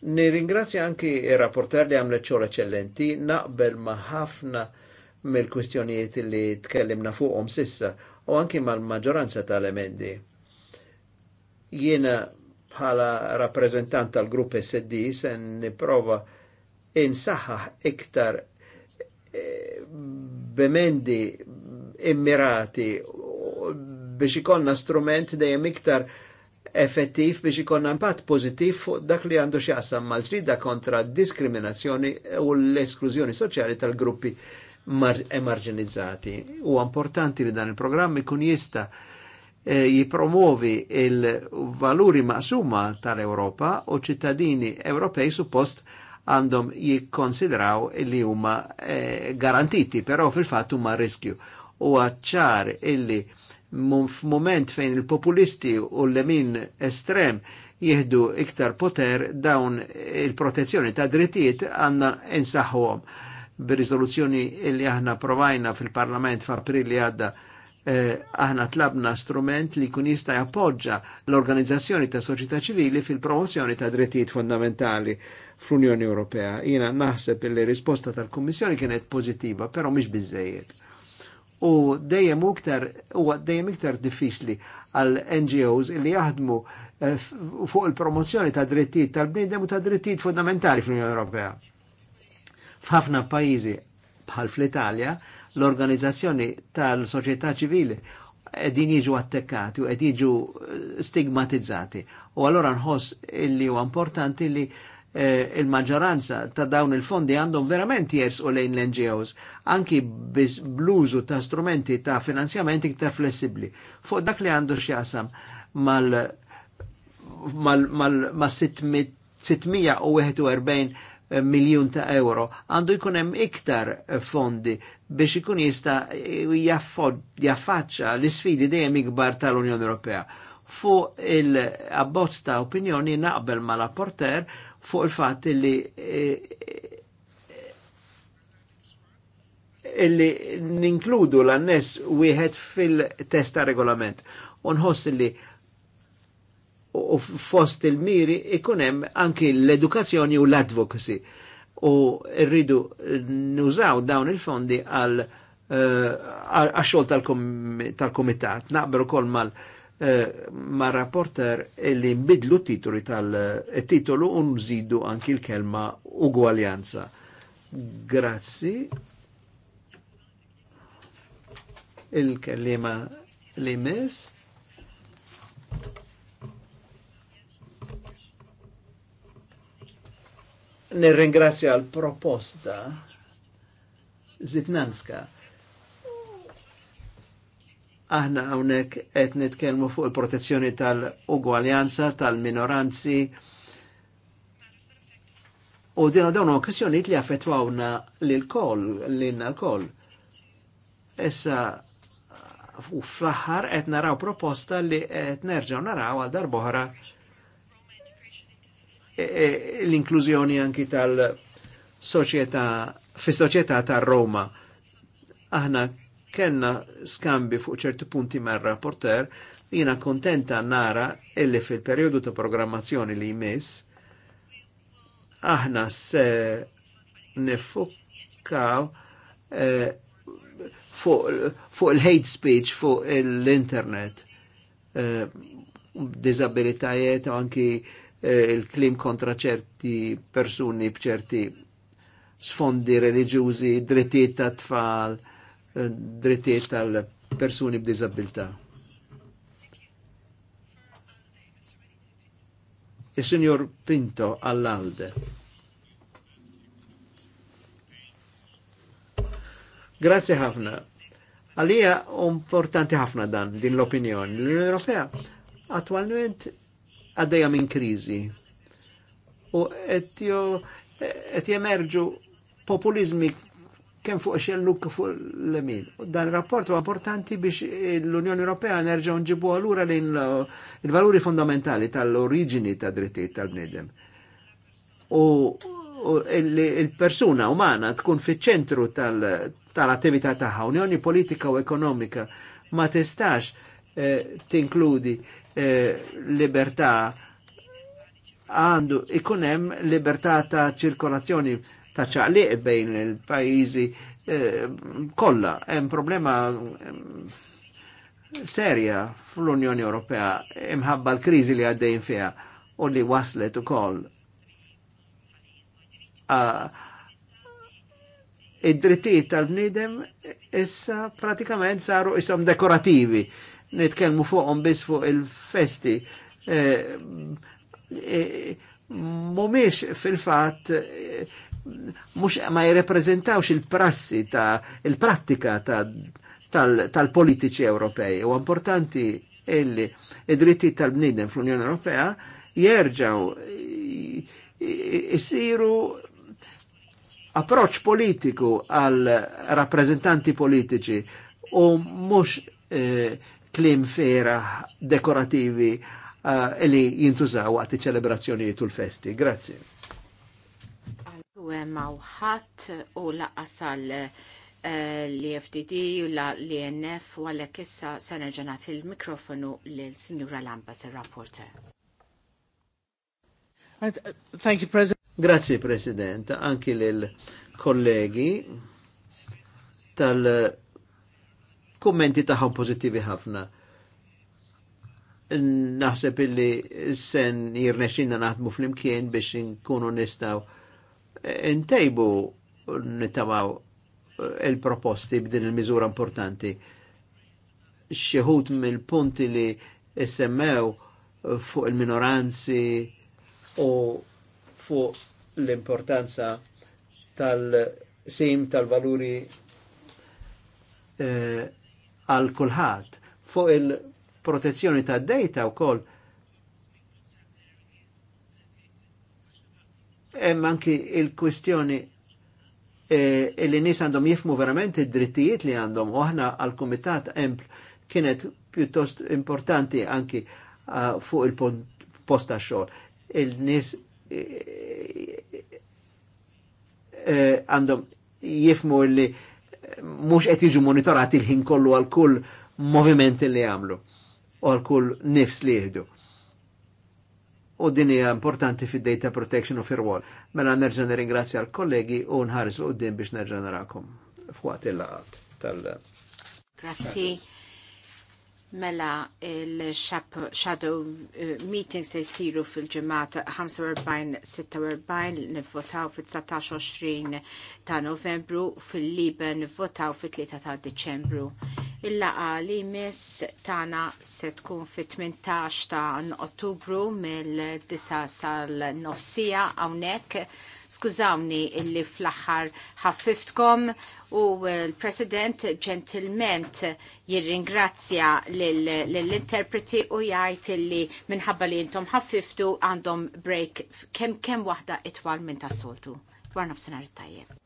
Nirringrazzja anki il-rapporter li għamlet ċor eccellenti, naqbel ma ħafna mill-kwistjonijiet li tkellimna fuqhom sissa u anki mal-maġġoranza tal-emendi. Jiena bħala rappresentant tal-grupp SD se niprova insaħħaħ iktar eh, b'emendi immirati biex ikonna strument dejjem iktar effettiv biex ikonna impatt pozittiv fuq dak li għandu xjaqsam mal-ġrida kontra diskriminazzjoni u l-esklużjoni soċjali tal-gruppi emarġinizzati. E u importanti li dan il-programm ikun jista' E, jipromovi il-valuri maqsuma tal-Europa u ċittadini Ewropej suppost għandhom jikkonsidraw li huma e, garantiti, però fil-fatt huma riskju. U għacċar illi f'moment fejn il-populisti u l-lemin estrem jihdu iktar poter dawn il-protezzjoni ta' drittijiet għanna insaħħuhom bir-riżoluzzjoni li aħna provajna fil-Parlament f'April li għadda Eh, aħna tlabna strument li kun jista' jappoġġa l-organizzazzjoni ta' soċjetà ċivili fil-promozzjoni ta' drittijiet fondamentali fl-Unjoni Ewropea. Jiena naħseb li risposta tal-Kummissjoni kienet pożittiva, però mhix biżejjed. U dejjem iktar huwa dejjem iktar diffiċli għal NGOs li jaħdmu eh, fuq il-promozzjoni ta' drittijiet tal-bniedem u ta' drittijiet fondamentali fl-Unjoni Ewropea. F'ħafna pajjiżi bħal fl-Italja, l-organizzazzjoni tal-soċjetà ċivili qegħdin jiġu attekkati u qed jiġu eh, stigmatizzati. U allora nħoss illi huwa importanti li eh, il-maġġoranza ta' dawn il-fondi għandhom verament jers u lejn l-NGOs, anki bluzu ta' strumenti ta' finanzjamenti iktar flessibli. Fuq dak li għandu xjaqsam mal mal mal ma 641 miljun ta' euro. Għandu jkun hemm iktar fondi biex ikun jista' jaffaċċa l-isfidi dejjem ikbar tal-Unjoni Ewropea. Fuq il-abbozz ta' opinjoni naqbel ma' rapporter fuq il-fatt li eh, illi ninkludu l-annes wieħed fil-testa regolament. Unħoss li u fost il-miri ikunem anki l-edukazzjoni u l-advocacy. U rridu nużaw dawn il-fondi għal eh, għaxol tal-komitat. Naqbru kol mal eh, ma rapporter li nbidlu titoli tal-titolu eh, un nżidu anki l-kelma ugwaljanza. Grazzi. Il-kellima li mis. nirringrazzja għal proposta Zitnanska. Aħna għawnek qed nitkelmu fuq il-protezzjoni tal-ugwaljanza tal-minoranzi u din dawn kwestjonijiet li affettwawna lil l lilna l-koll. Essa u fl-aħħar qed naraw proposta li qed nerġaw naraw għal darbohra E, e, l-inklużjoni anki tal-soċjetà fis-soċjetà tar-Roma. Aħna kellna skambi fuq ċerti punti mar-rapporter, jiena kontenta nara illi fil-perjodu ta' programmazzjoni li jmiss aħna se nifukkaw eh, fuq il-hate speech fuq l-internet eh, disabilitajiet u anki Eh, il-klim kontra ċerti persuni bċerti sfondi religjużi, drittijiet ta' tfal, eh, drittijiet tal-persuni b'dizabilità. Il-Signor Pinto all'Alde. Grazie ħafna. Għalija importanti ħafna dan din l-opinjoni. L-Unjoni Ewropea attualment għaddeja minn krizi. U qed jemerġu populizmi kem fuq xellu fuq l emil Dan rapport u importanti biex l-Unjoni Ewropea nerġa' nġibu għalura lejn il-valuri fondamentali tal-oriġini ta' drittijiet tal bnedem U il-persuna umana tkun fiċ-ċentru tal-attività tagħha, Unjoni politika u ekonomika ma testax Eh, tinkludi eh, libertà għandu ikun hemm libertà ta' ċirkolazzjoni ta' ċaqliq bejn il-pajjiżi eh, kollha. Hemm problema serja fl-Unjoni Ewropea imħabba l-kriżi li għaddejn fiha u li waslet ukoll id-drittijiet tal-bniedem issa pratikament saru isom dekorativi nitkelmu fuqhom biss fuq il-festi. Eh, eh, mumiex fil-fat eh, mux ma jirreprezentawx il-prassi ta' il-prattika tal-politiċi Ewropej. U importanti illi id-dritti tal-bnidem fl-Unjoni Ewropea jerġaw jisiru approċ politiku għal rappresentanti politiċi u mux klim fera dekorativi uh, li jintużaw għati iċ-ċelebrazzjonijiet u l-festi. Grazie. għal mawħat eh, u laqasal l-FDD e u l-INF u għalek issa senerġanat il-mikrofonu l-Signora Lambas, il-rapporter. Uh, thank you, President. Grazie, President. Anki l-kollegi tal- kummenti taħħom pozittivi ħafna. Naħseb illi sen jirnexinna naħdmu fl-imkien biex nkunu nistaw eh, ntejbu nittamaw eh, il-proposti b'din il-miżura importanti. Xieħut mill-punti li semmew fuq il-minoranzi u fuq l-importanza tal-sim tal-valuri eh, għal kulħadd fuq il-protezzjoni ta' data u wkoll hemm anki il-kwistjoni e, li nies għandhom jifmu verament id-drittijiet li għandhom u aħna għal kumitat empl kienet pjuttost importanti anki uh, fuq il posta ta' xogħol. Il-nies għandhom e, e, e, jifmu li illi mhux qed jiġu monitorati l-ħin kollu għal kull moviment li jagħmlu u għal kull nifs li jihdu. U din hija importanti fid-data protection u firwall. Mela nerġa' nirringrazzja għal kollegi u nħares l biex nerġa' narakom f'waqt il-laqat tal- Grazzi mela il-shadow eh, meeting se jisiru fil ġimgħat 45-46 nivvotaw fil-19-20 ta' novembru fil-Liben nivvotaw fil-3 ta' deċembru. Il-laqa li mis tana se tkun fit-18 ta' ottubru mill-9 sal-nofsija għawnek. Skużawni illi fl-axar ħaffiftkom u l-President ġentilment jirringrazzja l-interpreti u jgħajt illi minħabba li jintom ħaffiftu għandhom break kem kem wahda itwal minn tas-soltu. Dwar nofsinhar tajjeb.